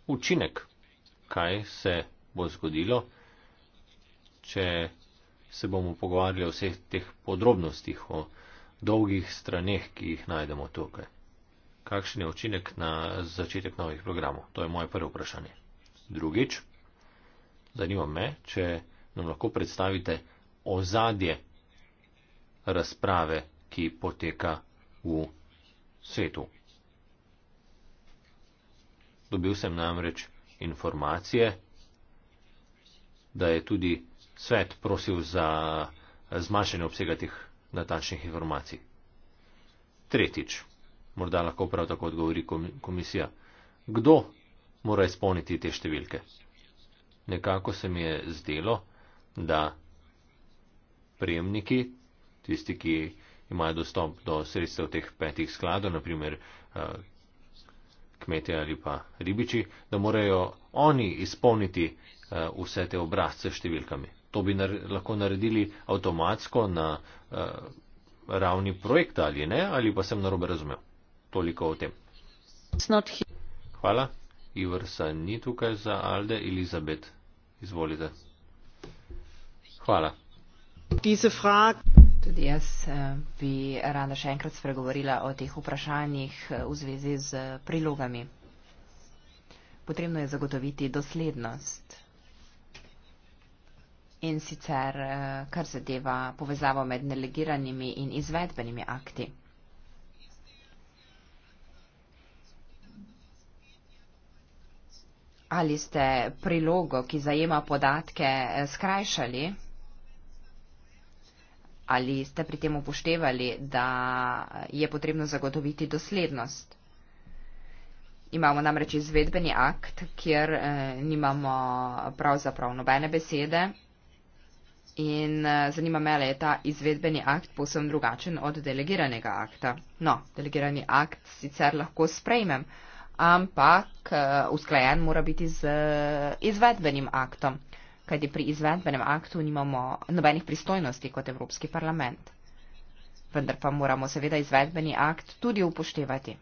učinek kaj se bo zgodilo, če se bomo pogovarjali o vseh teh podrobnostih, o dolgih straneh, ki jih najdemo tukaj. Kakšen je učinek na začetek novih programov? To je moje prvo vprašanje. Drugič, zanima me, če nam lahko predstavite ozadje razprave, ki poteka v svetu. Dobil sem namreč informacije, da je tudi svet prosil za zmanjšanje obsega teh natančnih informacij. Tretjič, morda lahko prav tako odgovori komisija, kdo mora izpolniti te številke. Nekako se mi je zdelo, da prejemniki, tisti, ki imajo dostop do sredstev teh petih skladov, naprimer eh, kmetje ali pa ribiči, da morajo oni izpolniti eh, vse te obrazce s številkami. To bi nar lahko naredili avtomatsko na uh, ravni projekta ali ne, ali pa sem narobe razumel. Toliko o tem. Hvala. Ivrsa ni tukaj za Alde. Elizabet, izvolite. Hvala. Diese Frage. Tudi jaz eh, bi rada še enkrat spregovorila o teh vprašanjih eh, v zvezi z prilogami. Potrebno je zagotoviti doslednost in sicer eh, kar zadeva povezavo med delegiranimi in izvedbenimi akti. Ali ste prilogo, ki zajema podatke, skrajšali? ali ste pri tem upoštevali, da je potrebno zagotoviti doslednost. Imamo namreč izvedbeni akt, kjer eh, nimamo pravzaprav nobene besede in eh, zanima me, ali je ta izvedbeni akt posebno drugačen od delegiranega akta. No, delegirani akt sicer lahko sprejmem, ampak eh, usklajen mora biti z izvedbenim aktom kajti pri izvedbenem aktu nimamo nobenih pristojnosti kot Evropski parlament. Vendar pa moramo seveda izvedbeni akt tudi upoštevati.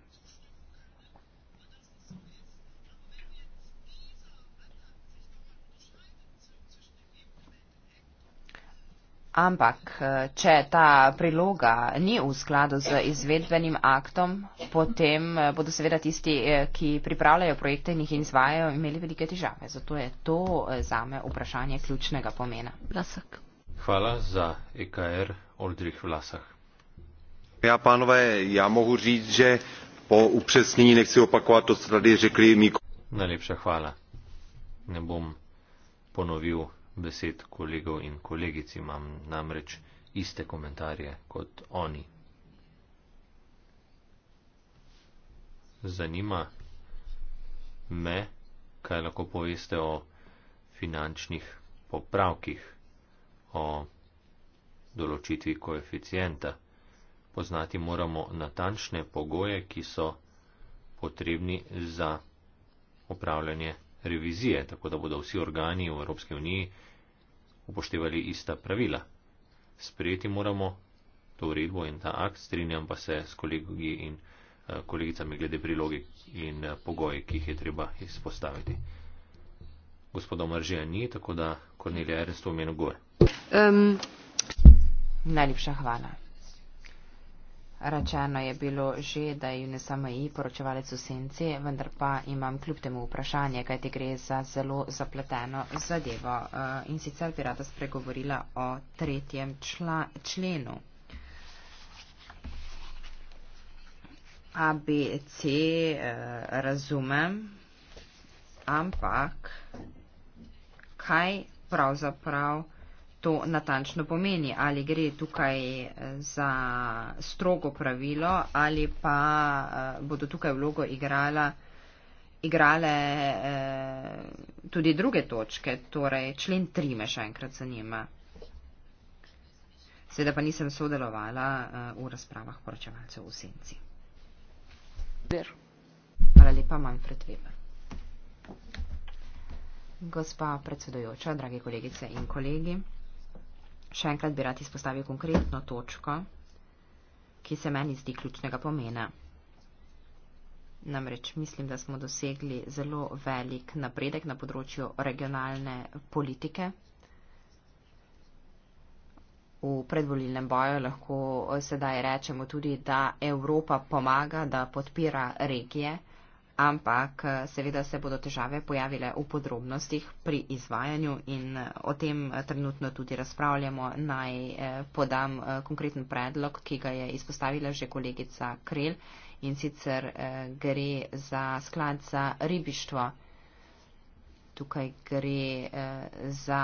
Ampak, eh, če ta priloga ni v skladu z izvedbenim aktom, potem eh, bodo seveda tisti, eh, ki pripravljajo projekte in jih izvajajo, imeli velike težave. Zato je to zame vprašanje ključnega pomena. Vlasak. Hvala za EKR Oldrich Vlasak. Ja, panove, ja mogu říct, že po upresnjeni nekci opakovati to, kar ste tady rekli. Najlepša hvala. Ne bom ponovil deset kolegov in kolegic imam namreč iste komentarje kot oni. Zanima me, kaj lahko poveste o finančnih popravkih, o določitvi koeficijenta. Poznati moramo natančne pogoje, ki so potrebni za upravljanje revizije, tako da bodo vsi organi v Evropski uniji upoštevali ista pravila. Sprejeti moramo to uredbo in ta akt, strinjam pa se s kolegi in eh, kolegicami glede priloge in eh, pogoje, ki jih je treba izpostaviti. Gospoda Omaržija ni, tako da Kornelija Ernst v imenu gore. Um, najlepša hvala. Račeno je bilo že, da je UNESMI poročevalec v senci, vendar pa imam kljub temu vprašanje, kaj ti gre za zelo zapleteno zadevo. Eh, in sicer bi rada spregovorila o tretjem čla, členu. ABC eh, razumem, ampak kaj pravzaprav to natančno pomeni, ali gre tukaj eh, za strogo pravilo, ali pa eh, bodo tukaj vlogo igrala, igrale eh, tudi druge točke, torej člen 3 me še enkrat zanima. Seveda pa nisem sodelovala v razpravah poročevalcev v Senci. Hvala lepa, Manfred Weber. Gospa predsedojoča, dragi kolegice in kolegi. Še enkrat bi rad izpostavil konkretno točko, ki se meni zdi ključnega pomena. Namreč mislim, da smo dosegli zelo velik napredek na področju regionalne politike. V predvolilnem boju lahko sedaj rečemo tudi, da Evropa pomaga, da podpira regije ampak eh, seveda se bodo težave pojavile v podrobnostih pri izvajanju in eh, o tem eh, trenutno tudi razpravljamo. Naj podam konkreten predlog, ki ga je izpostavila že kolegica Krel in sicer gre za sklad za ribištvo. Tukaj gre za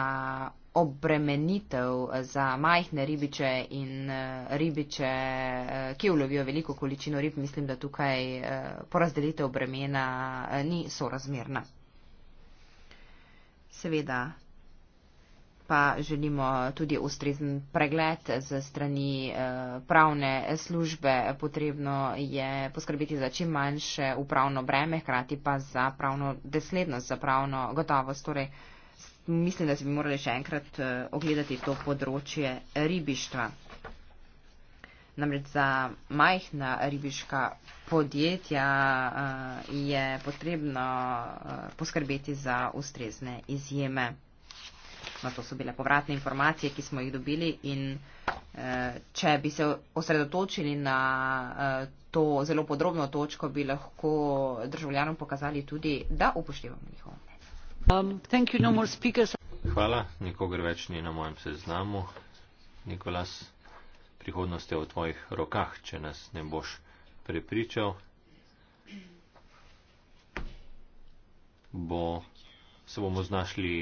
obremenitev za majhne ribiče in eh, ribiče, eh, ki ulovijo veliko količino rib, mislim, da tukaj eh, porazdelitev bremena ni sorazmerna. Seveda pa želimo tudi ustrezen pregled ze strani pravne službe. Potrebno je poskrbeti za čim manjše upravno breme, hkrati pa za pravno deslednost, za pravno gotovost. Torej, mislim, da si bi morali še enkrat eh, ogledati to področje ribištva. Namreč za majhna ribiška podjetja eh, je potrebno eh, poskrbeti za ustrezne izjeme. No, to so bile povratne informacije, ki smo jih dobili in če bi se osredotočili na to zelo podrobno točko, bi lahko državljanom pokazali tudi, da upoštevamo njihovo. Um, no hvala nikogar več ni na mojem seznamu nikolas prihodnost je v tvojih rokah če nas ne boš prepričal bo se bomo znašli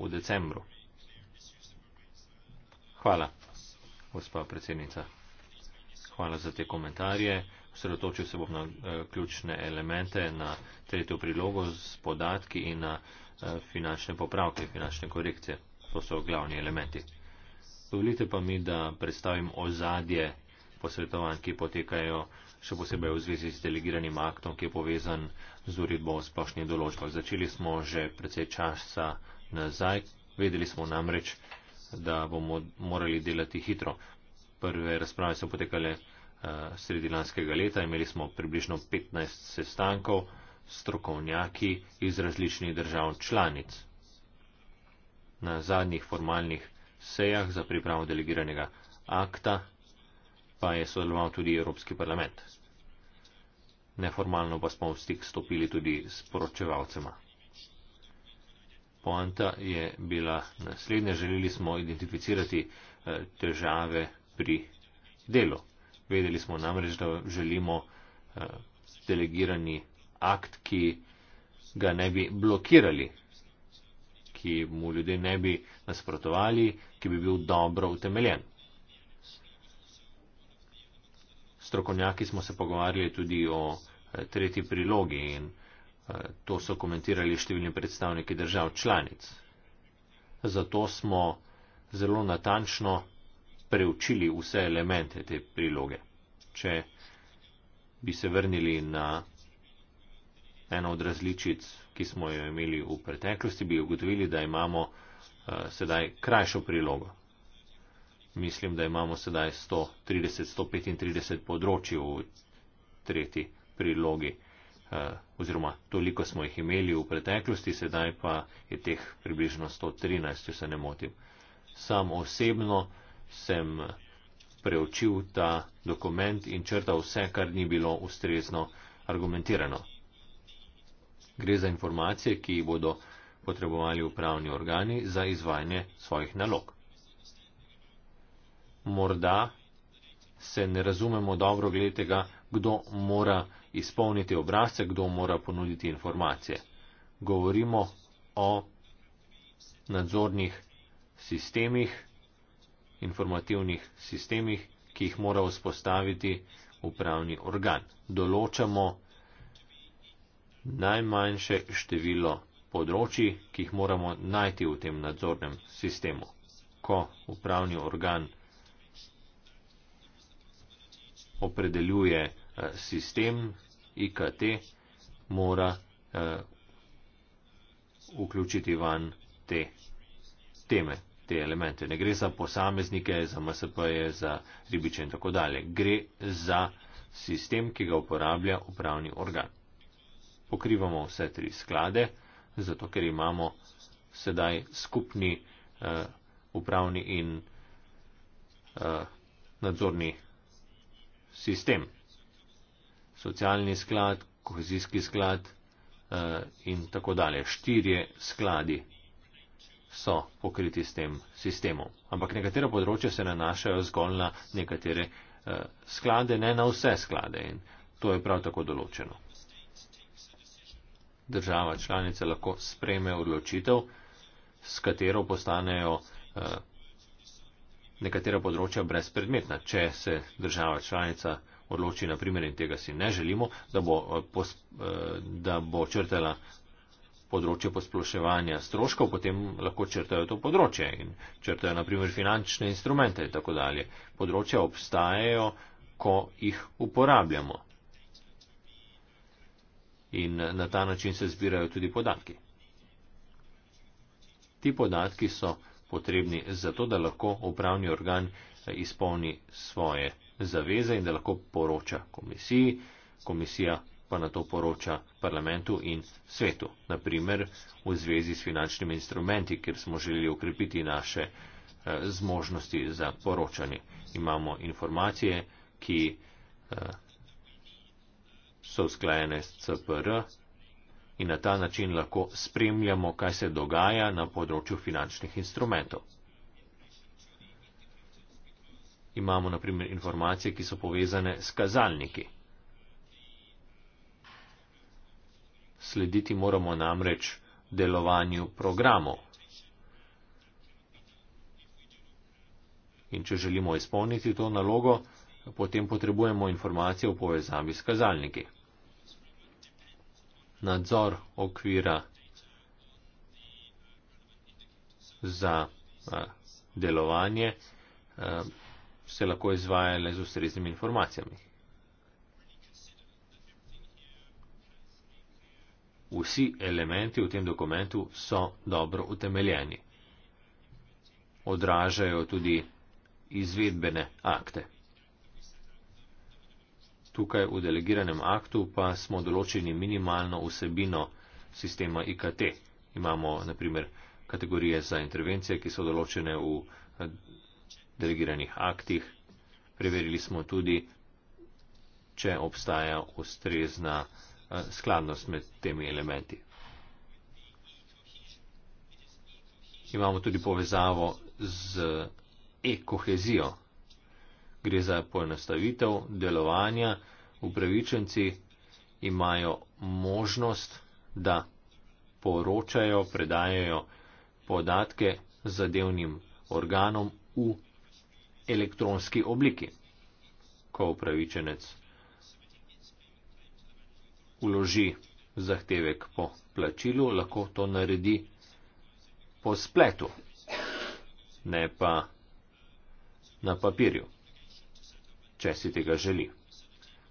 v decembru hvala gospa predsednica hvala za te komentarje osredotočil se bom na e, ključne elemente na tretjo prilogo s podatki in na Eh, finančne popravke, finančne korekcije. To so glavni elementi. Dovolite pa mi, da predstavim ozadje posvetovanj, ki potekajo še posebej v zvezi s delegiranim aktom, ki je povezan z uredbo o splošnih določbah. Začeli smo že precej časa nazaj, vedeli smo namreč, da bomo morali delati hitro. Prve razprave so potekale uh, sredi lanskega leta, imeli smo približno 15 sestankov. Uh, strokovnjaki iz različnih držav članic. Na zadnjih formalnih sejah za pripravo delegiranega akta pa je sodeloval tudi Evropski parlament. Neformalno pa smo v stik stopili tudi s poročevalcema. Poanta je bila naslednja, želeli smo identificirati eh, težave pri delu. Vedeli smo namreč, da želimo eh, delegirani akt, ki ga ne bi blokirali, ki mu ljudje ne bi nasprotovali, ki bi bil dobro utemeljen. Strokovnjaki smo se pogovarjali tudi o eh, tretji prilogi in eh, to so komentirali številni predstavniki držav članic. Zato smo zelo natančno preučili vse elemente te priloge. Če bi se vrnili na Ena od različic, ki smo jo imeli v preteklosti, bi ugotovili, da imamo uh, sedaj krajšo prilogo. Mislim, da imamo sedaj 130-135 področji v tretji prilogi, uh, oziroma toliko smo jih imeli v preteklosti, sedaj pa je teh približno 113, če se ne motim. Sam osebno sem preučil ta dokument in črtal vse, kar ni bilo ustrezno argumentirano. Gre za informacije, ki jih bodo potrebovali upravni organi za izvajanje svojih nalog. Morda se ne razumemo dobro glede tega, kdo mora izpolniti obrazce, kdo mora ponuditi informacije. Govorimo o nadzornih sistemih, informativnih sistemih, ki jih mora vzpostaviti upravni organ. Določamo najmanjše število področji, ki jih moramo najti v tem nadzornem sistemu. Ko upravni organ opredeljuje eh, sistem IKT, mora eh, vključiti van te teme, te elemente. Ne gre za posameznike, za MSP-je, za ribiče in tako dalje. Gre za sistem, ki ga uporablja upravni organ pokrivamo vse tri sklade, zato ker imamo sedaj skupni uh, upravni in uh, nadzorni sistem. Socialni sklad, kohezijski sklad uh, in tako dalje. Štirje skladi so pokriti s tem sistemom. Ampak nekatera področja se nanašajo zgolj na nekatere uh, sklade, ne na vse sklade in to je prav tako določeno država članica lahko spreme odločitev, s katero postanejo eh, nekatera področja brezpredmetna. Če se država članica odloči, naprimer, in tega si ne želimo, da bo, eh, pos, eh, da bo črtala področje posploševanja stroškov, potem lahko črtajo to področje in črtajo, naprimer, finančne instrumente in tako dalje. Področja obstajajo, ko jih uporabljamo in na ta način se zbirajo tudi podatki. Ti podatki so potrebni zato, da lahko upravni organ izpolni svoje zaveze in da lahko poroča komisiji, komisija pa na to poroča parlamentu in svetu. Naprimer, v zvezi s finančnimi instrumenti, kjer smo želeli ukrepiti naše eh, zmožnosti za poročanje. Imamo informacije, ki eh, so usklajene s CPR in na ta način lahko spremljamo, kaj se dogaja na področju finančnih instrumentov. Imamo naprimer informacije, ki so povezane s kazalniki. Slediti moramo namreč delovanju programov. In če želimo izpolniti to nalogo, potem potrebujemo informacije v povezavi s kazalniki nadzor okvira za eh, delovanje eh, se lahko izvaja le z ustreznimi informacijami. Vsi elementi v tem dokumentu so dobro utemeljeni. Odražajo tudi izvedbene akte tukaj v delegiranem aktu pa smo določili minimalno vsebino sistema IKT. Imamo naprimer kategorije za intervencije, ki so določene v eh, delegiranih aktih. Preverili smo tudi, če obstaja ustrezna eh, skladnost med temi elementi. Imamo tudi povezavo z e-kohezijo, gre za poenostavitev delovanja, upravičenci imajo možnost, da poročajo, predajajo podatke zadevnim organom v elektronski obliki. Ko upravičenec uloži zahtevek po plačilu, lahko to naredi po spletu, ne pa na papirju če si tega želi.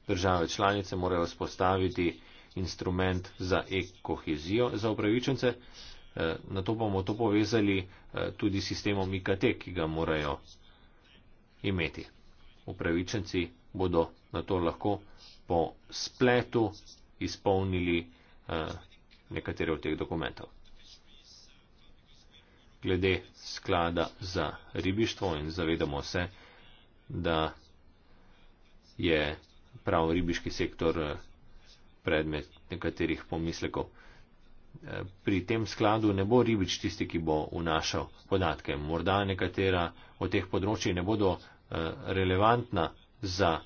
Države članice morajo spostaviti instrument za ekohizijo za upravičence, eh, na to bomo to povezali eh, tudi sistemom IKT, ki ga morajo imeti. Upravičenci bodo na to lahko po spletu izpolnili eh, nekatere od teh dokumentov. Glede sklada za ribištvo in zavedamo se, da je prav ribiški sektor eh, predmet nekaterih pomislekov. Eh, pri tem skladu ne bo ribič tisti, ki bo vnašal podatke. Morda nekatera od teh področji ne bodo eh, relevantna za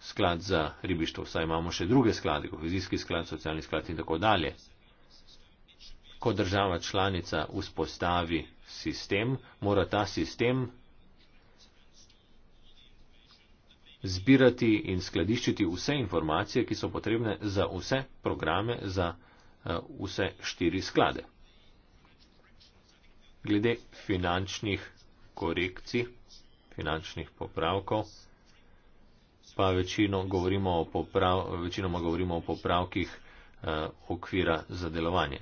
sklad za ribištvo. Vsaj imamo še druge sklade, kohezijski sklad, socialni sklad in tako dalje. Ko država članica vzpostavi sistem, mora ta sistem zbirati in skladiščiti vse informacije, ki so potrebne za vse programe, za eh, vse štiri sklade. Glede finančnih korekcij, finančnih popravkov, pa večino govorimo poprav, večinoma govorimo o popravkih eh, okvira za delovanje.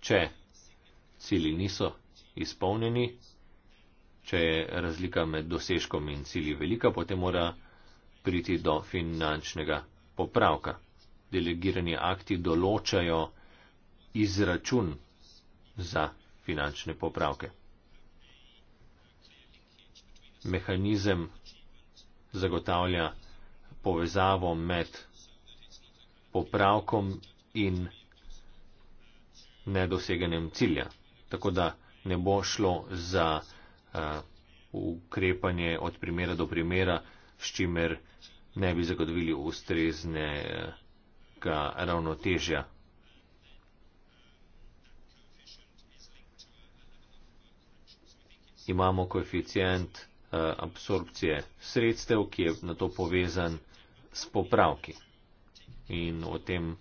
Če cili niso izpolnjeni, Če je razlika med dosežkom in cilji velika, potem mora priti do finančnega popravka. Delegirani akti določajo izračun za finančne popravke. Mehanizem zagotavlja povezavo med popravkom in nedoseganjem cilja, tako da ne bo šlo za Eh, ukrepanje od primera do primera, s čimer ne bi zagotovili ustreznega ravnotežja. Imamo koeficient eh, absorpcije sredstev, ki je na to povezan s popravki. In o tem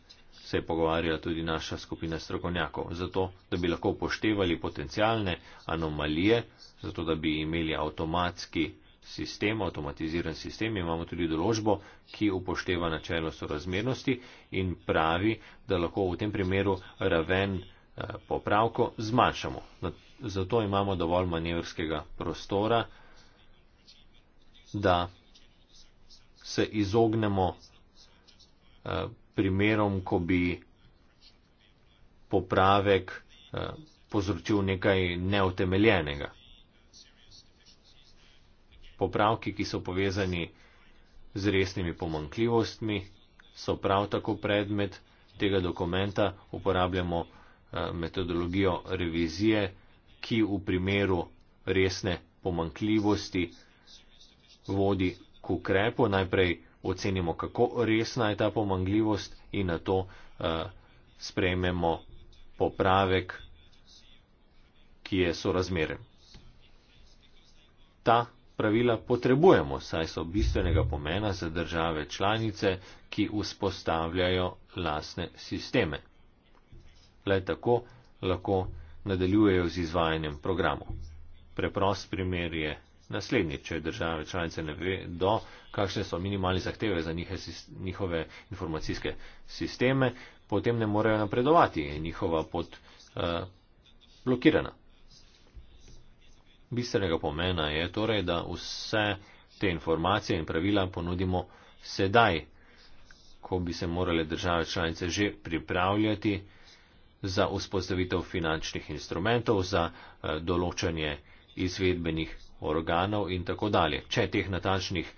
se je pogovarjala tudi naša skupina strokovnjakov, zato da bi lahko upoštevali potencialne anomalije, zato da bi imeli avtomatski sistem, avtomatiziran sistem, imamo tudi določbo, ki upošteva načelo sorazmernosti in pravi, da lahko v tem primeru raven eh, popravko zmanjšamo. Zato imamo dovolj manevrskega prostora, da se izognemo eh, primerom, ko bi popravek eh, povzročil nekaj neotemeljenega. Popravki, ki so povezani z resnimi pomankljivostmi, so prav tako predmet tega dokumenta. Uporabljamo eh, metodologijo revizije, ki v primeru resne pomankljivosti vodi k ukrepu. Najprej ocenimo, kako resna je ta pomangljivost in na to uh, sprejmemo popravek, ki je sorazmeren. Ta pravila potrebujemo, saj so bistvenega pomena za države članice, ki vzpostavljajo lasne sisteme. Le tako lahko nadaljujejo z izvajanjem programov. Preprost primer je Naslednji, če države članice ne ve, do kakšne so minimalne zahteve za njihove, njihove informacijske sisteme, potem ne morejo napredovati, je njihova pot eh, blokirana. Bistvenega pomena je torej, da vse te informacije in pravila ponudimo sedaj, ko bi se morale države članice že pripravljati za vzpostavitev finančnih instrumentov, za eh, določanje izvedbenih organov in tako dalje. Če teh natančnih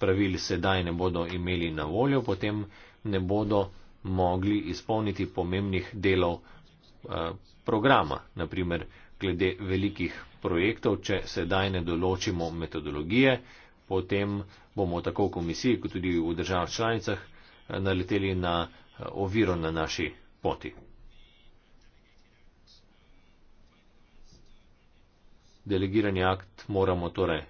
pravil sedaj ne bodo imeli na voljo, potem ne bodo mogli izpolniti pomembnih delov eh, programa, naprimer glede velikih projektov, če sedaj ne določimo metodologije, potem bomo tako v komisiji kot tudi v državah članicah eh, naleteli na eh, oviro na naši poti. Delegirani akt moramo torej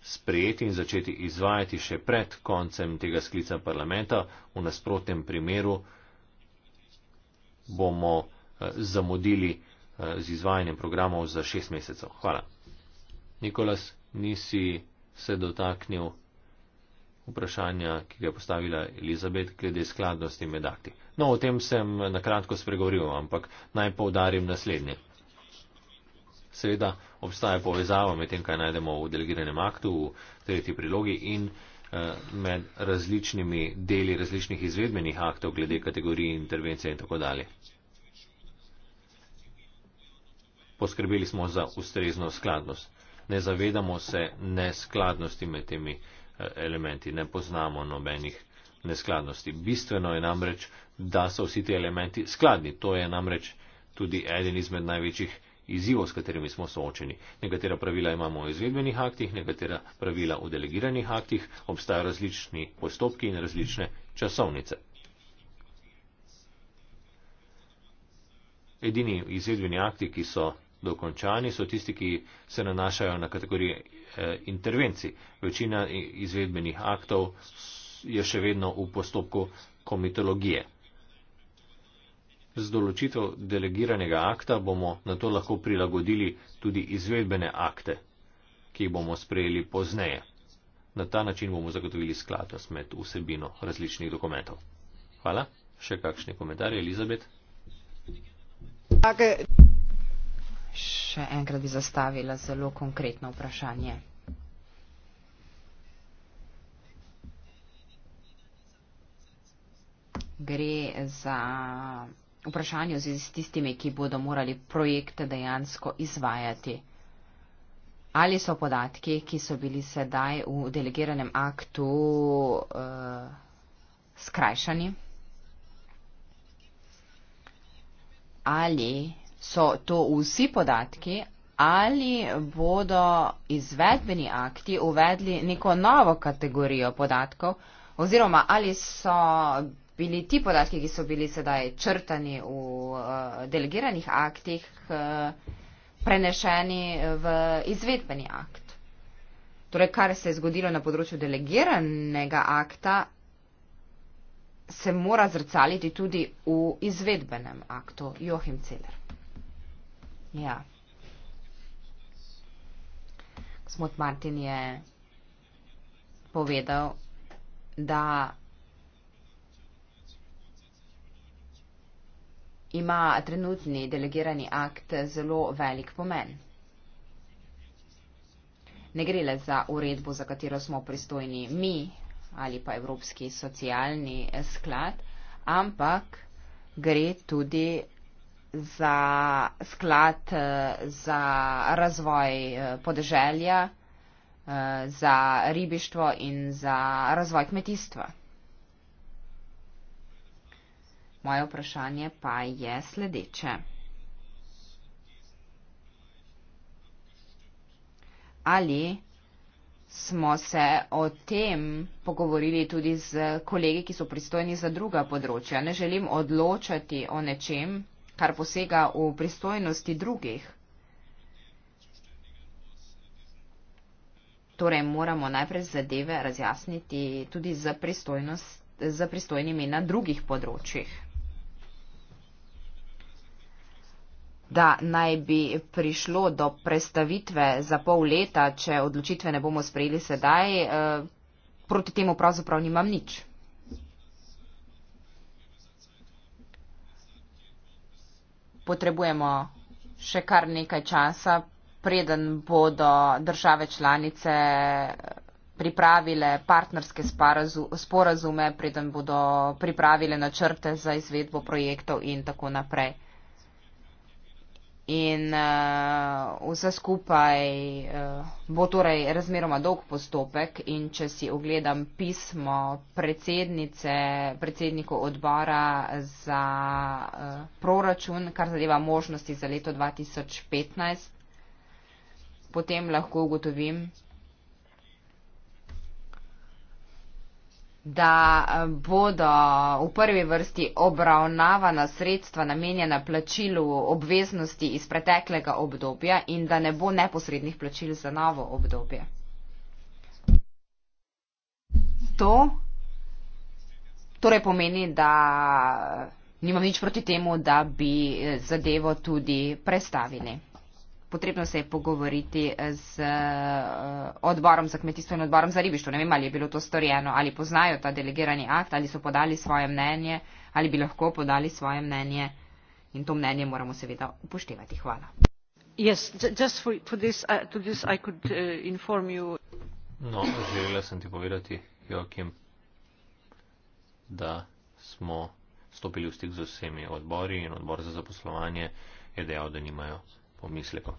sprejeti in začeti izvajati še pred koncem tega sklica parlamenta. V nasprotnem primeru bomo eh, zamudili eh, z izvajanjem programov za šest mesecev. Hvala. Nikolas, nisi se dotaknil vprašanja, ki ga je postavila Elizabet, glede skladnosti med akti. No, o tem sem nakratko spregovoril, ampak naj poudarim naslednje seveda obstaja povezava med tem, kaj najdemo v delegiranem aktu, v tretji prilogi in eh, med različnimi deli različnih izvedbenih aktov glede kategorije intervencije in tako dalje. Poskrbeli smo za ustrezno skladnost. Ne zavedamo se neskladnosti med temi eh, elementi, ne poznamo nobenih neskladnosti. Bistveno je namreč, da so vsi ti elementi skladni. To je namreč tudi eden izmed največjih izzivov, s katerimi smo soočeni. Nekatera pravila imamo v izvedbenih aktih, nekatera pravila v delegiranih aktih, obstajajo različni postopki in različne časovnice. Edini izvedbeni akti, ki so dokončani, so tisti, ki se nanašajo na kategorije eh, intervencij. Večina izvedbenih aktov je še vedno v postopku komitologije. Z določitvo delegiranega akta bomo na to lahko prilagodili tudi izvedbene akte, ki jih bomo sprejeli pozneje. Na ta način bomo zagotovili skladnost med vsebino različnih dokumentov. Hvala. Še kakšni komentarji, Elizabet? Še enkrat bi zastavila zelo konkretno vprašanje. Gre za vprašanje v zvezi s tistimi, ki bodo morali projekte dejansko izvajati. Ali so podatki, ki so bili sedaj v delegiranem aktu eh, skrajšani? Ali so to vsi podatki? Ali bodo izvedbeni akti uvedli neko novo kategorijo podatkov? Oziroma, ali so bili ti podatki, ki so bili sedaj črtani v eh, delegiranih aktih, eh, prenešeni v izvedbeni akt. Torej, kar se je zgodilo na področju delegiranega akta, se mora zrcaliti tudi v izvedbenem aktu. Johim Celer. Ja. Smut Martin je povedal, da ima trenutni delegirani akt zelo velik pomen. Ne gre le za uredbo, za katero smo pristojni mi ali pa Evropski socialni sklad, ampak gre tudi za sklad eh, za razvoj eh, podeželja, eh, za ribištvo in za razvoj kmetijstva. Moje vprašanje pa je sledeče. Ali smo se o tem pogovorili tudi z kolegi, ki so pristojni za druga področja? Ne želim odločati o nečem, kar posega v pristojnosti drugih. Torej moramo najprej zadeve razjasniti tudi z, z pristojnimi na drugih področjih. da naj bi prišlo do prestavitve za pol leta, če odločitve ne bomo sprejeli sedaj. Eh, proti temu pravzaprav nimam nič. Potrebujemo še kar nekaj časa, preden bodo države članice eh, pripravile partnerske sporazume, preden bodo pripravile načrte za izvedbo projektov in tako naprej. In uh, vse skupaj uh, bo torej razmeroma dolg postopek in če si ogledam pismo predsednice, predsedniku odbora za uh, proračun, kar zadeva možnosti za leto 2015, potem lahko ugotovim, da eh, bodo v prvi vrsti obravnavana sredstva namenjena plačilu obveznosti iz preteklega obdobja in da ne bo neposrednih plačil za novo obdobje. To torej pomeni, da eh, nimam nič proti temu, da bi eh, zadevo tudi predstavili potrebno se je pogovoriti z eh, odborom za kmetijstvo in odborom za ribištvo. Ne vem, ali je bilo to storjeno, ali poznajo ta delegirani akt, ali so podali svoje mnenje, ali bi lahko podali svoje mnenje. In to mnenje moramo seveda upoštevati. Hvala. Yes, just for, for this, uh, to this I could uh, inform you. No, želela sem ti povedati, Joakim, da smo stopili v stik z vsemi odbori in odbor za zaposlovanje je dejal, da nimajo pomisleko.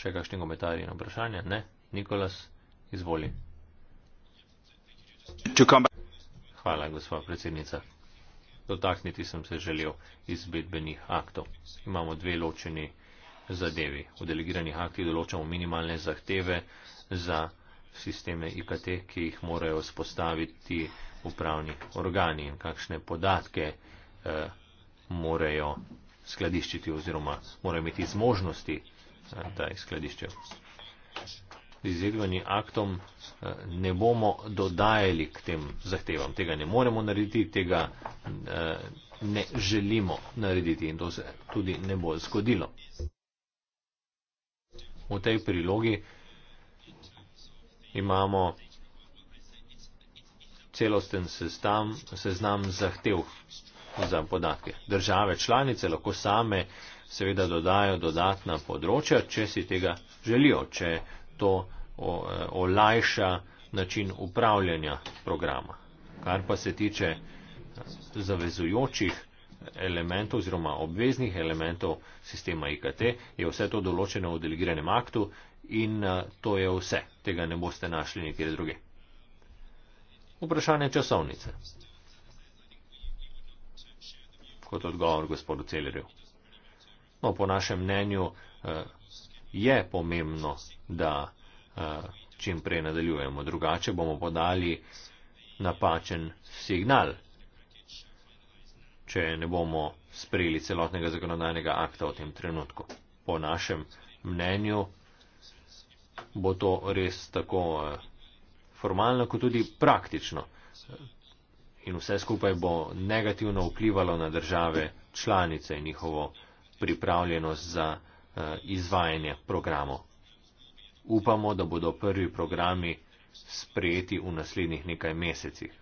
Še kakšni komentarji na vprašanje? Ne. Nikolas, izvoli. Hvala, gospa predsednica. Dotakniti sem se želel izvedbenih aktov. Imamo dve ločeni zadevi. V delegiranih aktih določamo minimalne zahteve za sisteme IKT, ki jih morajo spostaviti upravni organi in kakšne podatke eh, morajo skladiščiti oziroma morajo imeti zmožnosti, eh, da jih skladiščijo. Z izvedbenim aktom eh, ne bomo dodajali k tem zahtevam. Tega ne moremo narediti, tega eh, ne želimo narediti in to se tudi ne bo zgodilo. V tej prilogi imamo celosten seznam, seznam zahtev, za podatke. Države članice lahko same seveda dodajo dodatna področja, če si tega želijo, če to eh, olajša način upravljanja programa. Kar pa se tiče eh, zavezujočih elementov oziroma obveznih elementov sistema IKT, je vse to določeno v delegiranem aktu in eh, to je vse. Tega ne boste našli nekje druge. Vprašanje časovnice kot odgovor gospodu Celerju. No, po našem mnenju eh, je pomembno, da eh, čim prej nadaljujemo, drugače bomo podali napačen signal, če ne bomo sprejeli celotnega zakonodajnega akta v tem trenutku. Po našem mnenju bo to res tako eh, formalno, kot tudi praktično in vse skupaj bo negativno vplivalo na države članice in njihovo pripravljenost za eh, izvajanje programov. Upamo, da bodo prvi programi sprejeti v naslednjih nekaj mesecih.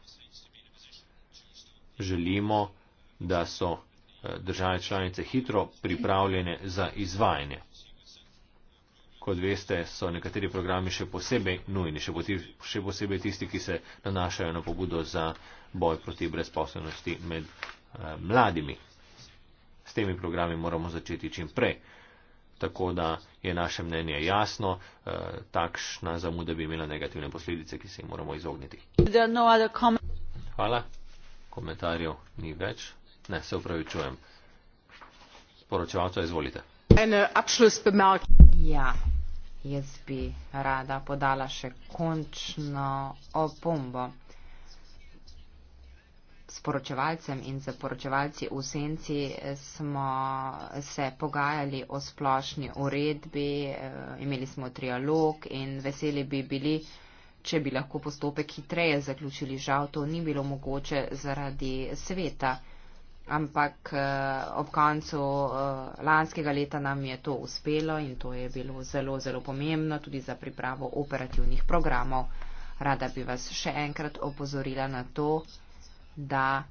Želimo, da so eh, države članice hitro pripravljene za izvajanje. Kot veste, so nekateri programi še posebej nujni, še posebej tisti, ki se nanašajo na pobudo za uh, boj proti brezposobnosti med eh, mladimi. S temi programi moramo začeti čim prej. Tako da je naše mnenje jasno, eh, takšna zamuda bi imela negativne posledice, ki se jim moramo izogniti. No Hvala. Komentarjev ni več. Ne, se upravičujem. Sporočevalca, izvolite. Eh, ja, jaz bi rada podala še končno opombo s poročevalcem in z poročevalci v senci eh, smo se pogajali o splošni uredbi, eh, imeli smo trialog in veseli bi bili, če bi lahko postopek hitreje zaključili. Žal to ni bilo mogoče zaradi sveta, ampak eh, ob koncu lanskega leta nam je to uspelo in to je bilo zelo, zelo pomembno tudi za pripravo operativnih programov. Rada bi vas še enkrat opozorila na to, da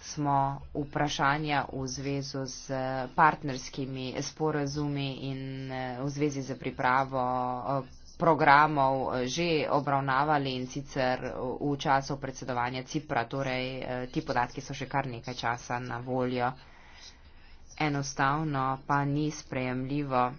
smo vprašanja v zvezi z partnerskimi sporazumi in eh, v zvezi z pripravo eh, programov eh, že obravnavali in sicer v času predsedovanja Cipra, torej ti podatki so še kar nekaj časa na voljo. Enostavno pa ni sprejemljivo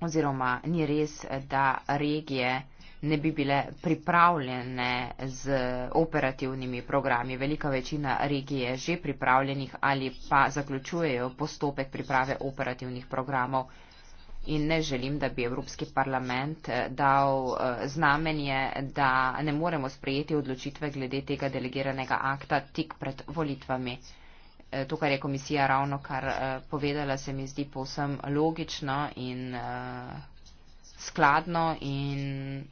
oziroma ni res, da regije ne bi bile pripravljene z operativnimi programi. Velika večina regij je že pripravljenih ali pa zaključujejo postopek priprave operativnih programov. In ne želim, da bi Evropski parlament eh, dal eh, znamenje, da ne moremo sprejeti odločitve glede tega delegiranega akta tik pred volitvami. Eh, to, kar je komisija ravno kar povedala, se mi zdi povsem logično in skladno in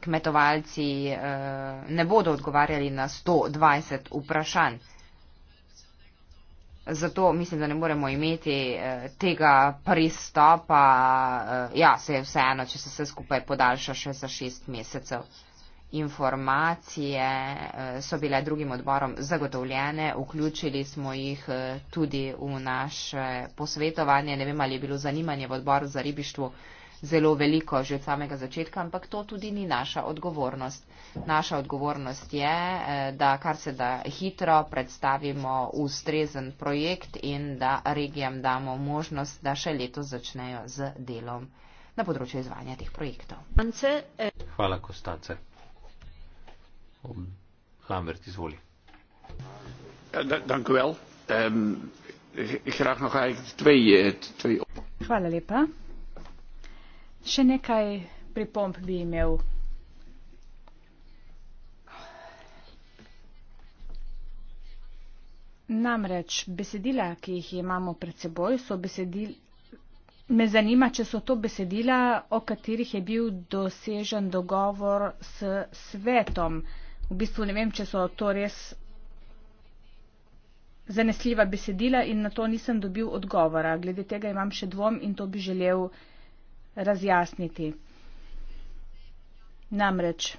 kmetovalci eh, ne bodo odgovarjali na 120 vprašanj. Zato mislim, da ne moremo imeti eh, tega pristopa, eh, ja, se je vseeno, če se vse skupaj podaljša še za šest mesecev. Informacije so bile drugim odborom zagotovljene, vključili smo jih tudi v naše posvetovanje. Ne vem, ali je bilo zanimanje v odboru za ribištvo zelo veliko že od samega začetka, ampak to tudi ni naša odgovornost. Naša odgovornost je, eh, da kar se da hitro predstavimo ustrezen projekt in da regijam damo možnost, da še leto začnejo z delom na področju izvanja teh projektov. Eh. Hvala, Kostance. Lambert, izvoli. Ja, dank u wel. Um, graag nog eigenlijk twee, eh, twee op. Hvala lepa. Še nekaj pripomp bi imel. Namreč besedila, ki jih imamo pred seboj, so besedil. Me zanima, če so to besedila, o katerih je bil dosežen dogovor s svetom. V bistvu ne vem, če so to res zanesljiva besedila in na to nisem dobil odgovora. Glede tega imam še dvom in to bi želel razjasniti. Namreč,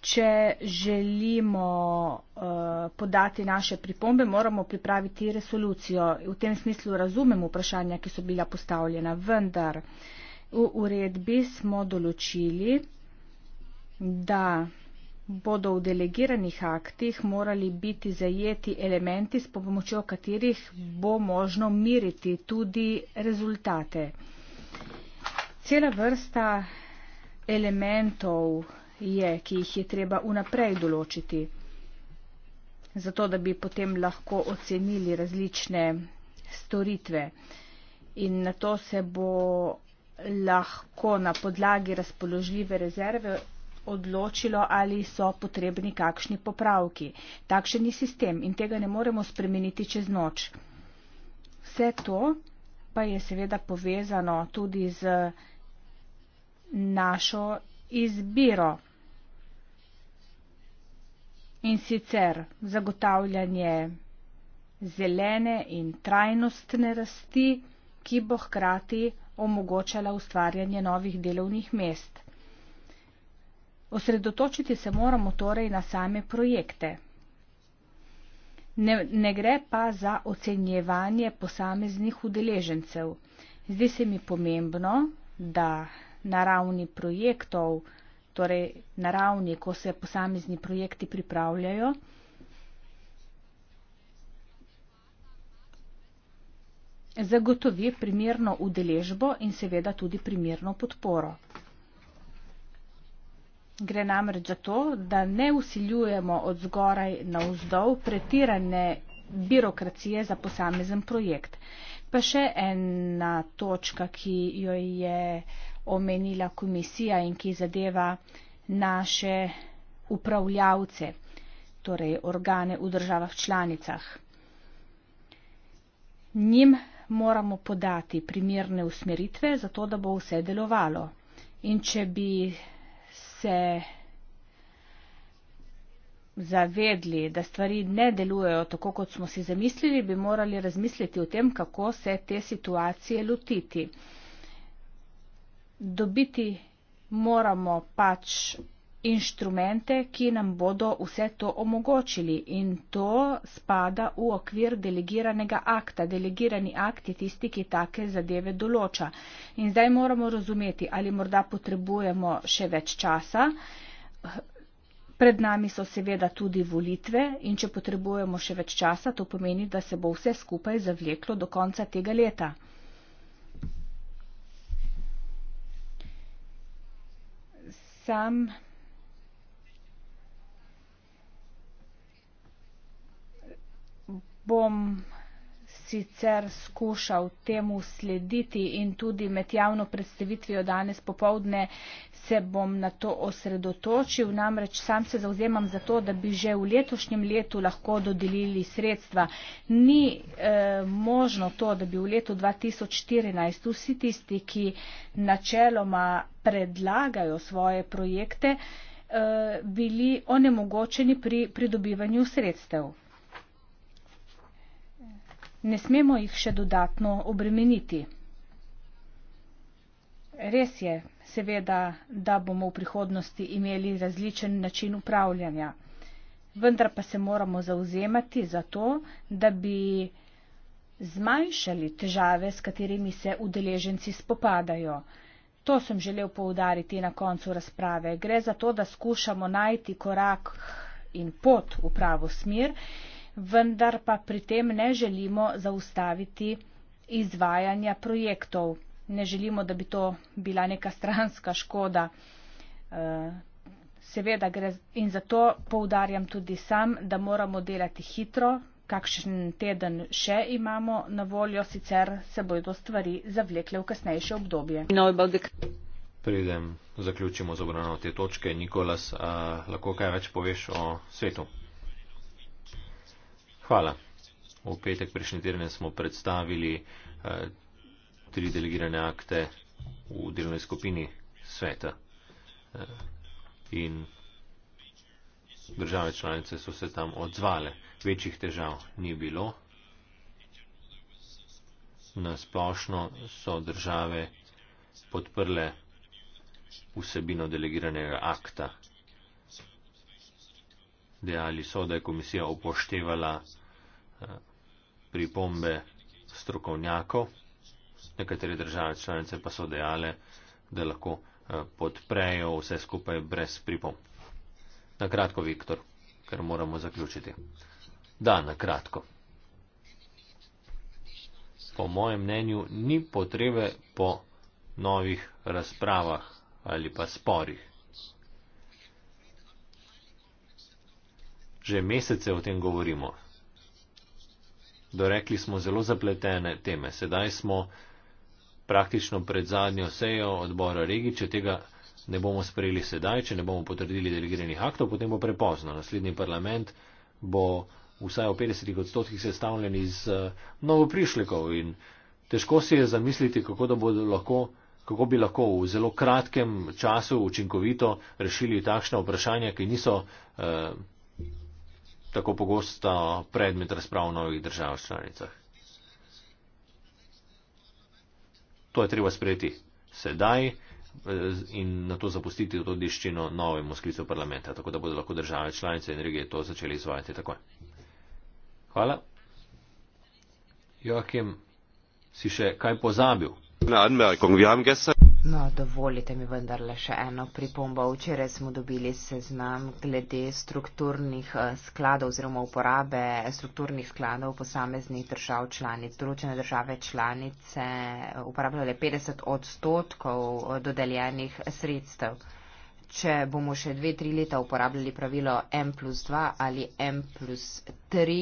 če želimo uh, podati naše pripombe, moramo pripraviti resolucijo. V tem smislu razumemo vprašanja, ki so bila postavljena, vendar v uredbi smo določili, da bodo v delegiranih aktih morali biti zajeti elementi, s pomočjo katerih bo možno miriti tudi rezultate. Cela vrsta elementov je, ki jih je treba unaprej določiti, zato da bi potem lahko ocenili različne storitve. In na to se bo lahko na podlagi razpoložljive rezerve odločilo, ali so potrebni kakšni popravki. Takšen je sistem in tega ne moremo spremeniti čez noč. Vse to pa je seveda povezano tudi z našo izbiro. In sicer zagotavljanje zelene in trajnostne rasti, ki bo hkrati omogočala ustvarjanje novih delovnih mest. Osredotočiti se moramo torej na same projekte. Ne, ne gre pa za ocenjevanje posameznih udeležencev. Zdi se mi pomembno, da na ravni projektov, torej na ravni, ko se posamezni projekti pripravljajo, zagotovi primerno udeležbo in seveda tudi primerno podporo. Gre namreč za to, da ne usiljujemo od zgoraj na vzdolj pretirane birokracije za posamezen projekt. Pa še ena točka, ki jo je omenila komisija in ki zadeva naše upravljavce, torej organe v državah članicah. Njim moramo podati primerne usmeritve, zato da bo vse delovalo. In če bi se zavedli, da stvari ne delujejo tako, kot smo si zamislili, bi morali razmisliti o tem, kako se te situacije lotiti. Dobiti moramo pač inštrumente, ki nam bodo vse to omogočili in to spada v okvir delegiranega akta. Delegirani akt je tisti, ki take zadeve določa. In zdaj moramo razumeti, ali morda potrebujemo še več časa. Pred nami so seveda tudi volitve in če potrebujemo še več časa, to pomeni, da se bo vse skupaj zavleklo do konca tega leta. Sam bom sicer skušal temu slediti in tudi med javno predstavitvijo danes popovdne se bom na to osredotočil. Namreč sam se zauzemam za to, da bi že v letošnjem letu lahko dodelili sredstva. Ni e, možno to, da bi v letu 2014 vsi tisti, ki načeloma predlagajo svoje projekte, e, bili onemogočeni pri pridobivanju sredstev ne smemo jih še dodatno obremeniti. Res je, seveda, da bomo v prihodnosti imeli različen način upravljanja, vendar pa se moramo zauzemati za to, da bi zmanjšali težave, s katerimi se udeleženci spopadajo. To sem želel poudariti na koncu razprave. Gre za to, da skušamo najti korak in pot v pravo smer vendar pa pri tem ne želimo zaustaviti izvajanja projektov. Ne želimo, da bi to bila neka stranska škoda. Eh, seveda gre in zato poudarjam tudi sam, da moramo delati hitro, kakšen teden še imamo na voljo, sicer se bodo stvari zavlekle v kasnejše obdobje. Predem zaključimo z obravnavo te točke. Nikolas, a, eh, lahko kaj več poveš o svetu? Hvala. V petek prejšnji teden smo predstavili eh, tri delegirane akte v delovni skupini sveta. Eh, in države članice so se tam odzvale. Večjih težav ni bilo. Na splošno so države podprle vsebino delegiranega akta dejali so, da je komisija upoštevala eh, pripombe strokovnjakov, nekatere države članice pa so dejale, da lahko eh, podprejo vse skupaj brez pripomb. Na kratko, Viktor, ker moramo zaključiti. Da, na kratko. Po mojem mnenju ni potrebe po novih razpravah ali pa sporih. Že mesece o tem govorimo. Dorekli smo zelo zapletene teme. Sedaj smo praktično pred zadnjo sejo odbora regi. Če tega ne bomo sprejeli sedaj, če ne bomo potrdili delegiranih aktov, potem bo prepozno. Naslednji parlament bo vsaj v 50 odstotkih sestavljen iz uh, novoprišlekov in težko si je zamisliti, kako, lahko, kako bi lahko v zelo kratkem času učinkovito rešili takšne vprašanja, ki niso. Uh, tako pogosto predmet razprav v novih državah članicah. To je treba sprejeti sedaj eh, in na to zapustiti to diščino novemu sklicu parlamenta, tako da bodo lahko države članice in regije to začeli izvajati takoj. Hvala. Joakim, si še kaj pozabil? Na anmerkung, wir haben gestern. No, dovolite mi vendarle še eno pripombo. Včeraj smo dobili seznam glede strukturnih eh, skladov oziroma uporabe strukturnih skladov posameznih držav članic. Določene države članice eh, uporabljale 50 odstotkov eh, dodeljenih sredstev. Če bomo še dve, tri leta uporabljali pravilo M plus 2 ali M plus 3,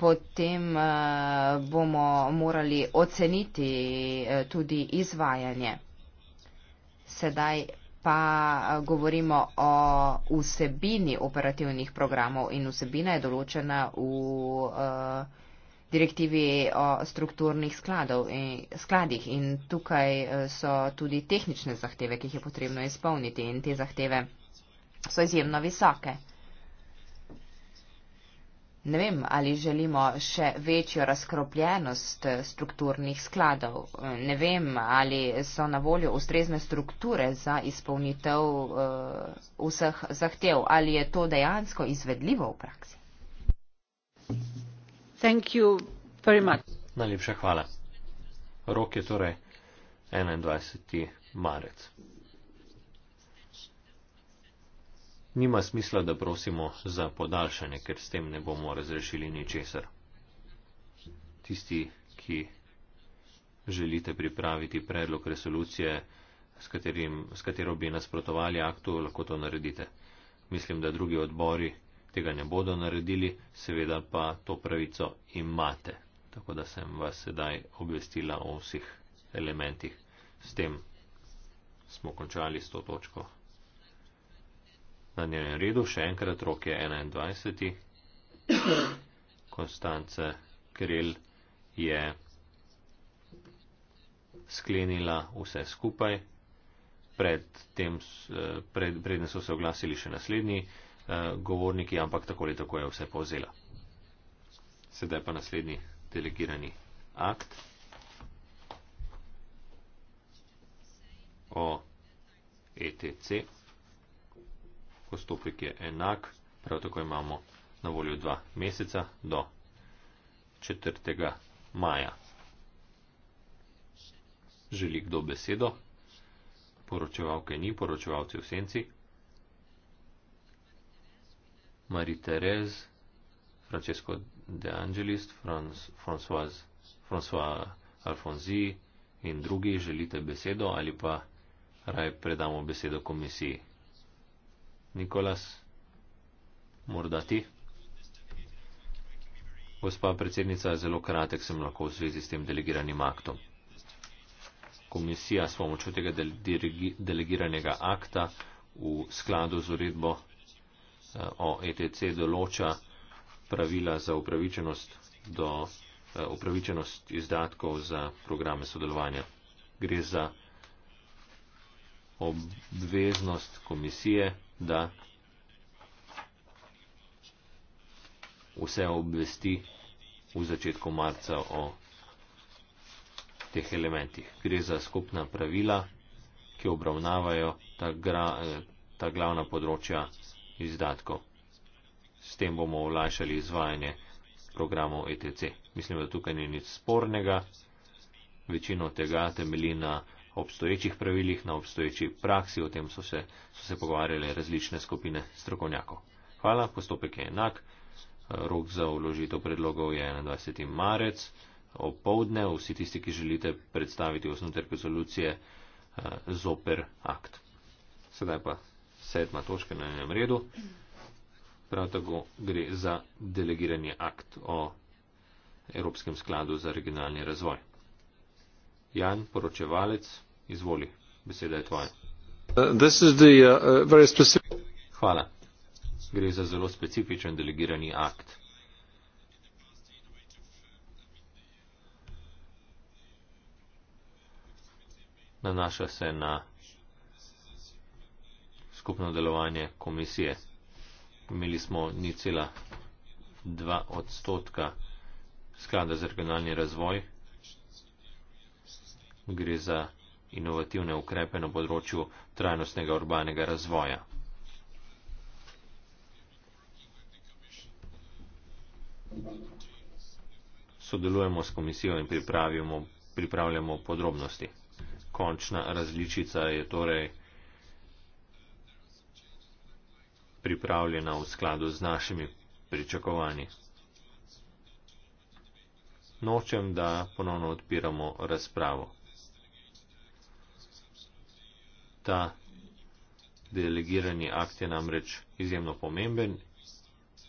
potem eh, bomo morali oceniti eh, tudi izvajanje. Sedaj pa eh, govorimo o vsebini operativnih programov in vsebina je določena v direktivi o strukturnih skladov in skladih in tukaj so tudi tehnične zahteve, ki jih je potrebno izpolniti in te zahteve so izjemno visoke. Ne vem, ali želimo še večjo razkropljenost strukturnih skladov. Ne vem, ali so na voljo ustrezne strukture za izpolnitev uh, vseh zahtev. Ali je to dejansko izvedljivo v praksi? Najlepša hvala. Rok je torej 21. marec. Nima smisla, da prosimo za podaljšanje, ker s tem ne bomo razrešili ničesar. Tisti, ki želite pripraviti predlog resolucije, s, katerim, s katero bi nasprotovali aktu, lahko to naredite. Mislim, da drugi odbori tega ne bodo naredili, seveda pa to pravico imate. Tako da sem vas sedaj obvestila o vseh elementih. S tem smo končali s to točko na njenem redu, še enkrat rok je 21. Konstance Kril je sklenila vse skupaj. Pred tem, eh, pred, predne so se oglasili še naslednji eh, govorniki, ampak takoli tako je vse povzela. Sedaj pa naslednji delegirani akt o ETC postopek je enak, prav tako imamo na voljo dva meseca do 4. maja. Želi kdo besedo? Poročevalke ni, poročevalci v senci. Mari Terez, Francesco De Angelis, Franz, François Alfonzi in drugi želite besedo ali pa raje predamo besedo komisiji. Nikolas, morda ti. Gospa predsednica, zelo kratek sem lahko v zvezi s tem delegiranim aktom. Komisija s pomočjo tega delegiranega akta v skladu z uredbo eh, o ETC določa pravila za upravičenost, do, eh, upravičenost izdatkov za programe sodelovanja. Gre za obveznost komisije da vse obvesti v začetku marca o teh elementih. Gre za skupna pravila, ki obravnavajo ta, gra, ta glavna področja izdatkov. S tem bomo olajšali izvajanje programov ETC. Mislim, da tukaj ni nič spornega. Večino tega temelji na obstoječih pravilih, na obstoječi praksi, o tem so se, so se pogovarjale različne skupine strokovnjakov. Hvala, postopek je enak. Rok za uložitev predlogov je 21. marec. Opovdne vsi tisti, ki želite predstaviti osnutek rezolucije eh, zoper akt. Sedaj pa sedma točka na enem redu. Prav tako gre za delegiranje akt o Evropskem skladu za regionalni razvoj. Jan, poročevalec. Izvoli, beseda je tvoja. Uh, uh, uh, Hvala. Gre za zelo specifičen delegirani akt. Nanaša se na skupno delovanje komisije. Imeli smo ni cela dva odstotka sklada za regionalni razvoj. Gre za inovativne ukrepe na področju trajnostnega urbanega razvoja. Sodelujemo s komisijo in pripravljamo podrobnosti. Končna različica je torej pripravljena v skladu z našimi pričakovanji. Nočem, da ponovno odpiramo razpravo ta delegirani akt je namreč izjemno pomemben,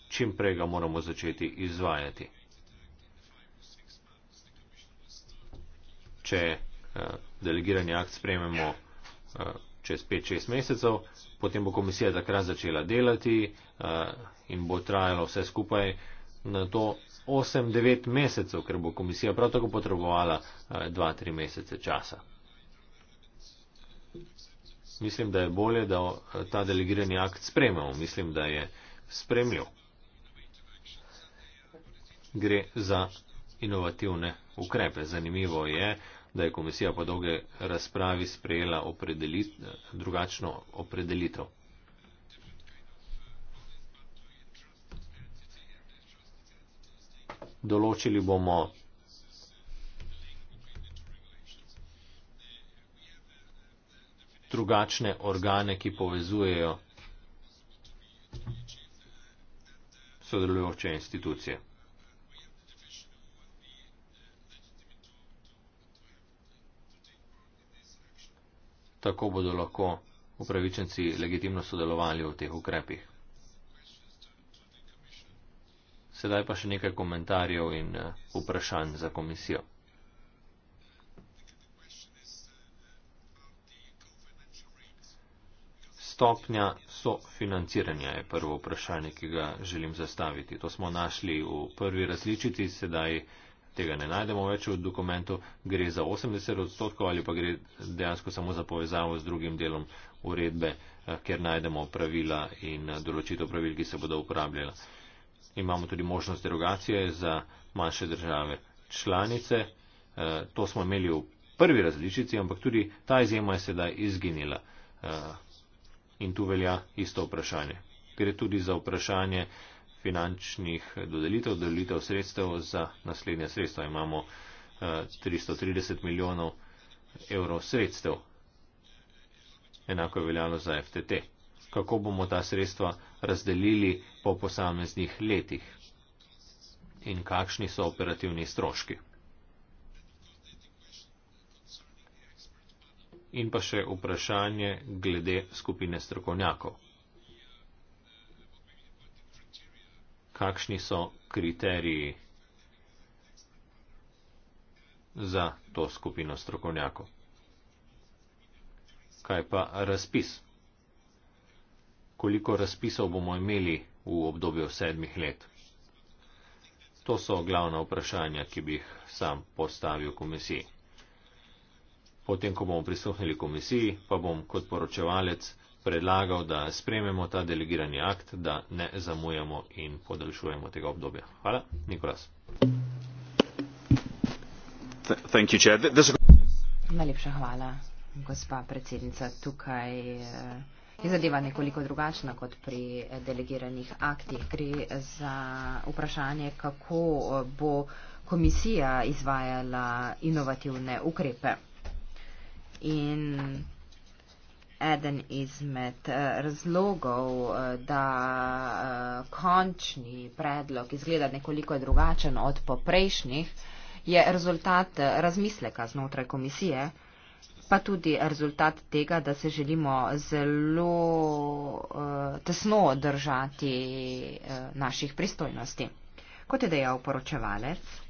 čim prej ga moramo začeti izvajati. Če eh, delegirani akt sprememo eh, čez 5-6 mesecev, potem bo komisija takrat začela delati eh, in bo trajalo vse skupaj na to 8-9 mesecev, ker bo komisija prav tako potrebovala 2-3 mesece časa mislim, da je bolje, da ta delegirani akt sprememo. Mislim, da je spremljiv. Gre za inovativne ukrepe. Zanimivo je, da je komisija po dolge razpravi sprejela opredelit, drugačno opredelitev. Določili bomo drugačne organe, ki povezujejo sodelujoče institucije. Tako bodo lahko upravičenci legitimno sodelovali v teh ukrepih. Sedaj pa še nekaj komentarjev in eh, vprašanj za komisijo. stopnja sofinanciranja je prvo vprašanje, ki ga želim zastaviti. To smo našli v prvi različici, sedaj tega ne najdemo več v dokumentu. Gre za 80 odstotkov ali pa gre dejansko samo za povezavo z drugim delom uredbe, eh, kjer najdemo pravila in eh, določitev pravil, ki se bodo uporabljala. Imamo tudi možnost derogacije za manjše države članice. Eh, to smo imeli v prvi različici, ampak tudi ta izjema je sedaj izginila in tu velja isto vprašanje. Gre tudi za vprašanje finančnih dodelitev, dodelitev sredstev za naslednje sredstva. Imamo 330 eh, milijonov evrov sredstev. Enako je veljalo za FTT. Kako bomo ta sredstva razdelili po posameznih letih in kakšni so operativni stroški? in pa še vprašanje glede skupine strokovnjakov. Kakšni so kriteriji za to skupino strokovnjakov? Kaj pa razpis? Koliko razpisov bomo imeli v obdobju sedmih let? To so glavna vprašanja, ki bi jih sam postavil komisiji. Potem, ko bomo prisluhnili komisiji, pa bom kot poročevalec predlagal, da sprememo ta delegirani akt, da ne zamujamo in podaljšujemo tega obdobja. Hvala, Nikolas. Najlepša hvala, gospa predsednica. Tukaj eh, je zadeva nekoliko drugačna kot pri delegiranih aktih. Gre za vprašanje, kako bo komisija izvajala inovativne ukrepe in eden izmed eh, razlogov, eh, da eh, končni predlog izgleda nekoliko drugačen od poprejšnjih, je rezultat razmisleka znotraj komisije, pa tudi rezultat tega, da se želimo zelo tesno držati naših pristojnosti. Kot je dejal poročevalec,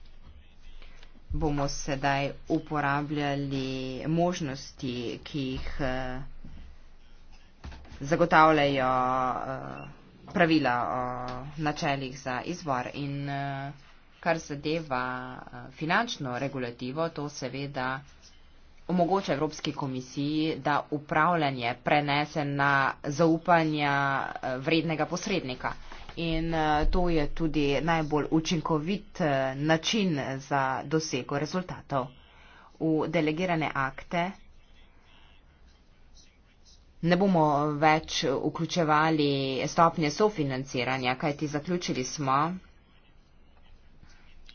bomo sedaj uporabljali možnosti, ki jih eh, zagotavljajo eh, pravila o načeljih za izvor. In eh, kar zadeva finančno regulativo, to seveda omogoča Evropski komisiji, da upravljanje prenese na zaupanja vrednega posrednika in eh, to je tudi najbolj učinkovit eh, način za dosego rezultatov. V delegirane akte ne bomo več vključevali stopnje sofinanciranja, kajti zaključili smo,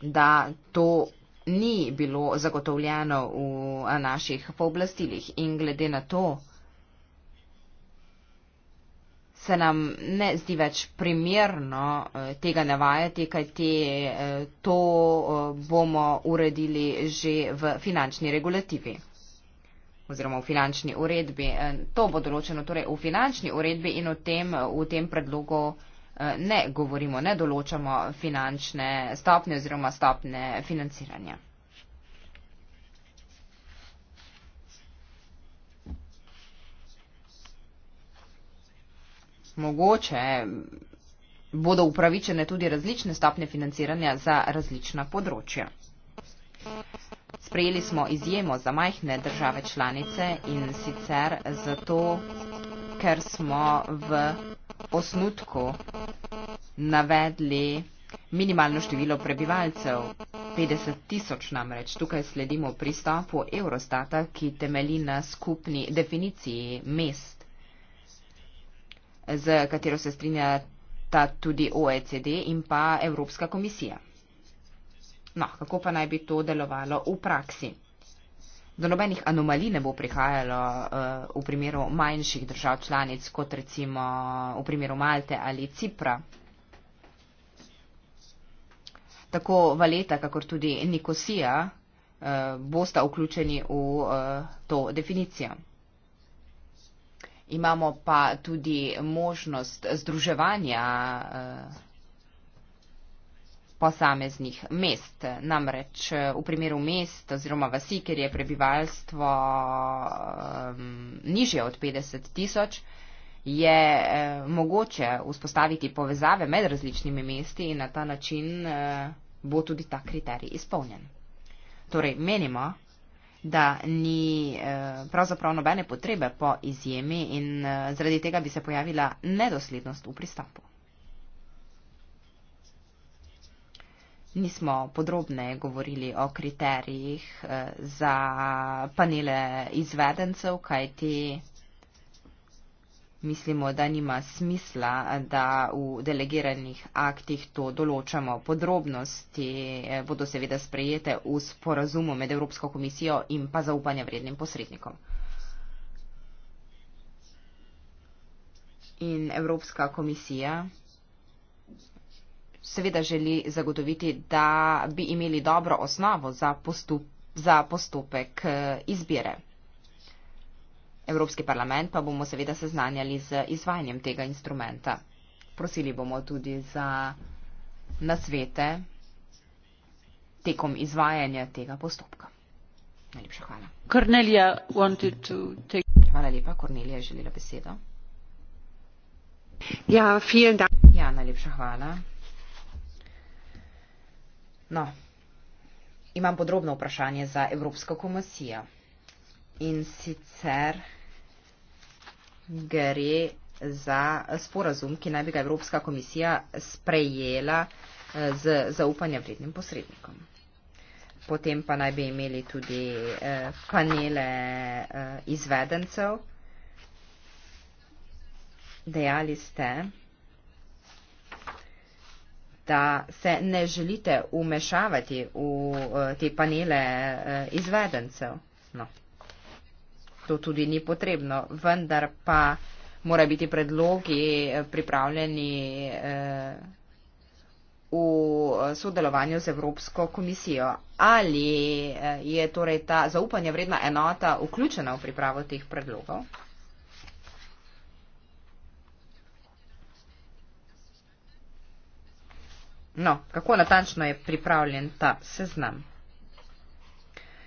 da to ni bilo zagotovljeno v naših pooblastilih in glede na to, se nam ne zdi več primerno eh, tega navajati, kaj te eh, to eh, bomo uredili že v finančni regulativi oziroma v finančni uredbi. To bo določeno torej v finančni uredbi in v tem, v tem predlogu ne govorimo, ne določamo finančne stopnje oziroma stopne financiranja. mogoče bodo upravičene tudi različne stopne financiranja za različna področja. Sprejeli smo izjemo za majhne države članice in sicer zato, ker smo v osnutku navedli minimalno število prebivalcev, 50 tisoč namreč. Tukaj sledimo pristopu Eurostata, ki temeli na skupni definiciji mest z katero se strinjata tudi OECD in pa Evropska komisija. No, kako pa naj bi to delovalo v praksi? Do nobenih anomalij ne bo prihajalo uh, v primeru manjših držav članic, kot recimo v primeru Malte ali Cipra. Tako Valeta, kakor tudi Nikosija uh, bosta vključeni v uh, to definicijo imamo pa tudi možnost združevanja eh, posameznih mest. Namreč eh, v primeru mest oziroma vasi, kjer je prebivalstvo eh, nižje od 50 tisoč, je mogoče vzpostaviti povezave med različnimi mesti in na ta način bo tudi ta kriterij izpolnjen. Torej, menimo, da ni eh, pravzaprav nobene potrebe po izjemi in eh, zaradi tega bi se pojavila nedoslednost v pristopu. Nismo podrobne govorili o kriterijih eh, za panele izvedencev, kajti mislimo, da nima smisla, da v delegiranih aktih to določamo. Podrobnosti eh, bodo seveda sprejete v sporazumu med Evropsko komisijo in pa zaupanja vrednim posrednikom. In Evropska komisija seveda želi zagotoviti, da bi imeli dobro osnovo za, postup, za postopek eh, izbire. Evropski parlament pa bomo seveda seznanjali z izvajanjem tega instrumenta. Prosili bomo tudi za nasvete tekom izvajanja tega postopka. Najlepša hvala. Take... Hvala lepa. Kornelija je želela besedo. Ja, ja najlepša hvala. No, imam podrobno vprašanje za Evropsko komisijo. In sicer gre za sporazum, ki naj bi ga Evropska komisija sprejela eh, z zaupanja vrednim posrednikom. Potem pa naj bi imeli tudi eh, panele eh, izvedencev. Dejali ste, da se ne želite umešavati v te panele izvedencev. No, to tudi ni potrebno, vendar pa mora biti predlogi eh, pripravljeni eh, v sodelovanju z Evropsko komisijo. Ali eh, je torej ta zaupanja vredna enota vključena v pripravo teh predlogov? No, kako natančno je pripravljen ta seznam?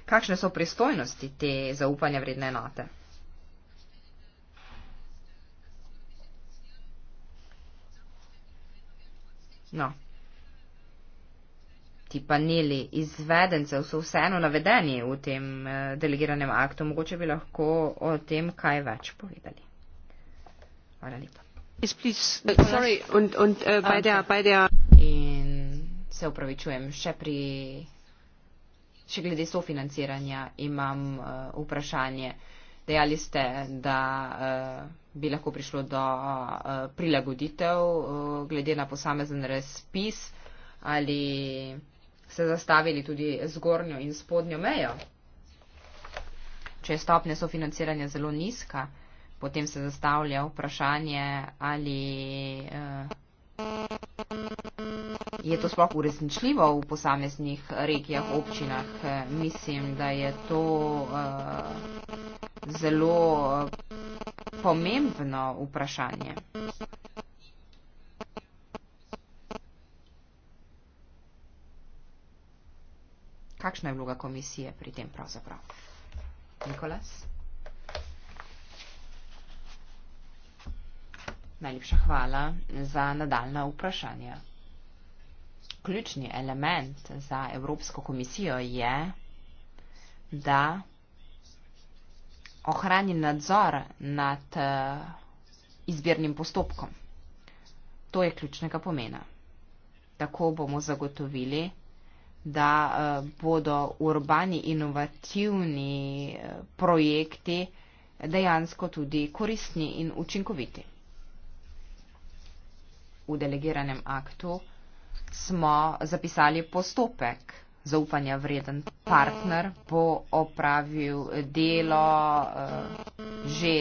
Kakšne so pristojnosti te zaupanja vredne enote? No. Ti paneli izvedencev so vseeno navedeni v tem eh, delegiranem aktu. Mogoče bi lahko o tem kaj več povedali. Hvala lepa. Yes, uh, sorry. Und, und, uh, by ah, there, by there. Uh, In se upravičujem še pri Še glede sofinanciranja imam uh, vprašanje. Dejali ste, da uh, bi lahko prišlo do uh, prilagoditev uh, glede na posamezen razpis ali se zastavili tudi zgornjo in spodnjo mejo. Če je stopnja sofinanciranja zelo nizka, potem se zastavlja vprašanje ali. Uh, Je to sploh uresničljivo v posameznih regijah, občinah? Mislim, da je to uh, zelo eh, pomembno vprašanje. Kakšna je vloga komisije pri tem pravzaprav? Nikolas? Najlepša hvala za nadaljna vprašanja ključni element za Evropsko komisijo je, da ohrani nadzor nad izbirnim postopkom. To je ključnega pomena. Tako bomo zagotovili, da bodo urbani inovativni projekti dejansko tudi koristni in učinkoviti. V delegiranem aktu smo zapisali postopek. Zaupanja vreden partner bo opravil delo eh, že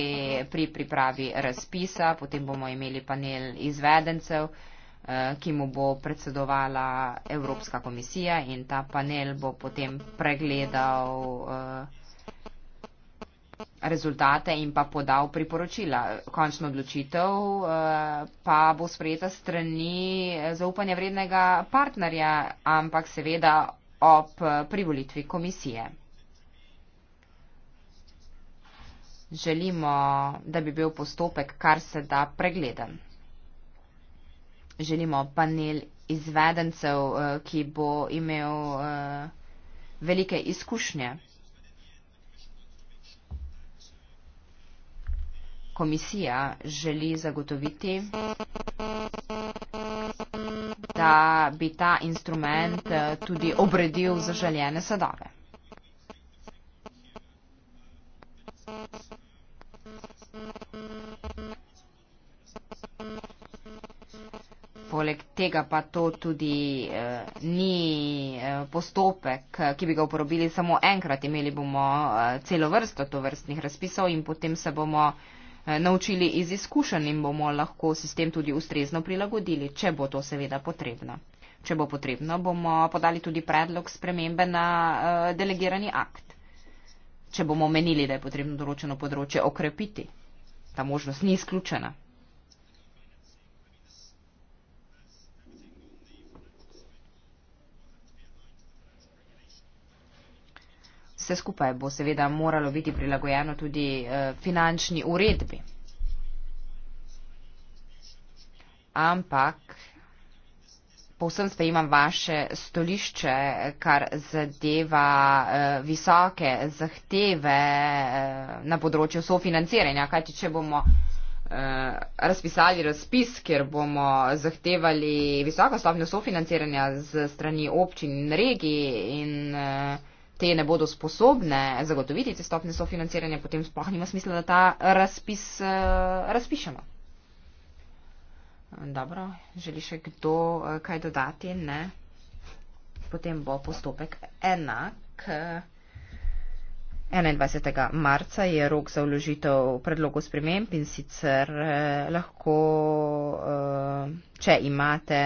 pri pripravi razpisa, potem bomo imeli panel izvedencev, eh, ki mu bo predsedovala Evropska komisija in ta panel bo potem pregledal eh, rezultate in pa podal priporočila. Končno odločitev eh, pa bo sprejeta strani eh, zaupanja vrednega partnerja, ampak seveda ob eh, privolitvi komisije. Želimo, da bi bil postopek kar se da pregleden. Želimo panel izvedencev, ki bo imel velike izkušnje. komisija želi zagotoviti, da bi ta instrument eh, tudi obredil zaželjene sadove. Poleg tega pa to tudi eh, ni eh, postopek, eh, ki bi ga uporabili samo enkrat. Imeli bomo eh, celo vrsto to vrstnih razpisov in potem se bomo eh, Eh, naučili iz izkušenj in bomo lahko sistem tudi ustrezno prilagodili, če bo to seveda potrebno. Če bo potrebno, bomo podali tudi predlog spremembe na eh, delegirani akt. Če bomo menili, da je potrebno določeno področje okrepiti, ta možnost ni izključena. vse skupaj bo seveda moralo biti prilagojeno tudi eh, finančni uredbi. Ampak povsem sprejemam vaše stolišče, kar zadeva eh, visoke zahteve eh, na področju sofinanciranja. Kajti, če bomo razpisali razpis, kjer bomo zahtevali visoko stopnjo sofinanciranja z strani občin in regij in te ne bodo sposobne zagotoviti te stopne sofinanciranja, potem sploh nima smisla, da ta razpis uh, razpišemo. Dobro, želi še kdo uh, kaj dodati? Ne. Potem bo postopek enak. Uh, 21. marca je rok za vložitev predlogov sprememb in sicer eh, lahko, eh, če imate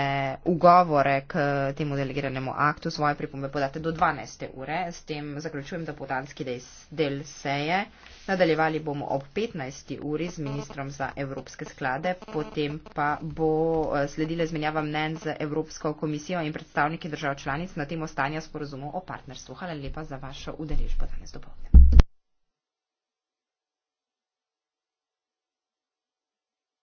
ugovore k temu delegiranemu aktu, svoje pripombe podate do 12. ure. S tem zaključujem, da bo danski del, del seje. Nadaljevali bomo ob 15. uri z ministrom za evropske sklade, potem pa bo eh, sledila izmenjava mnen z Evropsko komisijo in predstavniki držav članic na temo stanja sporozumov o partnerstvu. Hvala lepa za vašo udeležbo danes dopolnjeno.